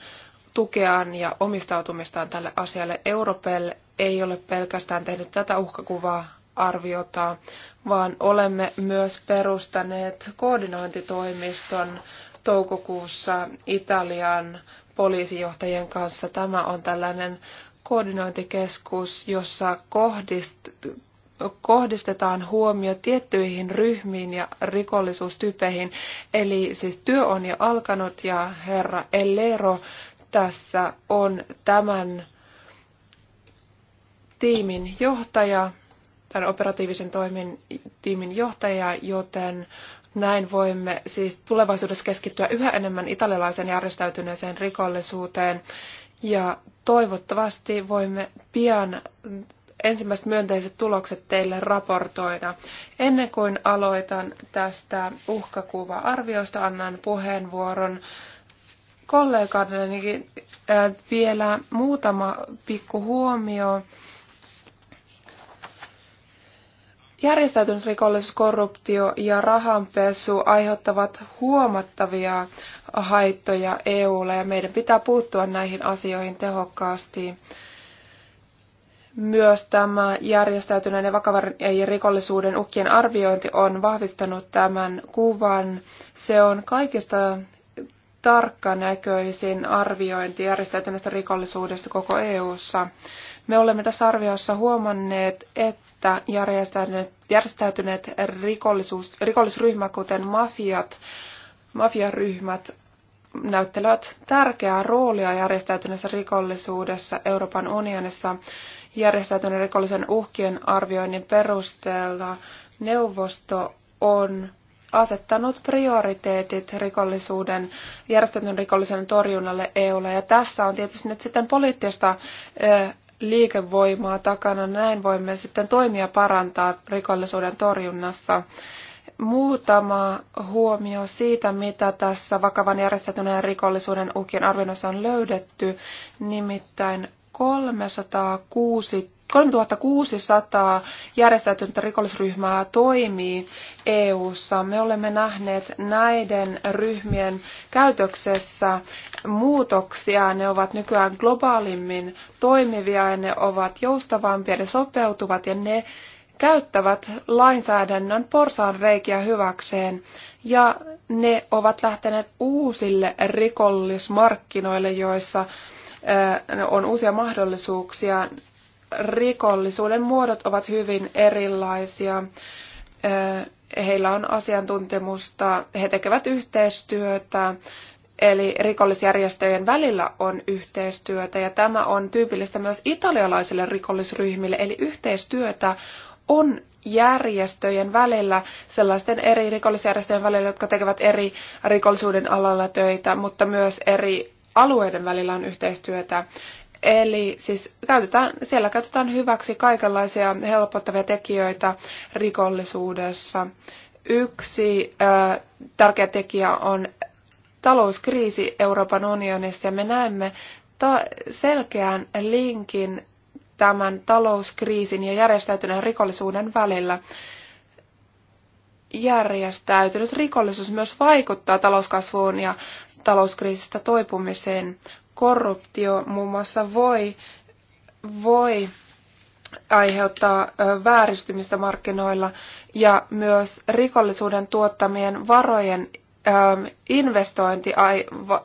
tukeaan ja omistautumistaan tälle asialle. Europel ei ole pelkästään tehnyt tätä uhkakuvaa arviota, vaan olemme myös perustaneet koordinointitoimiston toukokuussa Italian poliisijohtajien kanssa. Tämä on tällainen koordinointikeskus, jossa kohdist, kohdistetaan huomio tiettyihin ryhmiin ja rikollisuustyypeihin. Eli siis työ on jo alkanut ja herra Ellero tässä on tämän tiimin johtaja, tämän operatiivisen toimin, tiimin johtaja, joten näin voimme siis tulevaisuudessa keskittyä yhä enemmän italialaisen järjestäytyneeseen rikollisuuteen ja toivottavasti voimme pian ensimmäiset myönteiset tulokset teille raportoida. Ennen kuin aloitan tästä uhkakuva-arviosta, annan puheenvuoron kollegalleni niin, äh, vielä muutama pikku huomio. Järjestäytynyt rikollisuus, korruptio ja rahanpesu aiheuttavat huomattavia haittoja EUlle ja meidän pitää puuttua näihin asioihin tehokkaasti. Myös tämä järjestäytyneen ja vakavan rikollisuuden uhkien arviointi on vahvistanut tämän kuvan. Se on kaikista tarkkanäköisin arviointi järjestäytyneestä rikollisuudesta koko EU:ssa. Me olemme tässä arviossa huomanneet, että järjestäytyneet, järjestäytyneet rikollisuus, rikollisryhmät, kuten mafiat, mafiaryhmät, näyttelevät tärkeää roolia järjestäytyneessä rikollisuudessa Euroopan unionissa järjestäytyneen rikollisen uhkien arvioinnin perusteella neuvosto on asettanut prioriteetit rikollisuuden, järjestetyn rikollisen torjunnalle EUlle. Ja tässä on tietysti nyt sitten poliittista liikevoimaa takana. Näin voimme sitten toimia parantaa rikollisuuden torjunnassa. Muutama huomio siitä, mitä tässä vakavan järjestetyn rikollisuuden uhkien arvioinnissa on löydetty. Nimittäin 306, 3600 järjestäytynyttä rikollisryhmää toimii EU:ssa. Me olemme nähneet näiden ryhmien käytöksessä muutoksia. Ne ovat nykyään globaalimmin toimivia ja ne ovat joustavampia, ne sopeutuvat ja ne käyttävät lainsäädännön reikiä hyväkseen ja ne ovat lähteneet uusille rikollismarkkinoille, joissa on uusia mahdollisuuksia. Rikollisuuden muodot ovat hyvin erilaisia. Heillä on asiantuntemusta, he tekevät yhteistyötä, eli rikollisjärjestöjen välillä on yhteistyötä, ja tämä on tyypillistä myös italialaisille rikollisryhmille, eli yhteistyötä on järjestöjen välillä, sellaisten eri rikollisjärjestöjen välillä, jotka tekevät eri rikollisuuden alalla töitä, mutta myös eri alueiden välillä on yhteistyötä. Eli siis käytetään, siellä käytetään hyväksi kaikenlaisia helpottavia tekijöitä rikollisuudessa. Yksi ö, tärkeä tekijä on talouskriisi Euroopan unionissa ja me näemme ta- selkeän linkin tämän talouskriisin ja järjestäytyneen rikollisuuden välillä. Järjestäytynyt rikollisuus myös vaikuttaa talouskasvuun ja talouskriisistä toipumiseen. Korruptio muun muassa voi, voi aiheuttaa vääristymistä markkinoilla ja myös rikollisuuden tuottamien varojen investointi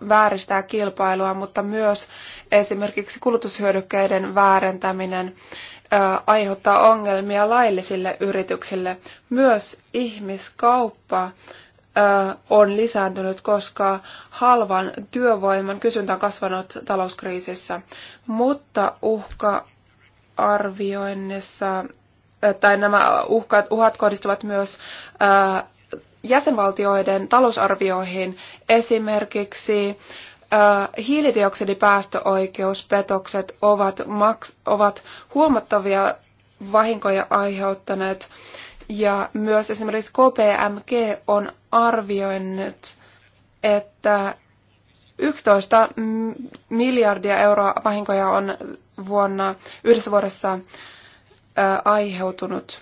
vääristää kilpailua, mutta myös esimerkiksi kulutushyödykkeiden väärentäminen aiheuttaa ongelmia laillisille yrityksille. Myös ihmiskauppa on lisääntynyt, koska halvan työvoiman kysyntä on kasvanut talouskriisissä. Mutta uhka-arvioinnissa, tai nämä uhkat, uhat kohdistuvat myös jäsenvaltioiden talousarvioihin. Esimerkiksi hiilidioksidipäästöoikeuspetokset ovat, maks- ovat huomattavia vahinkoja aiheuttaneet ja myös esimerkiksi KPMG on arvioinut, että 11 miljardia euroa vahinkoja on vuonna yhdessä vuodessa aiheutunut.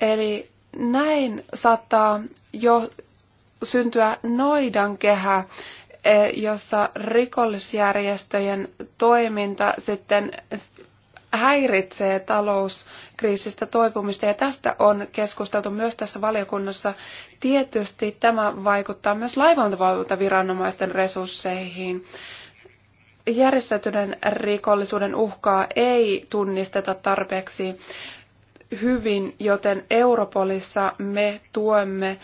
Eli näin saattaa jo syntyä noidan kehä, e, jossa rikollisjärjestöjen toiminta sitten häiritsee talouskriisistä toipumista ja tästä on keskusteltu myös tässä valiokunnassa. Tietysti tämä vaikuttaa myös viranomaisten resursseihin. Järjestäytyneen rikollisuuden uhkaa ei tunnisteta tarpeeksi hyvin, joten Europolissa me tuemme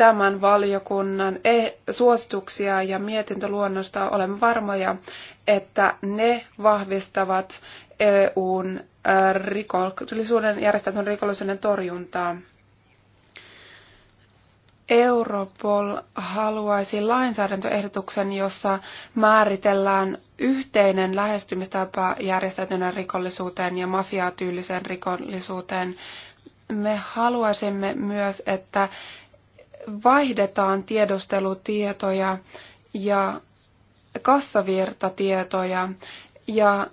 tämän valiokunnan e- suosituksia ja mietintöluonnosta olemme varmoja, että ne vahvistavat EUn rikollisuuden, järjestäytyneen rikollisuuden torjuntaa. Europol haluaisi lainsäädäntöehdotuksen, jossa määritellään yhteinen lähestymistapa järjestäytyneen rikollisuuteen ja mafiatyyliseen rikollisuuteen. Me haluaisimme myös, että vaihdetaan tiedustelutietoja ja kassavirtatietoja ja,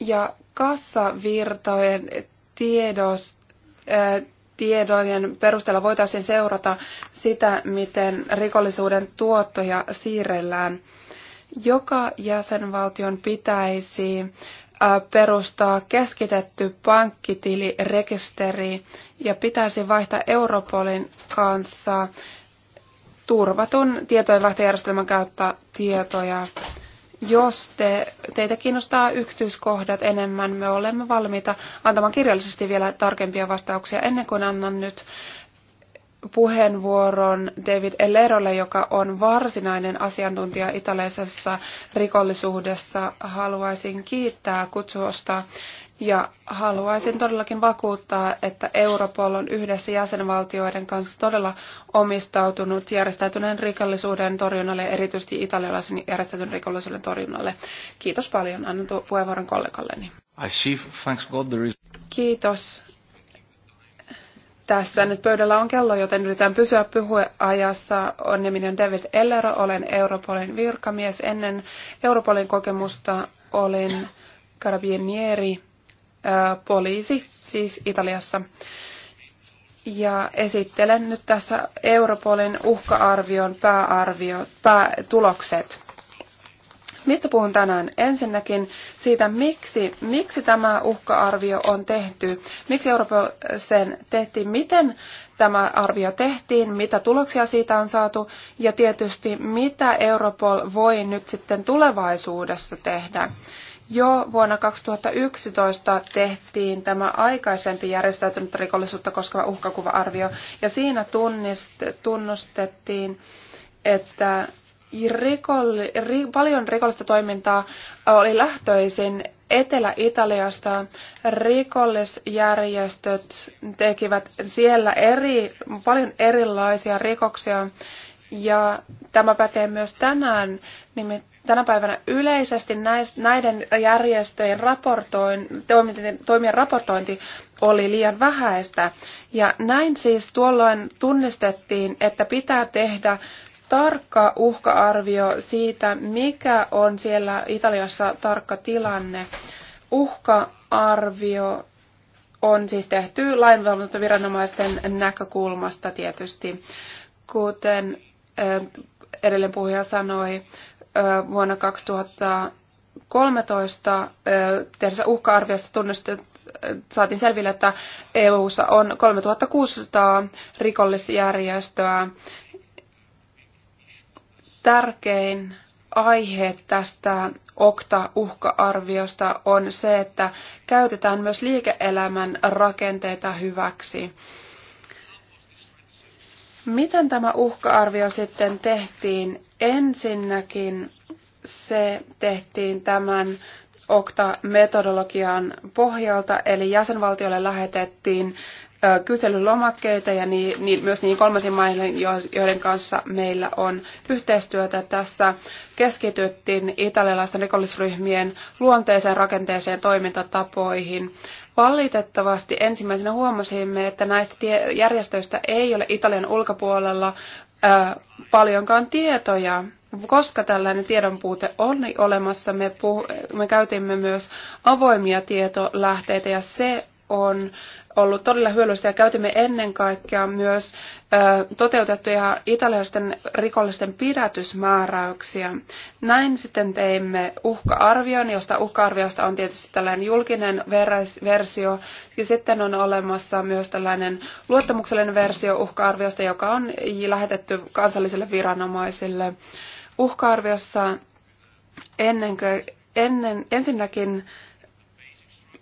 ja kassavirtojen tiedos, ää, äh, tiedojen perusteella voitaisiin seurata sitä, miten rikollisuuden tuottoja siirrellään. Joka jäsenvaltion pitäisi perustaa keskitetty pankkitilirekisteri ja pitäisi vaihtaa Europolin kanssa turvatun tietojenvaihtojärjestelmän kautta tietoja. Jos te, teitä kiinnostaa yksityiskohdat enemmän, me olemme valmiita antamaan kirjallisesti vielä tarkempia vastauksia ennen kuin annan nyt puheenvuoron David Ellerolle, joka on varsinainen asiantuntija italialaisessa rikollisuudessa. Haluaisin kiittää kutsuosta ja haluaisin todellakin vakuuttaa, että Europol on yhdessä jäsenvaltioiden kanssa todella omistautunut järjestäytyneen rikollisuuden torjunnalle ja erityisesti italialaisen järjestäytyneen rikollisuuden torjunnalle. Kiitos paljon. Annan puheenvuoron kollegalleni. I see, thanks God, there is... Kiitos. Tässä nyt pöydällä on kello, joten yritän pysyä pyhueajassa. On niminen David Eller, olen Europolin virkamies. Ennen Europolin kokemusta olin karabinieri, poliisi, siis Italiassa. Ja esittelen nyt tässä Europolin uhka-arvion pääarvio, päätulokset. Mistä puhun tänään? Ensinnäkin siitä, miksi, miksi tämä uhka-arvio on tehty, miksi Eurooppa sen tehtiin, miten tämä arvio tehtiin, mitä tuloksia siitä on saatu ja tietysti mitä Europol voi nyt sitten tulevaisuudessa tehdä. Jo vuonna 2011 tehtiin tämä aikaisempi järjestäytynyt rikollisuutta koskeva uhkakuva-arvio, ja siinä tunnustettiin, että rikolli, ri, paljon rikollista toimintaa oli lähtöisin Etelä-Italiasta. Rikollisjärjestöt tekivät siellä eri, paljon erilaisia rikoksia ja tämä pätee myös tänään, nimittäin tänä päivänä yleisesti näiden järjestöjen raportoin, toimien raportointi oli liian vähäistä. Ja näin siis tuolloin tunnistettiin, että pitää tehdä tarkka uhka-arvio siitä, mikä on siellä Italiassa tarkka tilanne. Uhka-arvio on siis tehty lainvalvontaviranomaisten näkökulmasta tietysti. Kuten edellinen puhuja sanoi, vuonna 2013 tehdessä uhka-arviossa tunnistettiin, saatiin selville, että EU:ssa on 3600 rikollisjärjestöä tärkein aihe tästä OKTA-uhka-arviosta on se, että käytetään myös liike-elämän rakenteita hyväksi. Miten tämä uhka-arvio sitten tehtiin? Ensinnäkin se tehtiin tämän OKTA-metodologian pohjalta, eli jäsenvaltiolle lähetettiin kyselylomakkeita ja niin, niin, myös niihin kolmansiin maihin, joiden kanssa meillä on yhteistyötä. Tässä keskityttiin italialaisten rikollisryhmien luonteeseen, rakenteeseen, toimintatapoihin. Valitettavasti ensimmäisenä huomasimme, että näistä järjestöistä ei ole Italian ulkopuolella ää, paljonkaan tietoja. Koska tällainen tiedonpuute on niin olemassa, me, puh- me käytimme myös avoimia tietolähteitä ja se on ollut todella hyödyllistä ja käytimme ennen kaikkea myös toteutettuja italialaisten rikollisten pidätysmääräyksiä. Näin sitten teimme uhka-arvion, josta uhka-arviosta on tietysti tällainen julkinen versio, ja sitten on olemassa myös tällainen luottamuksellinen versio uhka-arviosta, joka on lähetetty kansallisille viranomaisille. Uhka-arviossa ennen, ennen, ensinnäkin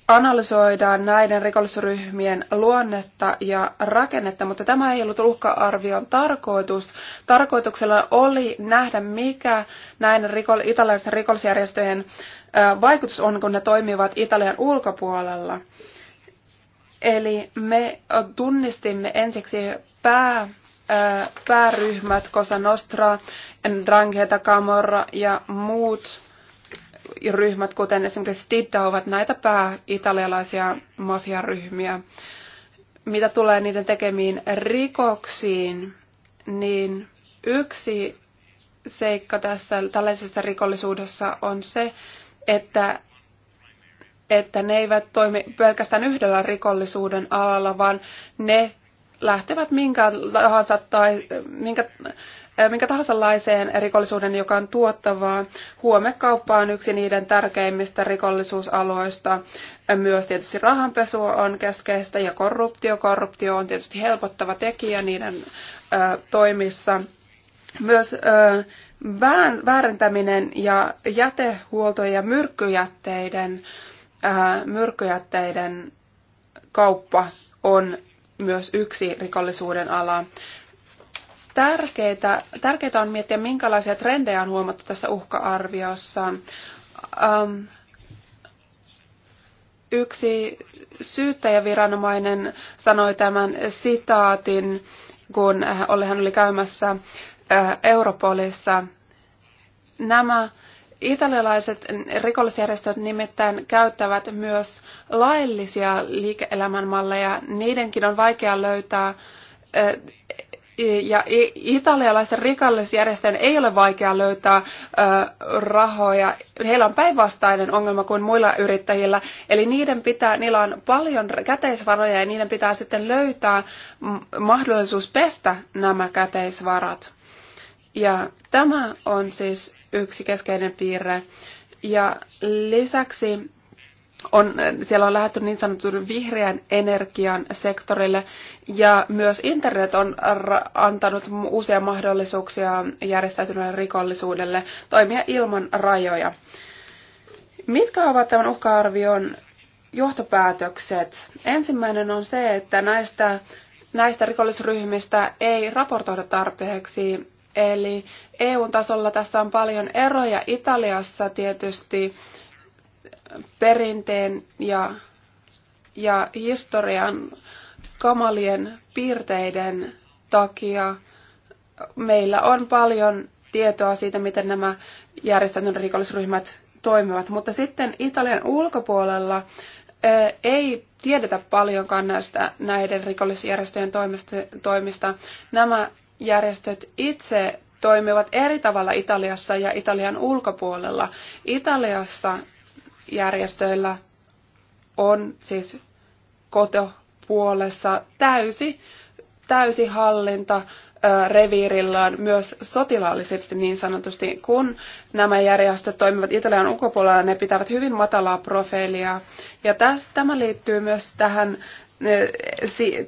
analysoidaan näiden rikollisryhmien luonnetta ja rakennetta, mutta tämä ei ollut uhka-arvion tarkoitus. Tarkoituksella oli nähdä, mikä näiden rikoll- italialaisten rikollisjärjestöjen vaikutus on, kun ne toimivat Italian ulkopuolella. Eli me tunnistimme ensiksi pää, pääryhmät, Cosa Nostra, Drangheta Camorra ja muut ryhmät, kuten esimerkiksi Stidda, ovat näitä pääitalialaisia mafiaryhmiä. Mitä tulee niiden tekemiin rikoksiin, niin yksi seikka tässä tällaisessa rikollisuudessa on se, että, että ne eivät toimi pelkästään yhdellä rikollisuuden alalla, vaan ne lähtevät minkä tahansa tai minkä minkä tahansa laiseen rikollisuuden, joka on tuottavaa. Huomekauppa on yksi niiden tärkeimmistä rikollisuusaloista. Myös tietysti rahanpesu on keskeistä ja korruptio. Korruptio on tietysti helpottava tekijä niiden toimissa. Myös väärentäminen ja jätehuolto ja myrkkyjätteiden, myrkkyjätteiden kauppa on myös yksi rikollisuuden ala tärkeää, tärkeää on miettiä, minkälaisia trendejä on huomattu tässä uhka-arviossa. Um, yksi syyttäjäviranomainen sanoi tämän sitaatin, kun hän oli käymässä äh, Europolissa. Nämä italialaiset rikollisjärjestöt nimittäin käyttävät myös laillisia liike-elämän malleja. Niidenkin on vaikea löytää äh, ja italialaisen rikallisjärjestöjen ei ole vaikea löytää rahoja. Heillä on päinvastainen ongelma kuin muilla yrittäjillä. Eli niiden pitää, niillä on paljon käteisvaroja ja niiden pitää sitten löytää mahdollisuus pestä nämä käteisvarat. Ja tämä on siis yksi keskeinen piirre. Ja lisäksi on, siellä on lähdetty niin sanotun vihreän energian sektorille ja myös internet on antanut uusia mahdollisuuksia järjestäytyneelle rikollisuudelle toimia ilman rajoja. Mitkä ovat tämän uhka-arvion johtopäätökset? Ensimmäinen on se, että näistä, näistä rikollisryhmistä ei raportoida tarpeeksi. Eli EU-tasolla tässä on paljon eroja. Italiassa tietysti perinteen ja, ja historian kamalien piirteiden takia meillä on paljon tietoa siitä, miten nämä järjestäytyneet rikollisryhmät toimivat. Mutta sitten Italian ulkopuolella ei tiedetä paljonkaan näistä näiden rikollisjärjestöjen toimista. Nämä järjestöt itse toimivat eri tavalla Italiassa ja Italian ulkopuolella. Italiassa järjestöillä on siis kotopuolessa täysi, täysi hallinta reviirillään myös sotilaallisesti niin sanotusti, kun nämä järjestöt toimivat Italian ulkopuolella, ne pitävät hyvin matalaa profiilia. Ja tästä, tämä liittyy myös tähän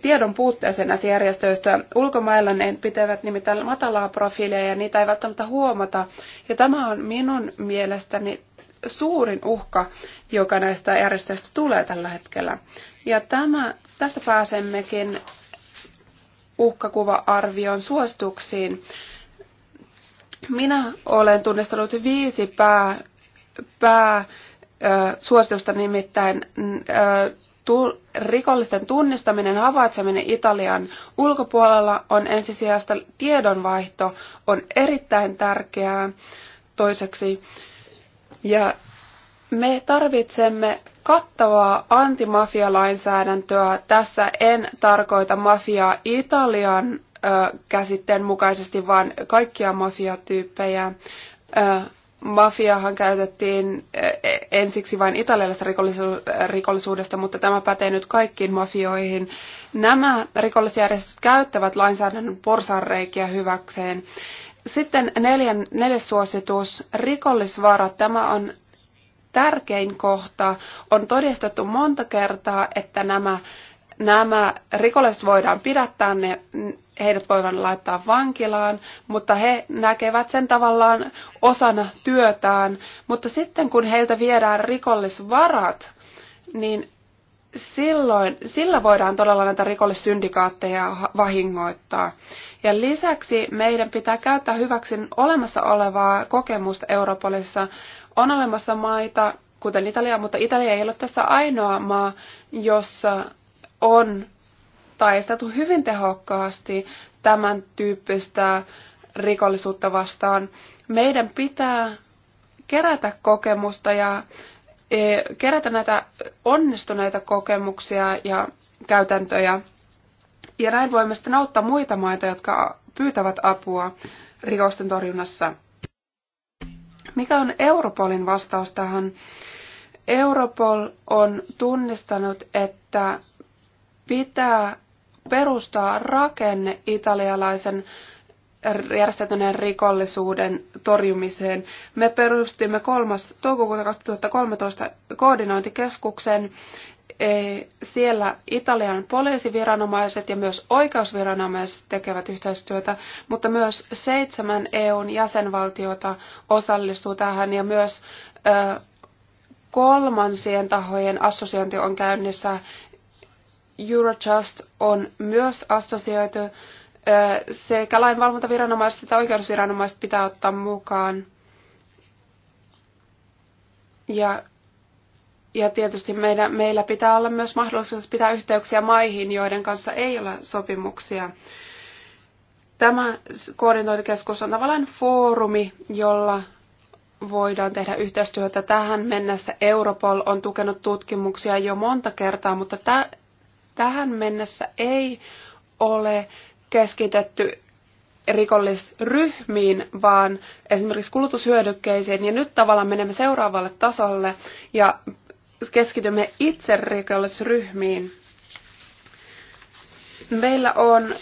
tiedon puutteeseen näistä järjestöistä Ulkomailla ne pitävät nimittäin matalaa profiilia ja niitä ei välttämättä huomata. Ja tämä on minun mielestäni suurin uhka, joka näistä järjestöistä tulee tällä hetkellä. Ja tämä, tästä pääsemmekin uhkakuva-arvion suosituksiin. Minä olen tunnistanut viisi pää, pää äh, suositusta, nimittäin äh, tu, rikollisten tunnistaminen ja havaitseminen Italian ulkopuolella on ensisijasta tiedonvaihto, on erittäin tärkeää. Toiseksi ja me tarvitsemme kattavaa antimafialainsäädäntöä. Tässä en tarkoita mafiaa Italian ö, käsitteen mukaisesti, vaan kaikkia mafiatyyppejä. Ö, mafiahan käytettiin e, ensiksi vain italialaisesta rikollisuudesta, mutta tämä pätee nyt kaikkiin mafioihin. Nämä rikollisjärjestöt käyttävät lainsäädännön porsanreikiä hyväkseen. Sitten neljän, neljäs suositus, rikollisvarat. Tämä on tärkein kohta. On todistettu monta kertaa, että nämä, nämä rikolliset voidaan pidättää, ne, heidät voivat laittaa vankilaan, mutta he näkevät sen tavallaan osana työtään. Mutta sitten kun heiltä viedään rikollisvarat, niin silloin, sillä voidaan todella näitä rikollissyndikaatteja vahingoittaa. Ja lisäksi meidän pitää käyttää hyväksi olemassa olevaa kokemusta Europolissa. On olemassa maita, kuten Italia, mutta Italia ei ole tässä ainoa maa, jossa on taisteltu hyvin tehokkaasti tämän tyyppistä rikollisuutta vastaan. Meidän pitää kerätä kokemusta ja eh, kerätä näitä onnistuneita kokemuksia ja käytäntöjä ja näin voimme sitten auttaa muita maita, jotka pyytävät apua rikosten torjunnassa. Mikä on Europolin vastaus tähän? Europol on tunnistanut, että pitää perustaa rakenne italialaisen järjestäytyneen rikollisuuden torjumiseen. Me perustimme 3. toukokuuta 2013 koordinointikeskuksen E, siellä Italian poliisiviranomaiset ja myös oikeusviranomaiset tekevät yhteistyötä, mutta myös seitsemän EUn jäsenvaltiota osallistuu tähän ja myös kolmansien tahojen assosiointi on käynnissä. Eurojust on myös assosioitu sekä lainvalvontaviranomaiset että oikeusviranomaiset pitää ottaa mukaan. Ja ja tietysti meillä, meillä pitää olla myös mahdollisuus pitää yhteyksiä maihin, joiden kanssa ei ole sopimuksia. Tämä koordinointikeskus on tavallaan foorumi, jolla voidaan tehdä yhteistyötä. Tähän mennessä Europol on tukenut tutkimuksia jo monta kertaa, mutta tä- tähän mennessä ei ole keskitetty rikollisryhmiin, vaan esimerkiksi kulutushyödykkeisiin. Ja nyt tavallaan menemme seuraavalle tasolle ja keskitymme itse rikollisryhmiin. Meillä on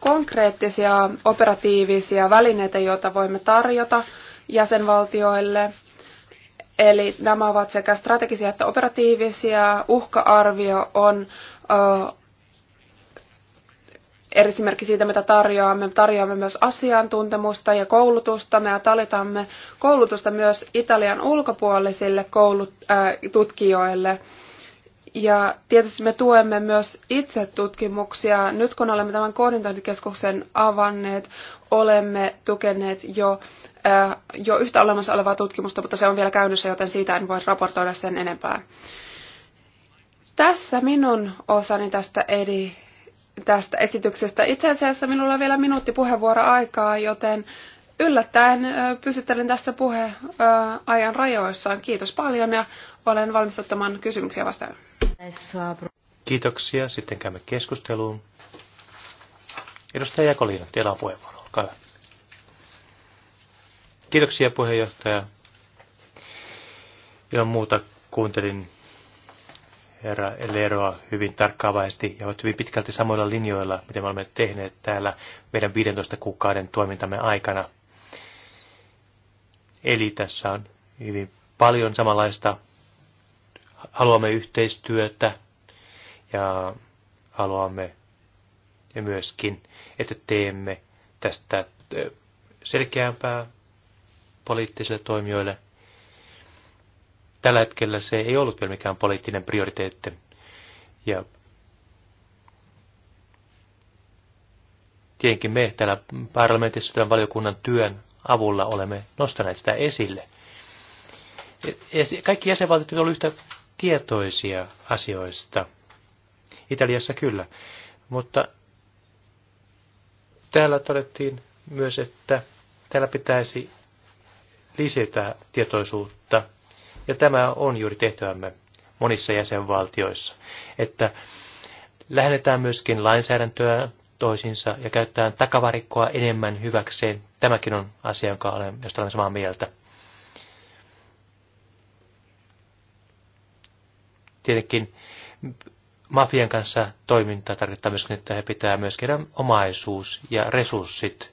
konkreettisia operatiivisia välineitä, joita voimme tarjota jäsenvaltioille. Eli nämä ovat sekä strategisia että operatiivisia. Uhka-arvio on esimerkki siitä, mitä tarjoamme. Tarjoamme myös asiantuntemusta ja koulutusta. Me talitamme koulutusta myös Italian ulkopuolisille koulut, äh, tutkijoille. Ja tietysti me tuemme myös itse tutkimuksia. Nyt kun olemme tämän koordinointikeskuksen avanneet, olemme tukeneet jo, äh, jo yhtä olemassa olevaa tutkimusta, mutta se on vielä käynnissä, joten siitä en voi raportoida sen enempää. Tässä minun osani tästä edi tästä esityksestä. Itse asiassa minulla on vielä minuutti puheenvuoroaikaa, joten yllättäen pysyttelen tässä puheajan rajoissaan. Kiitos paljon ja olen valmis ottamaan kysymyksiä vastaan. Kiitoksia. Sitten käymme keskusteluun. Edustaja Jakolina, teillä on puheenvuoro. Olkaa hyvä. Kiitoksia puheenjohtaja. Ilman muuta kuuntelin herra Leroa hyvin tarkkaavaisesti ja ovat hyvin pitkälti samoilla linjoilla, mitä me olemme tehneet täällä meidän 15 kuukauden toimintamme aikana. Eli tässä on hyvin paljon samanlaista. Haluamme yhteistyötä ja haluamme ja myöskin, että teemme tästä selkeämpää poliittisille toimijoille Tällä hetkellä se ei ollut vielä mikään poliittinen prioriteetti. Ja tietenkin me täällä parlamentissa tämän valiokunnan työn avulla olemme nostaneet sitä esille. Kaikki jäsenvaltiot ovat yhtä tietoisia asioista. Italiassa kyllä. Mutta täällä todettiin myös, että täällä pitäisi lisätä tietoisuutta ja tämä on juuri tehtävämme monissa jäsenvaltioissa, että lähennetään myöskin lainsäädäntöä toisinsa ja käyttää takavarikkoa enemmän hyväkseen. Tämäkin on asia, jonka olen, josta olen samaa mieltä. Tietenkin mafian kanssa toiminta tarkoittaa myöskin, että he pitää myös heidän omaisuus ja resurssit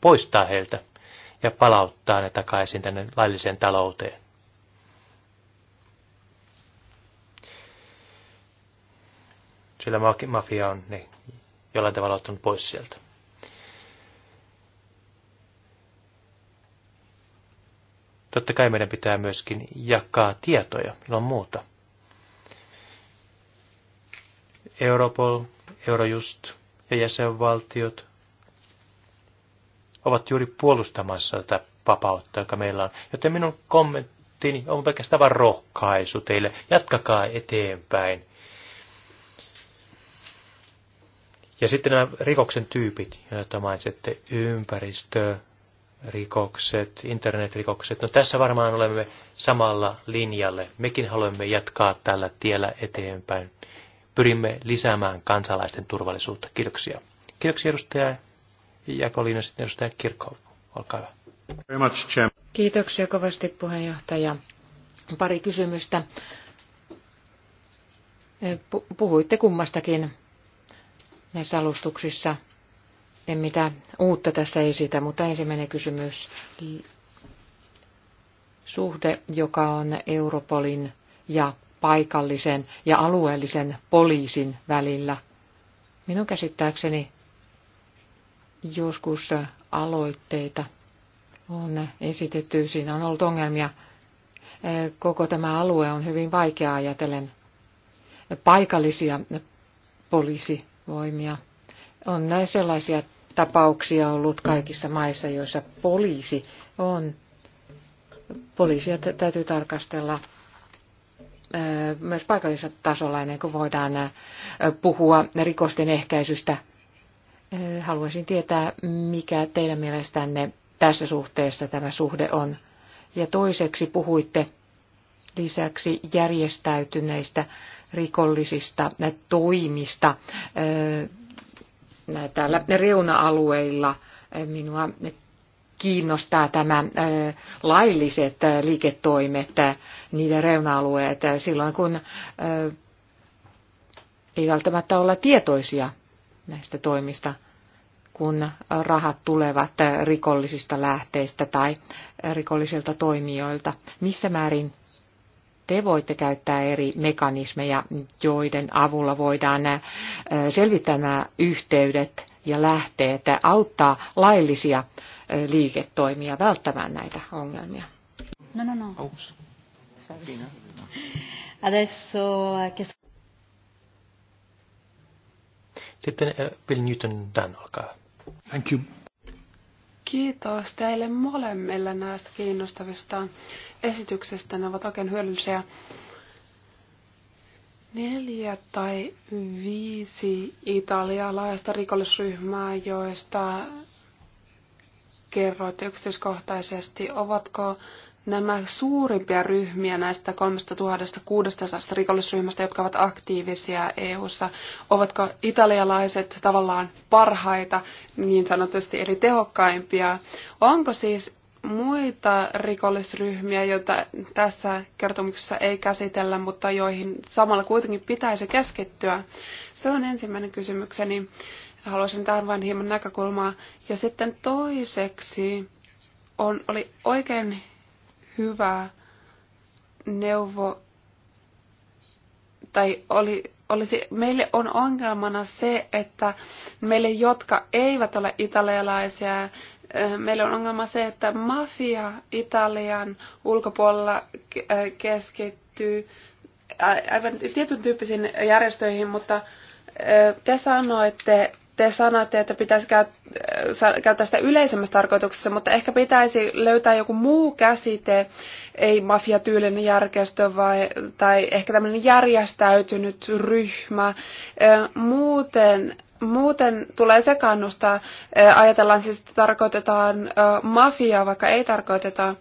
poistaa heiltä ja palauttaa ne takaisin tänne lailliseen talouteen. sillä mafia on ne jollain tavalla ottanut pois sieltä. Totta kai meidän pitää myöskin jakaa tietoja ilman muuta. Europol, Eurojust ja jäsenvaltiot ovat juuri puolustamassa tätä vapautta, joka meillä on. Joten minun kommenttini on pelkästään vain rohkaisu teille. Jatkakaa eteenpäin Ja sitten nämä rikoksen tyypit, joita mainitsette, ympäristö, rikokset, internetrikokset. No tässä varmaan olemme samalla linjalle. Mekin haluamme jatkaa tällä tiellä eteenpäin. Pyrimme lisäämään kansalaisten turvallisuutta. Kiitoksia. Kiitoksia edustaja Jakolina, sitten edustaja Kirkko. Olkaa hyvä. Kiitoksia kovasti puheenjohtaja. Pari kysymystä. Puhuitte kummastakin näissä alustuksissa. En mitä uutta tässä esitä, mutta ensimmäinen kysymys. Suhde, joka on Europolin ja paikallisen ja alueellisen poliisin välillä. Minun käsittääkseni joskus aloitteita on esitetty, siinä on ollut ongelmia. Koko tämä alue on hyvin vaikea ajatellen paikallisia poliisi voimia. On näin sellaisia tapauksia ollut kaikissa maissa, joissa poliisi on. Poliisia täytyy tarkastella myös paikallisella tasolla ennen kuin voidaan puhua rikosten ehkäisystä. Haluaisin tietää, mikä teidän mielestänne tässä suhteessa tämä suhde on. Ja toiseksi puhuitte lisäksi järjestäytyneistä rikollisista toimista täällä reuna-alueilla. Minua kiinnostaa tämä lailliset liiketoimet, niiden reuna-alueet, silloin kun ei välttämättä olla tietoisia näistä toimista, kun rahat tulevat rikollisista lähteistä tai rikollisilta toimijoilta. Missä määrin te voitte käyttää eri mekanismeja, joiden avulla voidaan selvittää nämä yhteydet ja lähteet auttaa laillisia liiketoimia välttämään näitä ongelmia. No, no, no. Sorry. Adesso... Eh, Sitten eh, Bill Newton Dan, olkaa Thank you. Kiitos teille molemmille näistä kiinnostavista esityksestä. Ne ovat oikein hyödyllisiä. Neljä tai viisi italialaista rikollisryhmää, joista kerroit yksityiskohtaisesti. Ovatko nämä suurimpia ryhmiä näistä 3600 rikollisryhmästä, jotka ovat aktiivisia EU:ssa, ovatko italialaiset tavallaan parhaita niin sanotusti, eli tehokkaimpia? Onko siis muita rikollisryhmiä, joita tässä kertomuksessa ei käsitellä, mutta joihin samalla kuitenkin pitäisi keskittyä? Se on ensimmäinen kysymykseni. Haluaisin tähän vain hieman näkökulmaa. Ja sitten toiseksi on, oli oikein hyvä neuvo, tai oli olisi, meille on ongelmana se, että meille, jotka eivät ole italialaisia, meillä on ongelma se, että mafia Italian ulkopuolella keskittyy aivan tietyn tyyppisiin järjestöihin, mutta te sanoitte, te sanoitte, että pitäisi käyttää sitä yleisemmässä tarkoituksessa, mutta ehkä pitäisi löytää joku muu käsite, ei mafiatyylinen järjestö vai, tai ehkä tämmöinen järjestäytynyt ryhmä. Muuten Muuten tulee sekannusta. Ajatellaan siis, että tarkoitetaan mafiaa, vaikka ei tarkoiteta.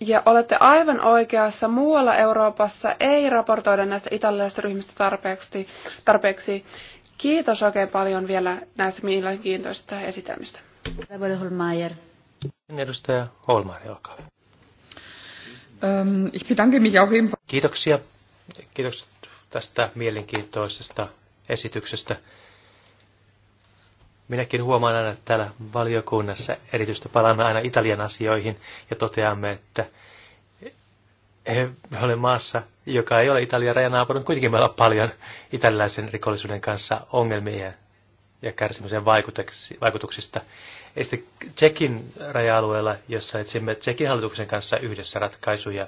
Ja olette aivan oikeassa, muualla Euroopassa ei raportoida näistä italialaisista ryhmistä tarpeeksi. tarpeeksi. Kiitos oikein paljon vielä näistä mielenkiintoisista esitelmistä. Edustaja Holmeier, olkaa hyvä. Ähm, Kiitoksia. Kiitoksia tästä mielenkiintoisesta esityksestä. Minäkin huomaan aina että täällä valiokunnassa, erityisesti palaamme aina Italian asioihin ja toteamme, että me olemme maassa, joka ei ole Italian rajanaapurin, mutta kuitenkin meillä on paljon italialaisen rikollisuuden kanssa ongelmia ja kärsimisen vaikutuksista. Ja sitten Tsekin raja-alueella, jossa etsimme Tsekin hallituksen kanssa yhdessä ratkaisuja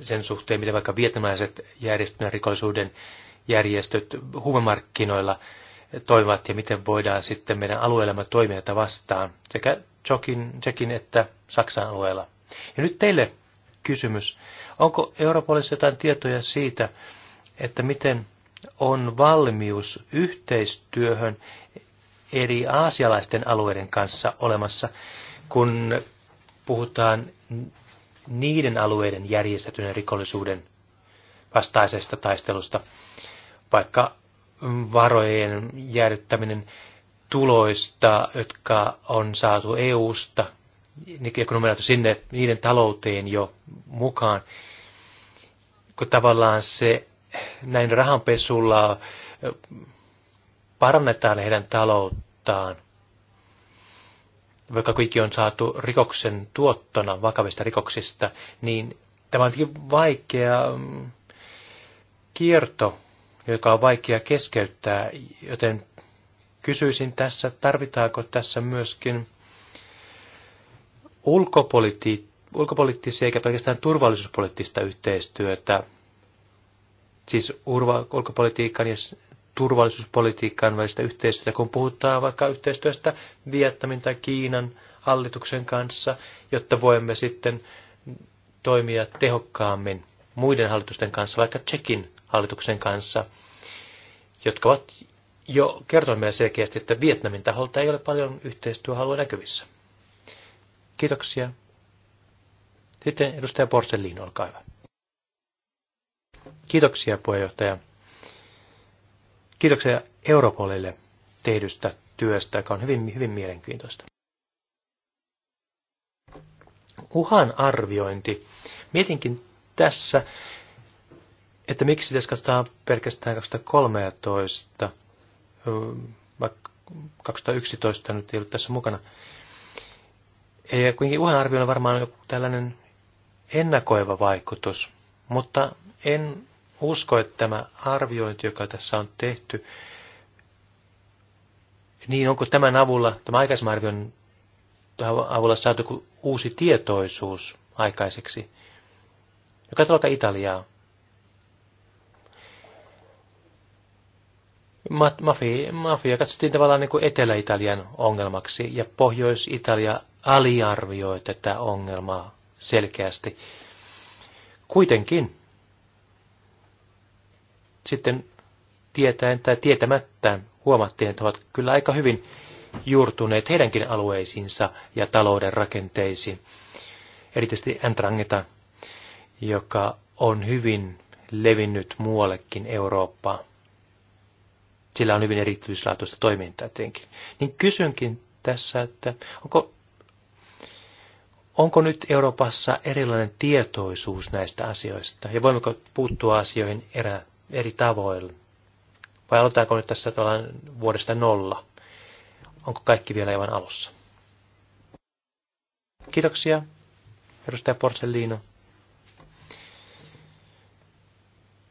sen suhteen, miten vaikka vietnamaiset järjestyneen rikollisuuden järjestöt huumemarkkinoilla toimivat ja miten voidaan sitten meidän alueellamme toimia vastaan sekä Tsekin, Tsekin että Saksan alueella. Ja nyt teille kysymys. Onko Europolissa jotain tietoja siitä, että miten on valmius yhteistyöhön eri aasialaisten alueiden kanssa olemassa, kun puhutaan niiden alueiden järjestetyn rikollisuuden vastaisesta taistelusta vaikka varojen jäädyttäminen tuloista, jotka on saatu EU-sta, kun on menetty sinne niiden talouteen jo mukaan, kun tavallaan se näin rahanpesulla parannetaan heidän talouttaan, vaikka kaikki on saatu rikoksen tuottona vakavista rikoksista, niin tämä on vaikea mm, kierto joka on vaikea keskeyttää, joten kysyisin tässä, tarvitaanko tässä myöskin ulkopoliitti, ulkopoliittisia eikä pelkästään turvallisuuspoliittista yhteistyötä, siis urva, ulkopolitiikan ja turvallisuuspolitiikan välistä yhteistyötä, kun puhutaan vaikka yhteistyöstä Vietnamin tai Kiinan hallituksen kanssa, jotta voimme sitten toimia tehokkaammin muiden hallitusten kanssa, vaikka Tsekin hallituksen kanssa, jotka ovat jo kertoneet meille selkeästi, että Vietnamin taholta ei ole paljon yhteistyöhalua näkyvissä. Kiitoksia. Sitten edustaja Porselliin, olkaa hyvä. Kiitoksia puheenjohtaja. Kiitoksia Europolille tehdystä työstä, joka on hyvin, hyvin mielenkiintoista. Uhan arviointi. Mietinkin tässä, että miksi tässä katsotaan pelkästään 2013, vaikka 2011 nyt ei ollut tässä mukana. Ja kuitenkin uhan on varmaan joku tällainen ennakoiva vaikutus, mutta en usko, että tämä arviointi, joka tässä on tehty, niin onko tämän avulla, tämä aikaisemman arvion avulla saatu uusi tietoisuus aikaiseksi. Joka aika Italiaa. mafia, mafia katsottiin tavallaan niin kuin Etelä-Italian ongelmaksi ja Pohjois-Italia aliarvioi tätä ongelmaa selkeästi. Kuitenkin sitten tietäen tai tietämättään huomattiin, että ovat kyllä aika hyvin juurtuneet heidänkin alueisiinsa ja talouden rakenteisiin. Erityisesti Entrangeta, joka on hyvin levinnyt muuallekin Eurooppaan sillä on hyvin erityislaatuista toimintaa tietenkin. Niin kysynkin tässä, että onko, onko nyt Euroopassa erilainen tietoisuus näistä asioista ja voimmeko puuttua asioihin erä, eri tavoilla? Vai aloitetaanko nyt tässä vuodesta nolla? Onko kaikki vielä aivan alussa? Kiitoksia, edustaja Porcellino.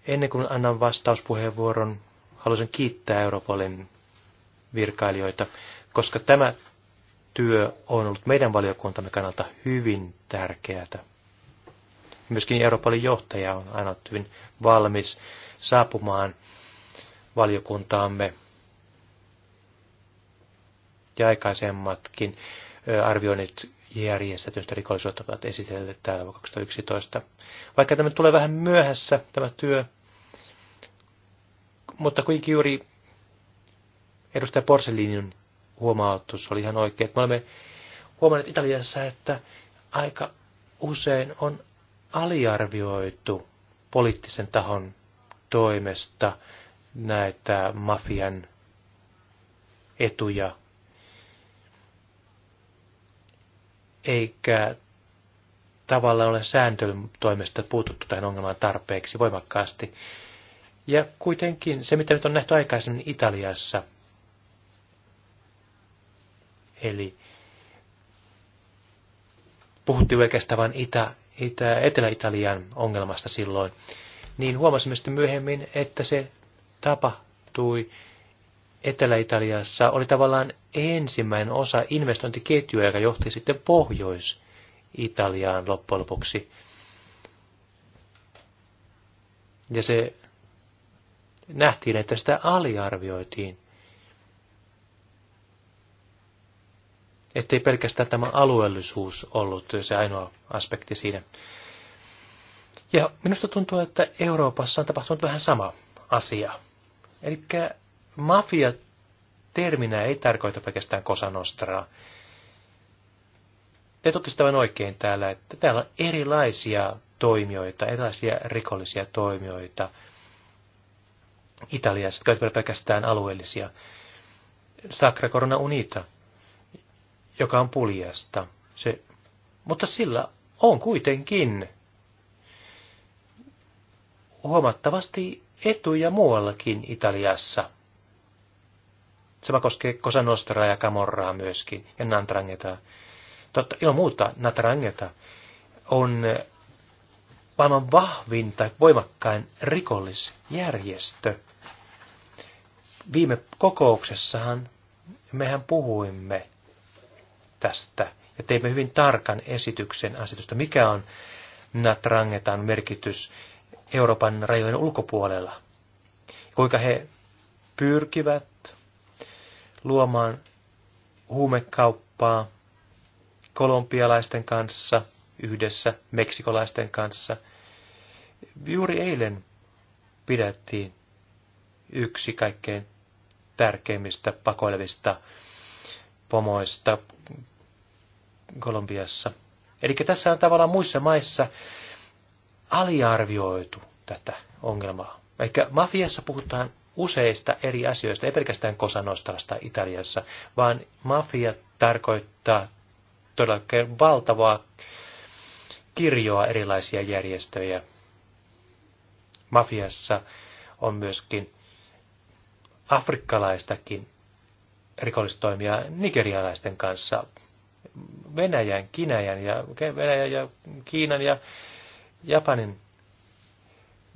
Ennen kuin annan vastauspuheenvuoron haluaisin kiittää Europolin virkailijoita, koska tämä työ on ollut meidän valiokuntamme kannalta hyvin tärkeää. Myöskin Europolin johtaja on aina ollut hyvin valmis saapumaan valiokuntaamme ja aikaisemmatkin arvioinnit järjestetystä rikollisuutta ovat esitelleet täällä 2011. Vaikka tämä tulee vähän myöhässä, tämä työ, mutta kuitenkin juuri edustaja Porselinin huomautus oli ihan oikein. Me olemme huomanneet Italiassa, että aika usein on aliarvioitu poliittisen tahon toimesta näitä mafian etuja, eikä tavallaan ole sääntelyn toimesta puututtu tähän ongelmaan tarpeeksi voimakkaasti. Ja kuitenkin se, mitä nyt on nähty aikaisemmin Italiassa, eli puhuttiin oikeastaan vain Itä, Itä, Etelä-Italian ongelmasta silloin, niin huomasimme sitten myöhemmin, että se tapahtui Etelä-Italiassa, oli tavallaan ensimmäinen osa investointiketjua, joka johti sitten Pohjois-Italiaan loppujen lopuksi. Ja se nähtiin, että sitä aliarvioitiin. Ettei pelkästään tämä alueellisuus ollut se ainoa aspekti siinä. Ja minusta tuntuu, että Euroopassa on tapahtunut vähän sama asia. Eli mafia terminä ei tarkoita pelkästään Nostraa. Te totesitte oikein täällä, että täällä on erilaisia toimijoita, erilaisia rikollisia toimijoita – Italiassa, jotka ovat pelkästään alueellisia. Sacra Corona Unita, joka on puljasta. Se, mutta sillä on kuitenkin huomattavasti etuja muuallakin Italiassa. Sama koskee Cosa Nostraa ja Camorraa myöskin, ja Nantrangetaa. Totta, ilman muuta Natrangeta on maailman vahvin tai voimakkain rikollisjärjestö. Viime kokouksessahan mehän puhuimme tästä ja teimme hyvin tarkan esityksen asetusta, mikä on Natrangetan merkitys Euroopan rajojen ulkopuolella. Kuinka he pyrkivät luomaan huumekauppaa kolompialaisten kanssa – yhdessä meksikolaisten kanssa. Juuri eilen pidettiin yksi kaikkein tärkeimmistä pakoilevista pomoista Kolumbiassa. Eli tässä on tavallaan muissa maissa aliarvioitu tätä ongelmaa. Eli mafiassa puhutaan useista eri asioista, ei pelkästään Kosanostrasta Italiassa, vaan mafia tarkoittaa todellakin valtavaa kirjoa erilaisia järjestöjä. Mafiassa on myöskin afrikkalaistakin rikollistoimia nigerialaisten kanssa. Venäjän, Kinäjän ja, Venäjän ja Kiinan ja Japanin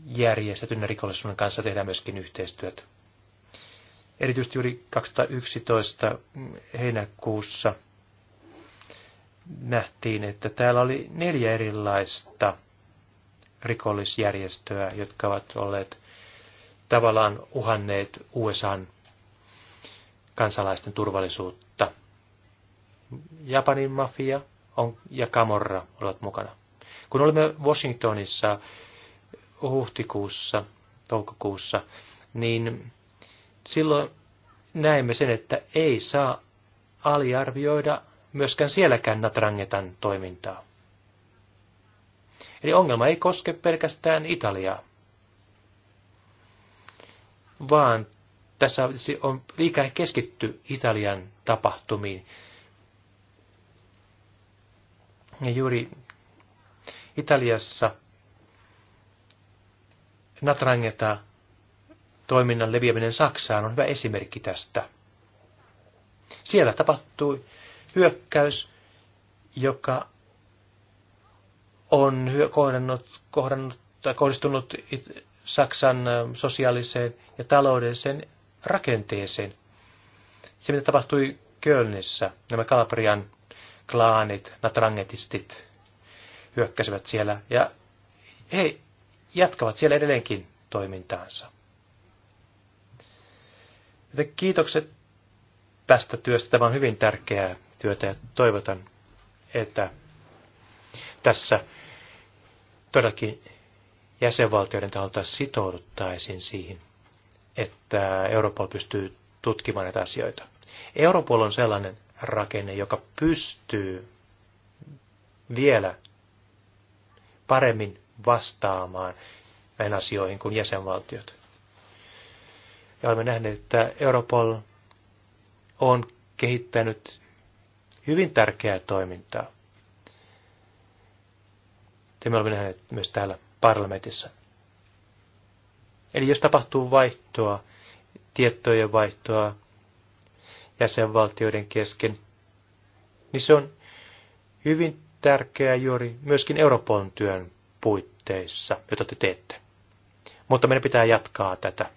järjestetyn rikollisuuden kanssa tehdään myöskin yhteistyötä. Erityisesti juuri 2011 heinäkuussa – nähtiin, että täällä oli neljä erilaista rikollisjärjestöä, jotka ovat olleet tavallaan uhanneet USAn kansalaisten turvallisuutta. Japanin mafia on, ja Kamorra ovat mukana. Kun olimme Washingtonissa huhtikuussa, toukokuussa, niin silloin näemme sen, että ei saa aliarvioida myöskään sielläkään Natrangetan toimintaa. Eli ongelma ei koske pelkästään Italiaa, vaan tässä on liikaa keskitty Italian tapahtumiin. Ja juuri Italiassa Natrangeta toiminnan leviäminen Saksaan on hyvä esimerkki tästä. Siellä tapahtui hyökkäys, joka on kohdannut, kohdannut tai kohdistunut Saksan sosiaaliseen ja taloudelliseen rakenteeseen. Se, mitä tapahtui Kölnissä, nämä Kalabrian klaanit, natrangetistit hyökkäsivät siellä ja he jatkavat siellä edelleenkin toimintaansa. Joten kiitokset tästä työstä. Tämä on hyvin tärkeää työtä ja toivotan, että tässä todellakin jäsenvaltioiden taholta sitouduttaisiin siihen, että Europol pystyy tutkimaan näitä asioita. Europol on sellainen rakenne, joka pystyy vielä paremmin vastaamaan näihin asioihin kuin jäsenvaltiot. Ja olemme nähneet, että Europol on kehittänyt hyvin tärkeää toimintaa. Ja me olemme nähneet myös täällä parlamentissa. Eli jos tapahtuu vaihtoa, tietojen vaihtoa jäsenvaltioiden kesken, niin se on hyvin tärkeää juuri myöskin Euroopan työn puitteissa, jota te teette. Mutta meidän pitää jatkaa tätä.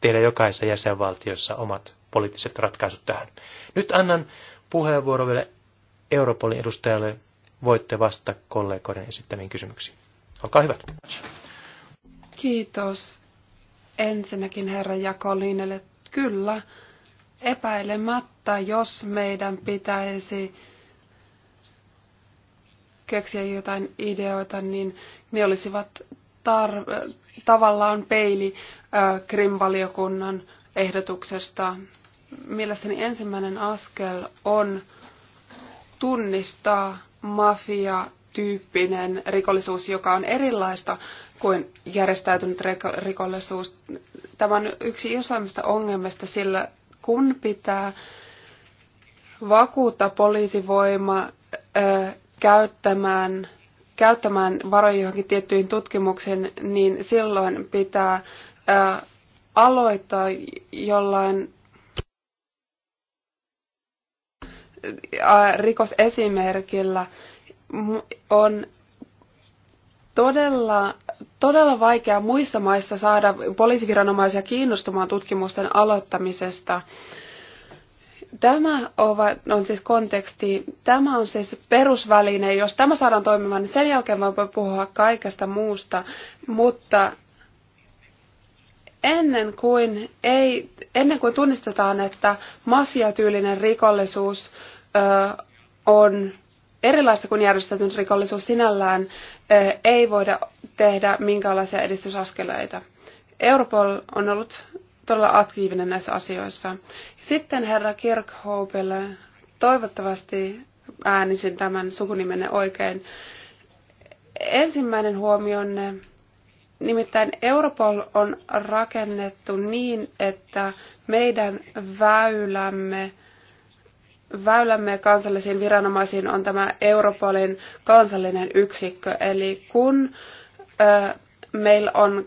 Tehdä jokaisessa jäsenvaltiossa omat poliittiset ratkaisut tähän. Nyt annan puheenvuoro vielä Europolin edustajalle. Voitte vastata kollegoiden esittämiin kysymyksiin. Olkaa hyvät. Kiitos ensinnäkin herra Jakolinelle. Kyllä, epäilemättä, jos meidän pitäisi keksiä jotain ideoita, niin ne olisivat tar- tavallaan peili äh, Krim-valiokunnan ehdotuksesta mielestäni ensimmäinen askel on tunnistaa mafia tyyppinen rikollisuus, joka on erilaista kuin järjestäytynyt rikollisuus. Tämä on yksi isoimmista ongelmista, sillä kun pitää vakuuttaa poliisivoima ö, käyttämään, käyttämään varoja johonkin tiettyihin tutkimuksiin, niin silloin pitää ö, aloittaa jollain rikosesimerkillä on todella, todella vaikea muissa maissa saada poliisiviranomaisia kiinnostumaan tutkimusten aloittamisesta. Tämä on siis konteksti, tämä on siis perusväline. Jos tämä saadaan toimimaan, niin sen jälkeen voi puhua kaikesta muusta. Mutta ennen kuin, ei, ennen kuin tunnistetaan, että mafiatyylinen rikollisuus on erilaista kuin järjestetyn rikollisuus sinällään, ei voida tehdä minkäänlaisia edistysaskeleita. Europol on ollut todella aktiivinen näissä asioissa. Sitten herra Kirkhopelle, toivottavasti äänisin tämän sukunimenne oikein. Ensimmäinen huomionne, nimittäin Europol on rakennettu niin, että meidän väylämme – väylämme kansallisiin viranomaisiin on tämä Europolin kansallinen yksikkö. Eli kun ö, meillä on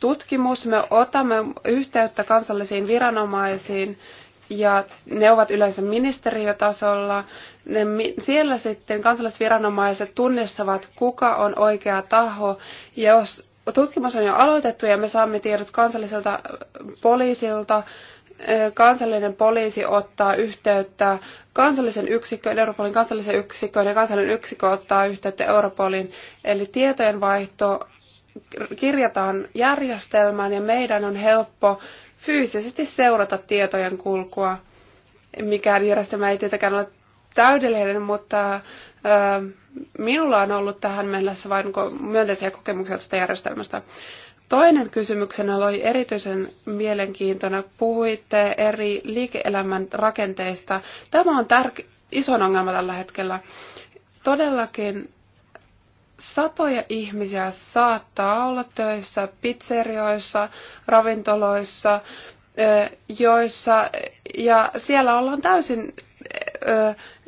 tutkimus, me otamme yhteyttä kansallisiin viranomaisiin ja ne ovat yleensä ministeriötasolla. Ne, siellä sitten kansalliset viranomaiset tunnistavat, kuka on oikea taho. Ja jos tutkimus on jo aloitettu ja me saamme tiedot kansalliselta poliisilta, kansallinen poliisi ottaa yhteyttä kansallisen yksikön, Europolin kansallisen yksikön ja kansallinen yksikkö ottaa yhteyttä Europolin. Eli tietojenvaihto kirjataan järjestelmään ja meidän on helppo fyysisesti seurata tietojen kulkua. Mikään järjestelmä ei tietenkään ole täydellinen, mutta minulla on ollut tähän mennessä vain myönteisiä kokemuksia tästä järjestelmästä. Toinen kysymyksen oli erityisen mielenkiintoinen. Puhuitte eri liike-elämän rakenteista. Tämä on tärke- iso ongelma tällä hetkellä. Todellakin satoja ihmisiä saattaa olla töissä pizzerioissa, ravintoloissa, joissa, ja siellä ollaan täysin,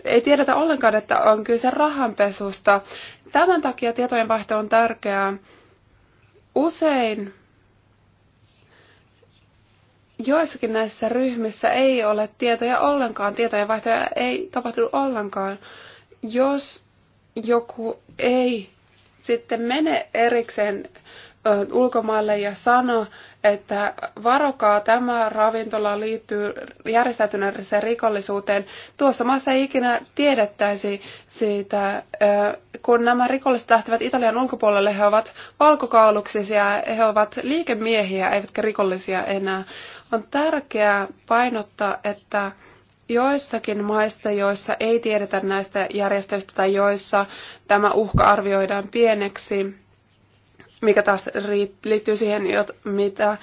ei tiedetä ollenkaan, että on kyse rahanpesusta. Tämän takia tietojenvaihto on tärkeää. Usein joissakin näissä ryhmissä ei ole tietoja ollenkaan, tietojenvaihtoja ei tapahdu ollenkaan. Jos joku ei sitten mene erikseen ulkomaille ja sano, että varokaa, tämä ravintola liittyy järjestäytyneeseen rikollisuuteen. Tuossa maassa ei ikinä tiedettäisi siitä, kun nämä rikolliset lähtevät Italian ulkopuolelle, he ovat valkokauluksisia, he ovat liikemiehiä, eivätkä rikollisia enää. On tärkeää painottaa, että joissakin maista, joissa ei tiedetä näistä järjestöistä tai joissa tämä uhka arvioidaan pieneksi, mikä taas liittyy siihen, mitä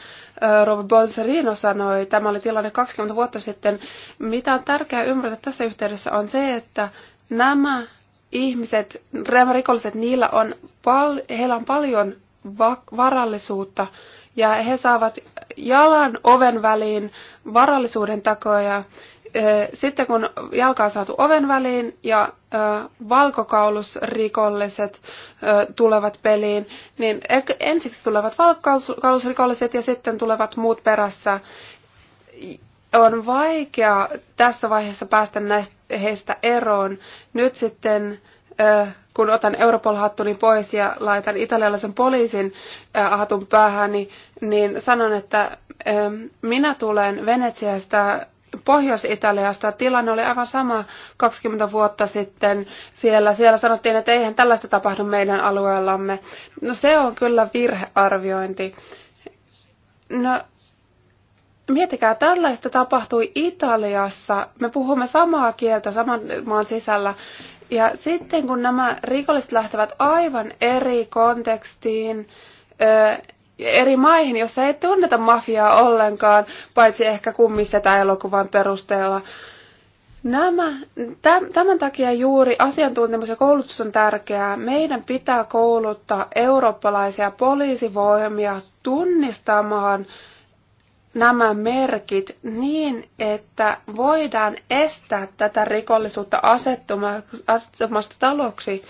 Robert Bonserino sanoi. Tämä oli tilanne 20 vuotta sitten. Mitä on tärkeää ymmärtää tässä yhteydessä on se, että nämä ihmiset, nämä rikolliset, niillä on heillä on paljon varallisuutta ja he saavat jalan oven väliin varallisuuden takoja sitten kun jalka on saatu oven väliin ja valkokaulusrikolliset tulevat peliin, niin ensiksi tulevat valkokaulusrikolliset ja sitten tulevat muut perässä. On vaikea tässä vaiheessa päästä näistä, heistä eroon. Nyt sitten kun otan Europol-hattuni pois ja laitan italialaisen poliisin hatun päähän, niin, sanon, että minä tulen Venetsiasta Pohjois-Italiasta. Tilanne oli aivan sama 20 vuotta sitten siellä. Siellä sanottiin, että eihän tällaista tapahdu meidän alueellamme. No se on kyllä virhearviointi. No, Mietikää, tällaista tapahtui Italiassa. Me puhumme samaa kieltä saman maan sisällä. Ja sitten kun nämä rikolliset lähtevät aivan eri kontekstiin, eri maihin, jossa ei tunneta mafiaa ollenkaan, paitsi ehkä tai elokuvan perusteella. Nämä, tämän takia juuri asiantuntemus ja koulutus on tärkeää. Meidän pitää kouluttaa eurooppalaisia poliisivoimia tunnistamaan nämä merkit niin, että voidaan estää tätä rikollisuutta asettumasta talouksi.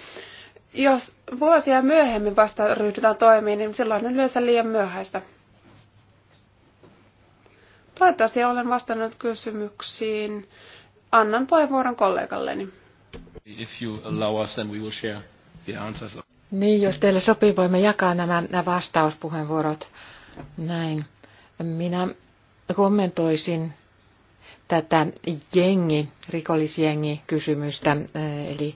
Jos vuosia myöhemmin vasta ryhdytään toimiin, niin silloin on yleensä liian myöhäistä. Toivottavasti olen vastannut kysymyksiin. Annan puheenvuoron kollegalleni. If you allow us, then we will share the answers. Niin, jos teille sopii, voimme jakaa nämä, nämä vastauspuheenvuorot. Näin. Minä kommentoisin tätä jengi, rikollisjengi kysymystä, eli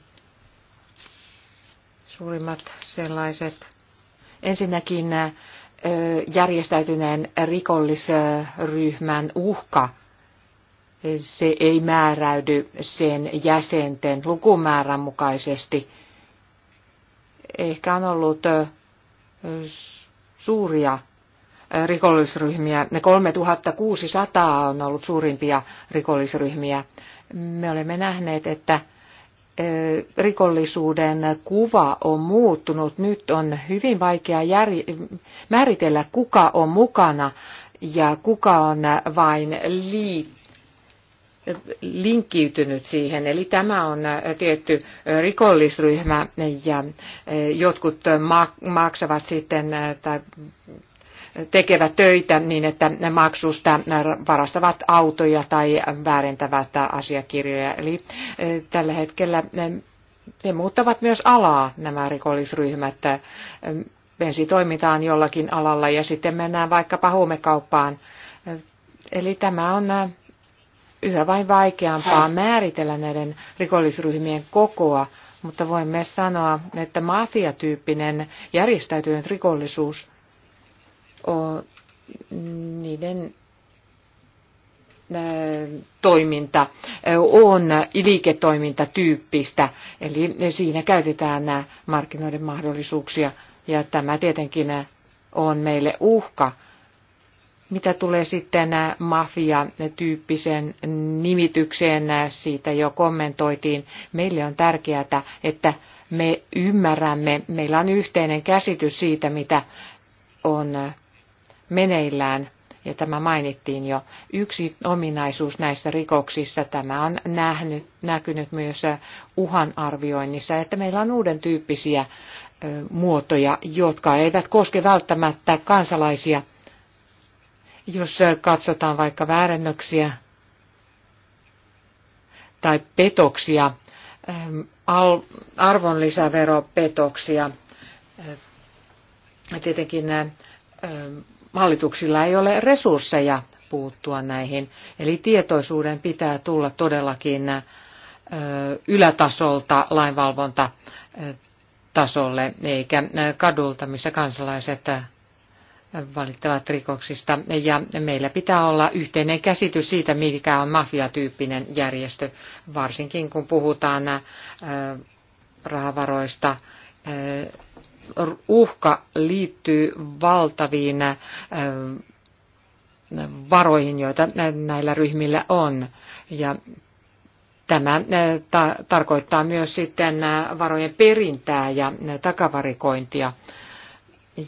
suurimmat sellaiset. Ensinnäkin järjestäytyneen rikollisryhmän uhka. Se ei määräydy sen jäsenten lukumäärän mukaisesti. Ehkä on ollut suuria rikollisryhmiä. Ne 3600 on ollut suurimpia rikollisryhmiä. Me olemme nähneet, että rikollisuuden kuva on muuttunut. Nyt on hyvin vaikea määritellä, kuka on mukana ja kuka on vain liittynyt linkkiytynyt siihen. Eli tämä on tietty rikollisryhmä ja jotkut maksavat sitten tai tekevät töitä niin, että ne maksusta varastavat autoja tai väärentävät asiakirjoja. Eli e, tällä hetkellä ne muuttavat myös alaa, nämä rikollisryhmät. E, Ensin toimitaan jollakin alalla ja sitten mennään vaikkapa huumekauppaan. E, eli tämä on yhä vain vaikeampaa määritellä näiden rikollisryhmien kokoa, mutta voimme sanoa, että mafiatyyppinen järjestäytynyt rikollisuus – niiden toiminta on liiketoimintatyyppistä, eli siinä käytetään nämä markkinoiden mahdollisuuksia, ja tämä tietenkin on meille uhka. Mitä tulee sitten mafia-tyyppisen nimitykseen, siitä jo kommentoitiin. Meille on tärkeää, että me ymmärrämme, meillä on yhteinen käsitys siitä, mitä on meneillään, ja tämä mainittiin jo. Yksi ominaisuus näissä rikoksissa, tämä on nähnyt, näkynyt myös äh, uhan arvioinnissa, että meillä on uuden tyyppisiä äh, muotoja, jotka eivät koske välttämättä kansalaisia. Jos äh, katsotaan vaikka väärennöksiä tai petoksia, ähm, arvonlisäveropetoksia, tietenkin ähm, hallituksilla ei ole resursseja puuttua näihin. Eli tietoisuuden pitää tulla todellakin ylätasolta lainvalvonta tasolle, eikä kadulta, missä kansalaiset valittavat rikoksista. Ja meillä pitää olla yhteinen käsitys siitä, mikä on mafiatyyppinen järjestö, varsinkin kun puhutaan rahavaroista uhka liittyy valtaviin äh, varoihin, joita näillä ryhmillä on. Ja tämä äh, ta- tarkoittaa myös sitten äh, varojen perintää ja takavarikointia,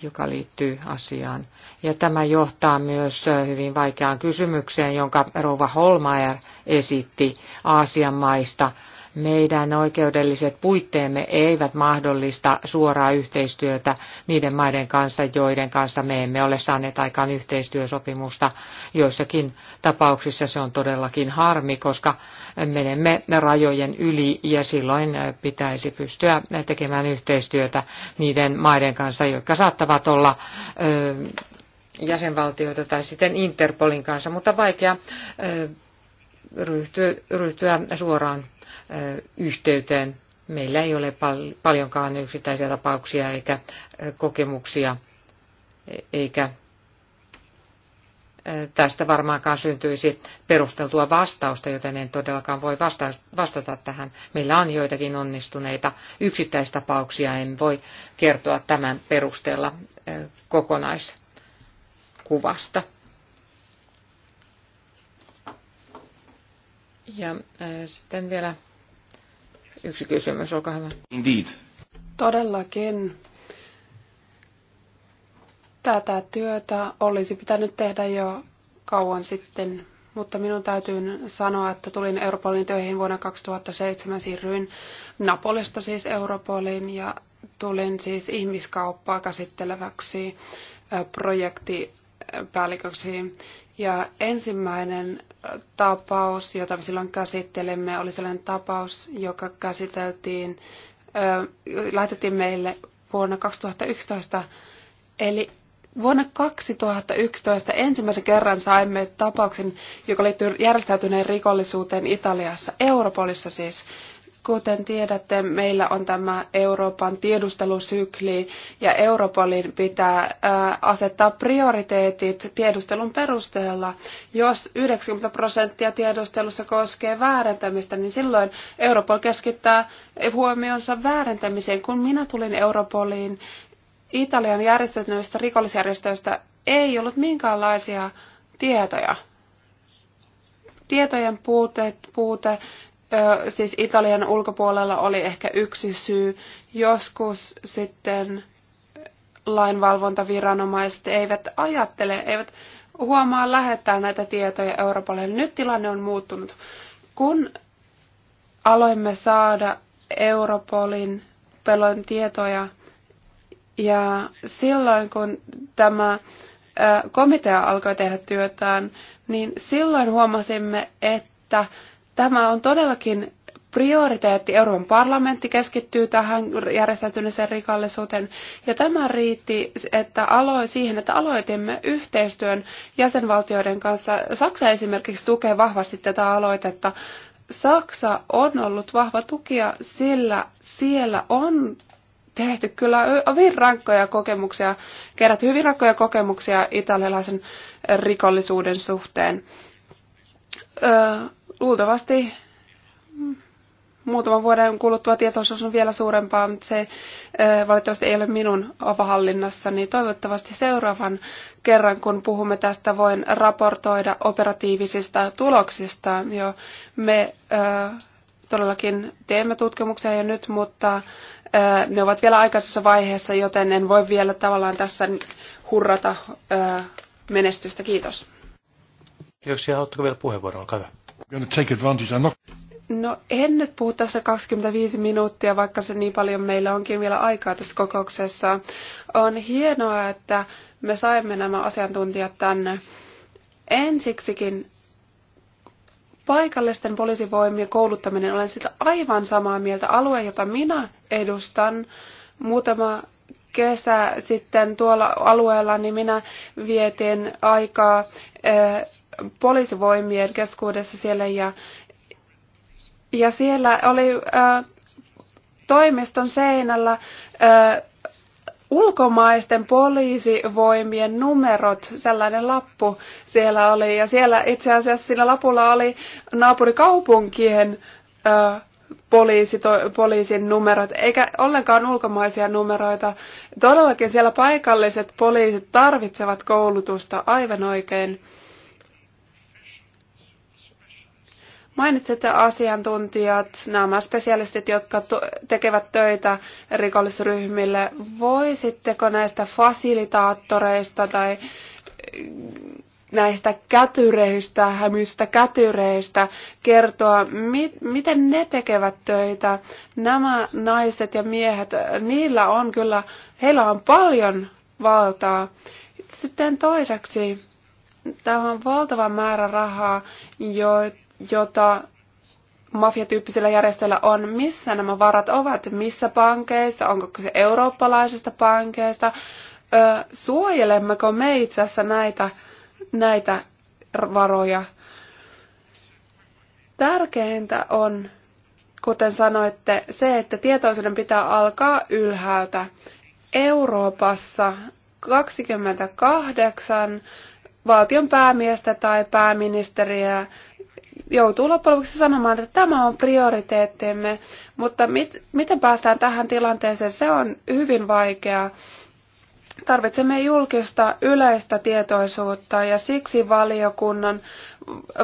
joka liittyy asiaan. Ja tämä johtaa myös hyvin vaikeaan kysymykseen, jonka Rova Holmeier esitti Aasian maista – meidän oikeudelliset puitteemme eivät mahdollista suoraa yhteistyötä niiden maiden kanssa, joiden kanssa me emme ole saaneet aikaan yhteistyösopimusta. Joissakin tapauksissa se on todellakin harmi, koska menemme rajojen yli ja silloin pitäisi pystyä tekemään yhteistyötä niiden maiden kanssa, jotka saattavat olla jäsenvaltioita tai sitten Interpolin kanssa, mutta vaikea ryhtyä, ryhtyä suoraan yhteyteen. Meillä ei ole pal- paljonkaan yksittäisiä tapauksia eikä kokemuksia, e, eikä tästä varmaankaan syntyisi perusteltua vastausta, joten en todellakaan voi vastata tähän. Meillä on joitakin onnistuneita yksittäistapauksia, en voi kertoa tämän perusteella kokonaiskuvasta. Ja sitten vielä yksi kysymys, olkaa hyvä. Indeed. Todellakin. Tätä työtä olisi pitänyt tehdä jo kauan sitten, mutta minun täytyy sanoa, että tulin Europolin töihin vuonna 2007, siirryin Napolista siis Europoliin ja tulin siis ihmiskauppaa käsitteleväksi projektipäälliköksi ja ensimmäinen tapaus, jota me silloin käsittelimme, oli sellainen tapaus, joka käsiteltiin, äh, lähetettiin meille vuonna 2011. Eli vuonna 2011 ensimmäisen kerran saimme tapauksen, joka liittyy järjestäytyneen rikollisuuteen Italiassa, Europolissa siis. Kuten tiedätte, meillä on tämä Euroopan tiedustelusykli ja Europolin pitää asettaa prioriteetit tiedustelun perusteella. Jos 90 prosenttia tiedustelussa koskee väärentämistä, niin silloin Europol keskittää huomionsa väärentämiseen. Kun minä tulin Europoliin, Italian järjestäytyneistä rikollisjärjestöistä ei ollut minkäänlaisia tietoja. Tietojen puute, puute siis Italian ulkopuolella oli ehkä yksi syy. Joskus sitten lainvalvontaviranomaiset eivät ajattele, eivät huomaa lähettää näitä tietoja Euroopalle. Nyt tilanne on muuttunut. Kun aloimme saada Europolin pelon tietoja ja silloin kun tämä komitea alkoi tehdä työtään, niin silloin huomasimme, että Tämä on todellakin prioriteetti. Euroopan parlamentti keskittyy tähän järjestäytyneeseen rikollisuuteen. Ja tämä riitti että aloi siihen, että aloitimme yhteistyön jäsenvaltioiden kanssa. Saksa esimerkiksi tukee vahvasti tätä aloitetta. Saksa on ollut vahva tukija, sillä siellä on tehty kyllä hyvin rankkoja kokemuksia, kerätty hyvin rankkoja kokemuksia italialaisen rikollisuuden suhteen. Öö, luultavasti muutaman vuoden kuluttua tietoisuus on vielä suurempaa, mutta se valitettavasti ei ole minun avahallinnassa, niin toivottavasti seuraavan kerran, kun puhumme tästä, voin raportoida operatiivisista tuloksista. Jo me todellakin teemme tutkimuksia jo nyt, mutta ne ovat vielä aikaisessa vaiheessa, joten en voi vielä tavallaan tässä hurrata menestystä. Kiitos. Kiitoksia. Haluatteko vielä puheenvuoron? Olkaa hyvä. No en nyt puhu tässä 25 minuuttia, vaikka se niin paljon meillä onkin vielä aikaa tässä kokouksessa. On hienoa, että me saimme nämä asiantuntijat tänne. Ensiksikin paikallisten poliisivoimien kouluttaminen, olen sitä aivan samaa mieltä. Alue, jota minä edustan, muutama kesä sitten tuolla alueella, niin minä vietin aikaa eh, poliisivoimien keskuudessa siellä ja, ja siellä oli äh, toimiston seinällä äh, ulkomaisten poliisivoimien numerot, sellainen lappu siellä oli. Ja siellä itse asiassa siinä lapulla oli naapurikaupunkien ö, poliisi, to, poliisin numerot, eikä ollenkaan ulkomaisia numeroita. Todellakin siellä paikalliset poliisit tarvitsevat koulutusta aivan oikein. Mainitsette asiantuntijat, nämä spesialistit, jotka tekevät töitä rikollisryhmille. Voisitteko näistä fasilitaattoreista tai eh, näistä kätyreistä, hämyistä kätyreistä kertoa, mi- miten ne tekevät töitä. Nämä naiset ja miehet, niillä on kyllä, heillä on paljon valtaa. Sitten toiseksi, tämä on valtava määrä rahaa, joita jota mafiatyyppisillä järjestöillä on, missä nämä varat ovat, missä pankeissa, onko se eurooppalaisista pankeista, ö, suojelemmeko me itse asiassa näitä, näitä varoja. Tärkeintä on, kuten sanoitte, se, että tietoisuuden pitää alkaa ylhäältä. Euroopassa 28 valtion päämiestä tai pääministeriä joutuu loppujen lopuksi sanomaan, että tämä on prioriteettimme, mutta mit, miten päästään tähän tilanteeseen, se on hyvin vaikeaa. Tarvitsemme julkista yleistä tietoisuutta ja siksi valiokunnan,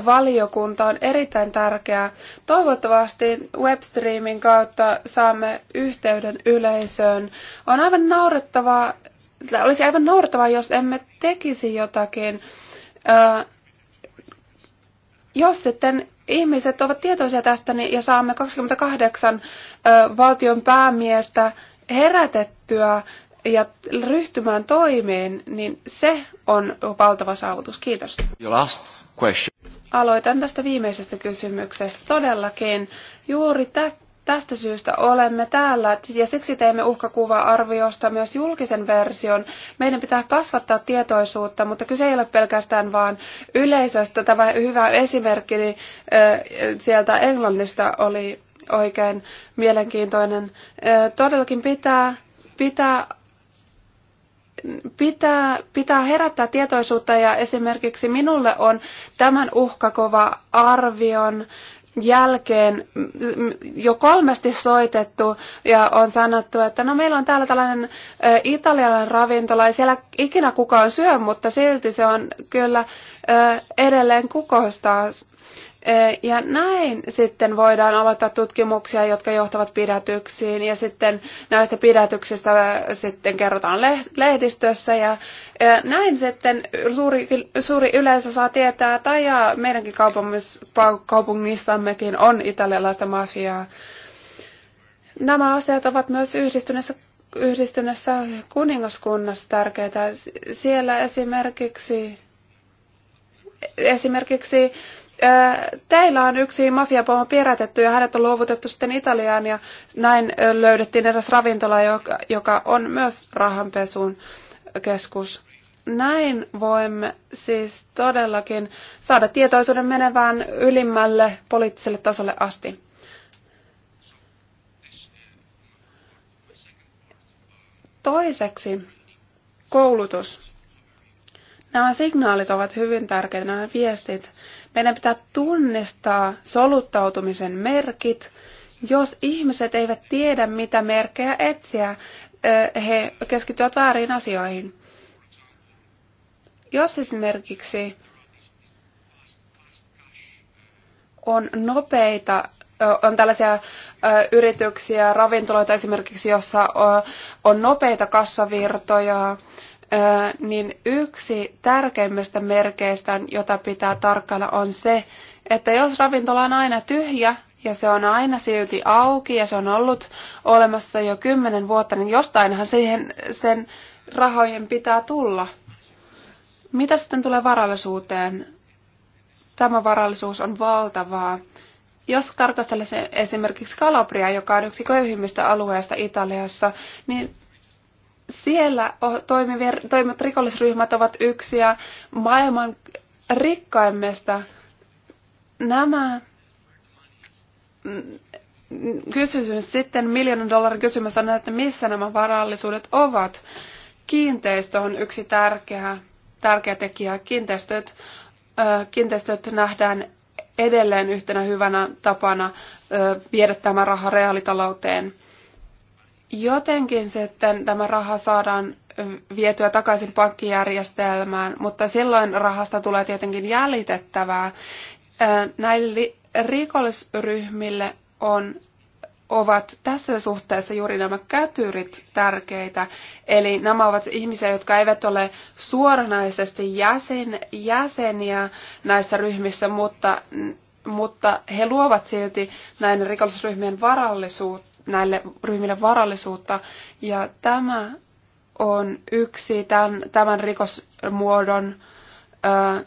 valiokunta on erittäin tärkeää. Toivottavasti webstreamin kautta saamme yhteyden yleisöön. On aivan naurettavaa, olisi aivan naurettavaa, jos emme tekisi jotakin. Jos sitten ihmiset ovat tietoisia tästä niin, ja saamme 28 ö, valtion päämiestä herätettyä ja ryhtymään toimeen, niin se on valtava saavutus. Kiitos. Your last question. Aloitan tästä viimeisestä kysymyksestä. Todellakin juuri tämä. Tästä syystä olemme täällä ja siksi teemme uhkakuva-arviosta myös julkisen version. Meidän pitää kasvattaa tietoisuutta, mutta kyse ei ole pelkästään vaan yleisöstä. Tämä hyvä esimerkki niin, sieltä Englannista oli oikein mielenkiintoinen. Todellakin pitää, pitää pitää, pitää herättää tietoisuutta ja esimerkiksi minulle on tämän uhkakova arvion jälkeen jo kolmesti soitettu ja on sanottu, että no meillä on täällä tällainen italialainen ravintola ja siellä ikinä kukaan syö, mutta silti se on kyllä edelleen kukoistaa. Ja näin sitten voidaan aloittaa tutkimuksia, jotka johtavat pidätyksiin ja sitten näistä pidätyksistä sitten kerrotaan lehdistössä ja näin sitten suuri, suuri yleisö saa tietää, tai ja meidänkin kaupungissammekin on italialaista mafiaa. Nämä asiat ovat myös yhdistyneessä yhdistyneessä kuningaskunnassa tärkeitä Siellä esimerkiksi, esimerkiksi teillä on yksi mafiapomo pidätetty ja hänet on luovutettu sitten Italiaan ja näin löydettiin eräs ravintola, joka, joka on myös rahanpesun keskus. Näin voimme siis todellakin saada tietoisuuden menevään ylimmälle poliittiselle tasolle asti. Toiseksi koulutus. Nämä signaalit ovat hyvin tärkeitä, nämä viestit. Meidän pitää tunnistaa soluttautumisen merkit. Jos ihmiset eivät tiedä, mitä merkkejä etsiä, he keskittyvät väärin asioihin. Jos esimerkiksi on nopeita, on tällaisia yrityksiä, ravintoloita esimerkiksi, jossa on nopeita kassavirtoja, niin yksi tärkeimmistä merkeistä, jota pitää tarkkailla, on se, että jos ravintola on aina tyhjä ja se on aina silti auki ja se on ollut olemassa jo kymmenen vuotta, niin jostainhan siihen sen rahojen pitää tulla. Mitä sitten tulee varallisuuteen? Tämä varallisuus on valtavaa. Jos tarkastellaan esimerkiksi Kalabria, joka on yksi köyhimmistä alueista Italiassa, niin siellä toimivat rikollisryhmät ovat yksi ja maailman rikkaimmista nämä mm, kysymys sitten, miljoonan dollarin kysymys on, että missä nämä varallisuudet ovat. Kiinteistö on yksi tärkeä, tärkeä tekijä. Kiinteistöt, kiinteistöt nähdään edelleen yhtenä hyvänä tapana viedä tämä raha reaalitalouteen jotenkin sitten tämä raha saadaan vietyä takaisin pankkijärjestelmään, mutta silloin rahasta tulee tietenkin jäljitettävää. Näille rikollisryhmille on, ovat tässä suhteessa juuri nämä kätyrit tärkeitä. Eli nämä ovat ihmisiä, jotka eivät ole suoranaisesti jäsen, jäseniä näissä ryhmissä, mutta, mutta he luovat silti näiden rikollisryhmien varallisuutta näille ryhmille varallisuutta. Ja tämä on yksi tämän, tämän rikosmuodon ö,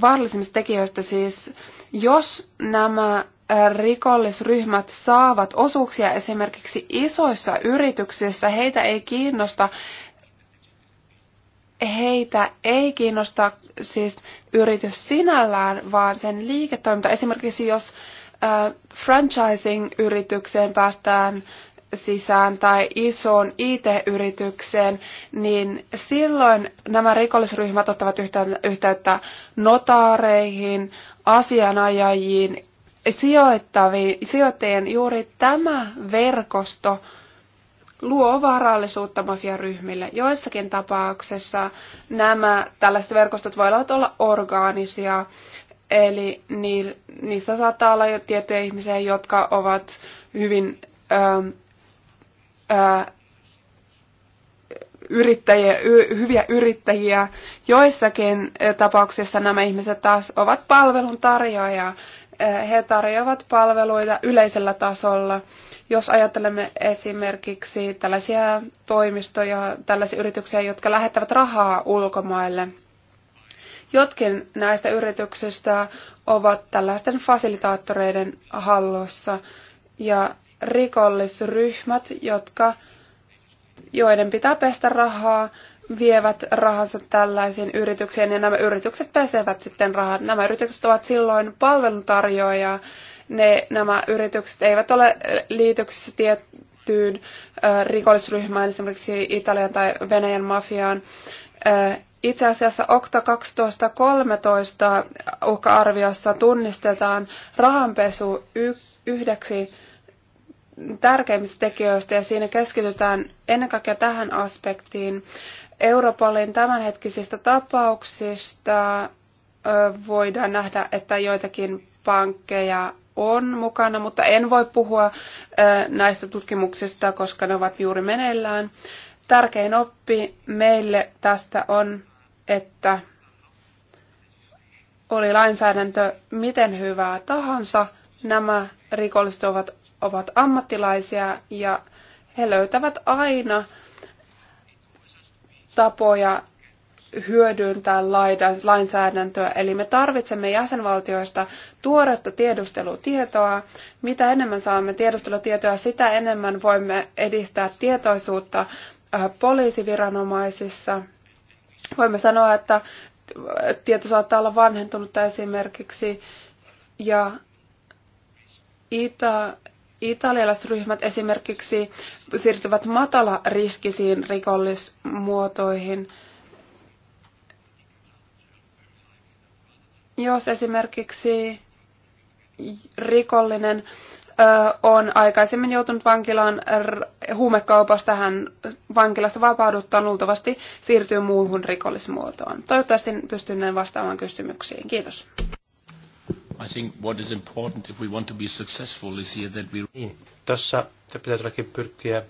vaarallisimmista tekijöistä. Siis jos nämä rikollisryhmät saavat osuuksia esimerkiksi isoissa yrityksissä, heitä ei kiinnosta heitä ei kiinnosta siis yritys sinällään, vaan sen liiketoiminta. Esimerkiksi jos franchising-yritykseen päästään sisään tai isoon IT-yritykseen, niin silloin nämä rikollisryhmät ottavat yhteyttä notaareihin, asianajajiin, sijoittajien juuri tämä verkosto luo varallisuutta mafiaryhmille. Joissakin tapauksessa nämä tällaiset verkostot voivat olla orgaanisia, Eli niissä saattaa olla jo tiettyjä ihmisiä, jotka ovat hyvin ää, ähm, äh, yrittäjiä, y, hyviä yrittäjiä. Joissakin äh, tapauksissa nämä ihmiset taas ovat palvelun tarjoajia. Äh, he tarjoavat palveluita yleisellä tasolla. Jos ajattelemme esimerkiksi tällaisia toimistoja, tällaisia yrityksiä, jotka lähettävät rahaa ulkomaille – Jotkin näistä yrityksistä ovat tällaisten fasilitaattoreiden hallussa ja rikollisryhmät, jotka, joiden pitää pestä rahaa, vievät rahansa tällaisiin yrityksiin ja nämä yritykset pesevät sitten rahat. Nämä yritykset ovat silloin palveluntarjoajia. Ne, nämä yritykset eivät ole liityksissä tiettyyn ö, rikollisryhmään, esimerkiksi Italian tai Venäjän mafiaan. Ö, itse asiassa Okta 1213 uhka-arviossa tunnistetaan rahanpesu yhdeksi tärkeimmistä tekijöistä ja siinä keskitytään ennen kaikkea tähän aspektiin. Europolin tämänhetkisistä tapauksista voidaan nähdä, että joitakin pankkeja on mukana, mutta en voi puhua näistä tutkimuksista, koska ne ovat juuri meneillään. Tärkein oppi meille tästä on että oli lainsäädäntö miten hyvää tahansa, nämä rikolliset ovat, ovat ammattilaisia ja he löytävät aina tapoja hyödyntää lainsäädäntöä. Eli me tarvitsemme jäsenvaltioista tuoretta tiedustelutietoa. Mitä enemmän saamme tiedustelutietoa, sitä enemmän voimme edistää tietoisuutta äh, poliisiviranomaisissa – voimme sanoa, että tieto saattaa olla vanhentunutta esimerkiksi, ja ita, italialaiset ryhmät esimerkiksi siirtyvät matalariskisiin rikollismuotoihin. Jos esimerkiksi rikollinen on aikaisemmin joutunut vankilaan huumekaupasta. Hän vankilasta vapauduttaa luultavasti siirtyy muuhun rikollismuotoon. Toivottavasti pystyn näin vastaamaan kysymyksiin. Kiitos. I think what is important if we want to be successful is here that we... Niin, tässä pitää todellakin pyrkiä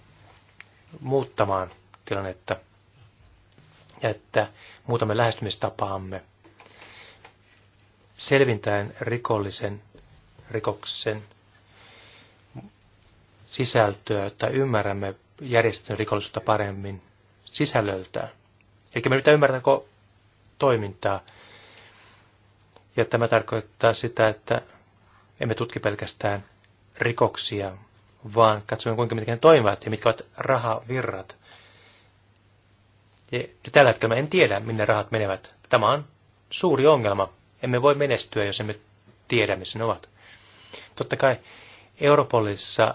muuttamaan tilannetta ja että muutamme lähestymistapaamme selvintäen rikollisen rikoksen sisältöä, että ymmärrämme järjestön rikollisuutta paremmin sisällöltään. Eli me pitää ymmärtää toimintaa. Ja tämä tarkoittaa sitä, että emme tutki pelkästään rikoksia, vaan katsomme kuinka mitkä ne toimivat ja mitkä ovat rahavirrat. Ja tällä hetkellä mä en tiedä, minne rahat menevät. Tämä on suuri ongelma. Emme voi menestyä, jos emme tiedä, missä ne ovat. Totta kai Europolissa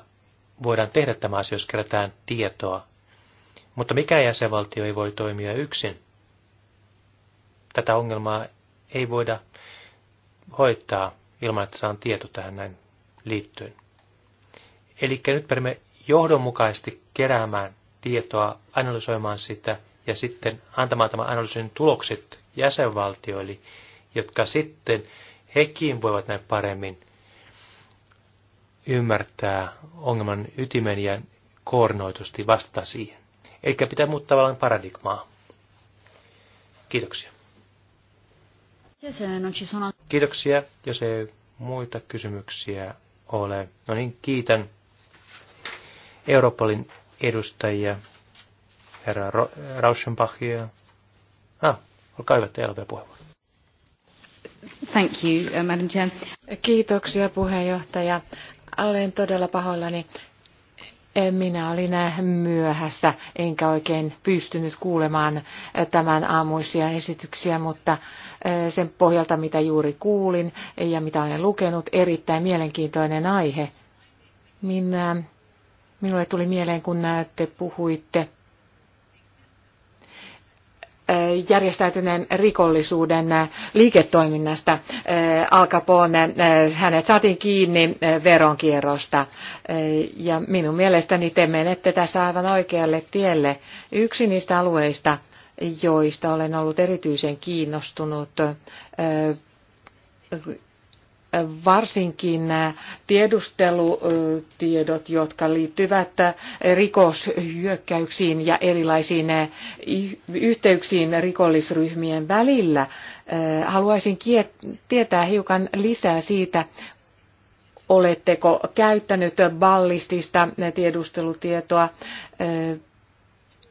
voidaan tehdä tämä asia, jos kerätään tietoa. Mutta mikä jäsenvaltio ei voi toimia yksin? Tätä ongelmaa ei voida hoitaa ilman, että saan tieto tähän näin liittyen. Eli nyt perimme johdonmukaisesti keräämään tietoa, analysoimaan sitä ja sitten antamaan tämän analyysin tulokset jäsenvaltioille, jotka sitten hekin voivat näin paremmin ymmärtää ongelman ytimen ja koordinoitusti vastata siihen. Eli pitää muuttaa tavallaan paradigmaa. Kiitoksia. Kiitoksia, jos ei muita kysymyksiä ole. No niin, kiitän Europolin edustajia, herra Rauschenbachia. Ah, olkaa hyvä, teillä on vielä puheenvuoro. Thank you, uh, Madam Chair. Kiitoksia puheenjohtaja. Olen todella pahoillani. Minä olin äh, myöhässä, enkä oikein pystynyt kuulemaan äh, tämän aamuisia esityksiä, mutta äh, sen pohjalta, mitä juuri kuulin ja mitä olen lukenut, erittäin mielenkiintoinen aihe. Minä, minulle tuli mieleen, kun näette puhuitte järjestäytyneen rikollisuuden liiketoiminnasta. Al Capone, hänet saatiin kiinni veronkierrosta. Ja minun mielestäni te menette tässä aivan oikealle tielle. Yksi niistä alueista, joista olen ollut erityisen kiinnostunut varsinkin tiedustelutiedot, jotka liittyvät rikoshyökkäyksiin ja erilaisiin yhteyksiin rikollisryhmien välillä. Haluaisin tietää hiukan lisää siitä, oletteko käyttänyt ballistista tiedustelutietoa eh,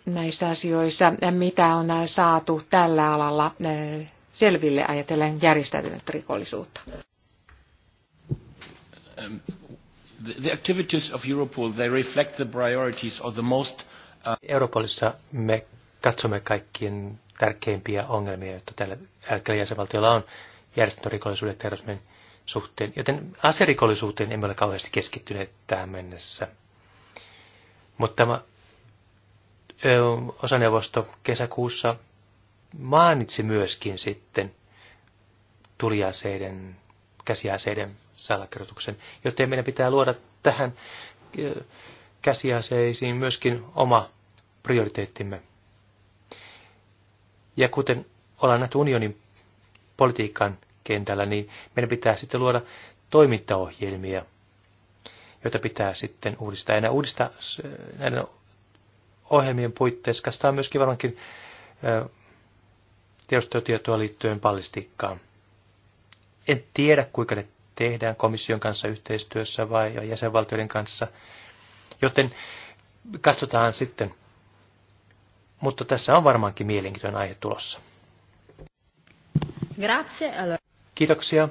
näissä asioissa, mitä on saatu tällä alalla eh, selville ajatellen järjestäytynyt rikollisuutta um, the, the activities of Europol, they reflect the priorities of the most... Uh... Europolissa me katsomme kaikkien tärkeimpiä ongelmia, joita tällä hetkellä jäsenvaltiolla on järjestörikollisuuden ja terrorismin suhteen. Joten aserikollisuuteen emme ole kauheasti keskittyneet tähän mennessä. Mutta tämä osaneuvosto kesäkuussa mainitsi myöskin sitten tuliaseiden, käsiaseiden salakirjoituksen. Joten meidän pitää luoda tähän käsiaseisiin myöskin oma prioriteettimme. Ja kuten ollaan nähty unionin politiikan kentällä, niin meidän pitää sitten luoda toimintaohjelmia, joita pitää sitten uudistaa. Ja uudistaa näiden ohjelmien puitteissa kastaa myöskin varmaankin tiedostotietoa liittyen pallistiikkaan. En tiedä, kuinka ne tehdään komission kanssa yhteistyössä vai jäsenvaltioiden kanssa. Joten katsotaan sitten. Mutta tässä on varmaankin mielenkiintoinen aihe tulossa. Grazie. Kiitoksia.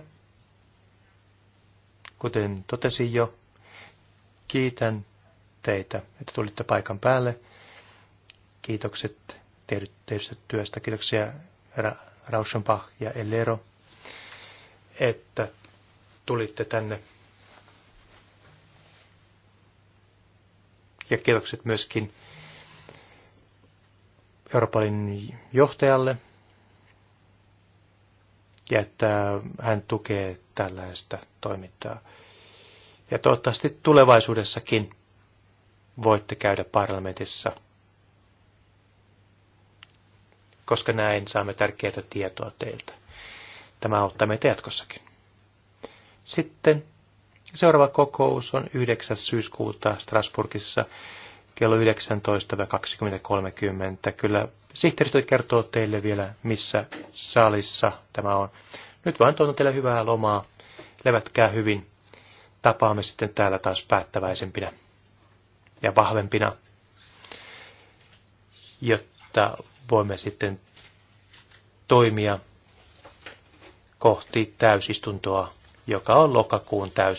Kuten totesin jo, kiitän teitä, että tulitte paikan päälle. Kiitokset tehdystä työstä. Kiitoksia Rauschenbach ja Elero, että tulitte tänne. Ja kiitokset myöskin Euroopan johtajalle, ja että hän tukee tällaista toimintaa. Ja toivottavasti tulevaisuudessakin voitte käydä parlamentissa, koska näin saamme tärkeää tietoa teiltä. Tämä auttaa meitä jatkossakin. Sitten seuraava kokous on 9. syyskuuta Strasburgissa kello 19.20.30. Kyllä sihteeristö kertoo teille vielä, missä salissa tämä on. Nyt vain toivon teille hyvää lomaa. Levätkää hyvin. Tapaamme sitten täällä taas päättäväisempinä ja vahvempina, jotta voimme sitten toimia kohti täysistuntoa joka on lokakuun täys.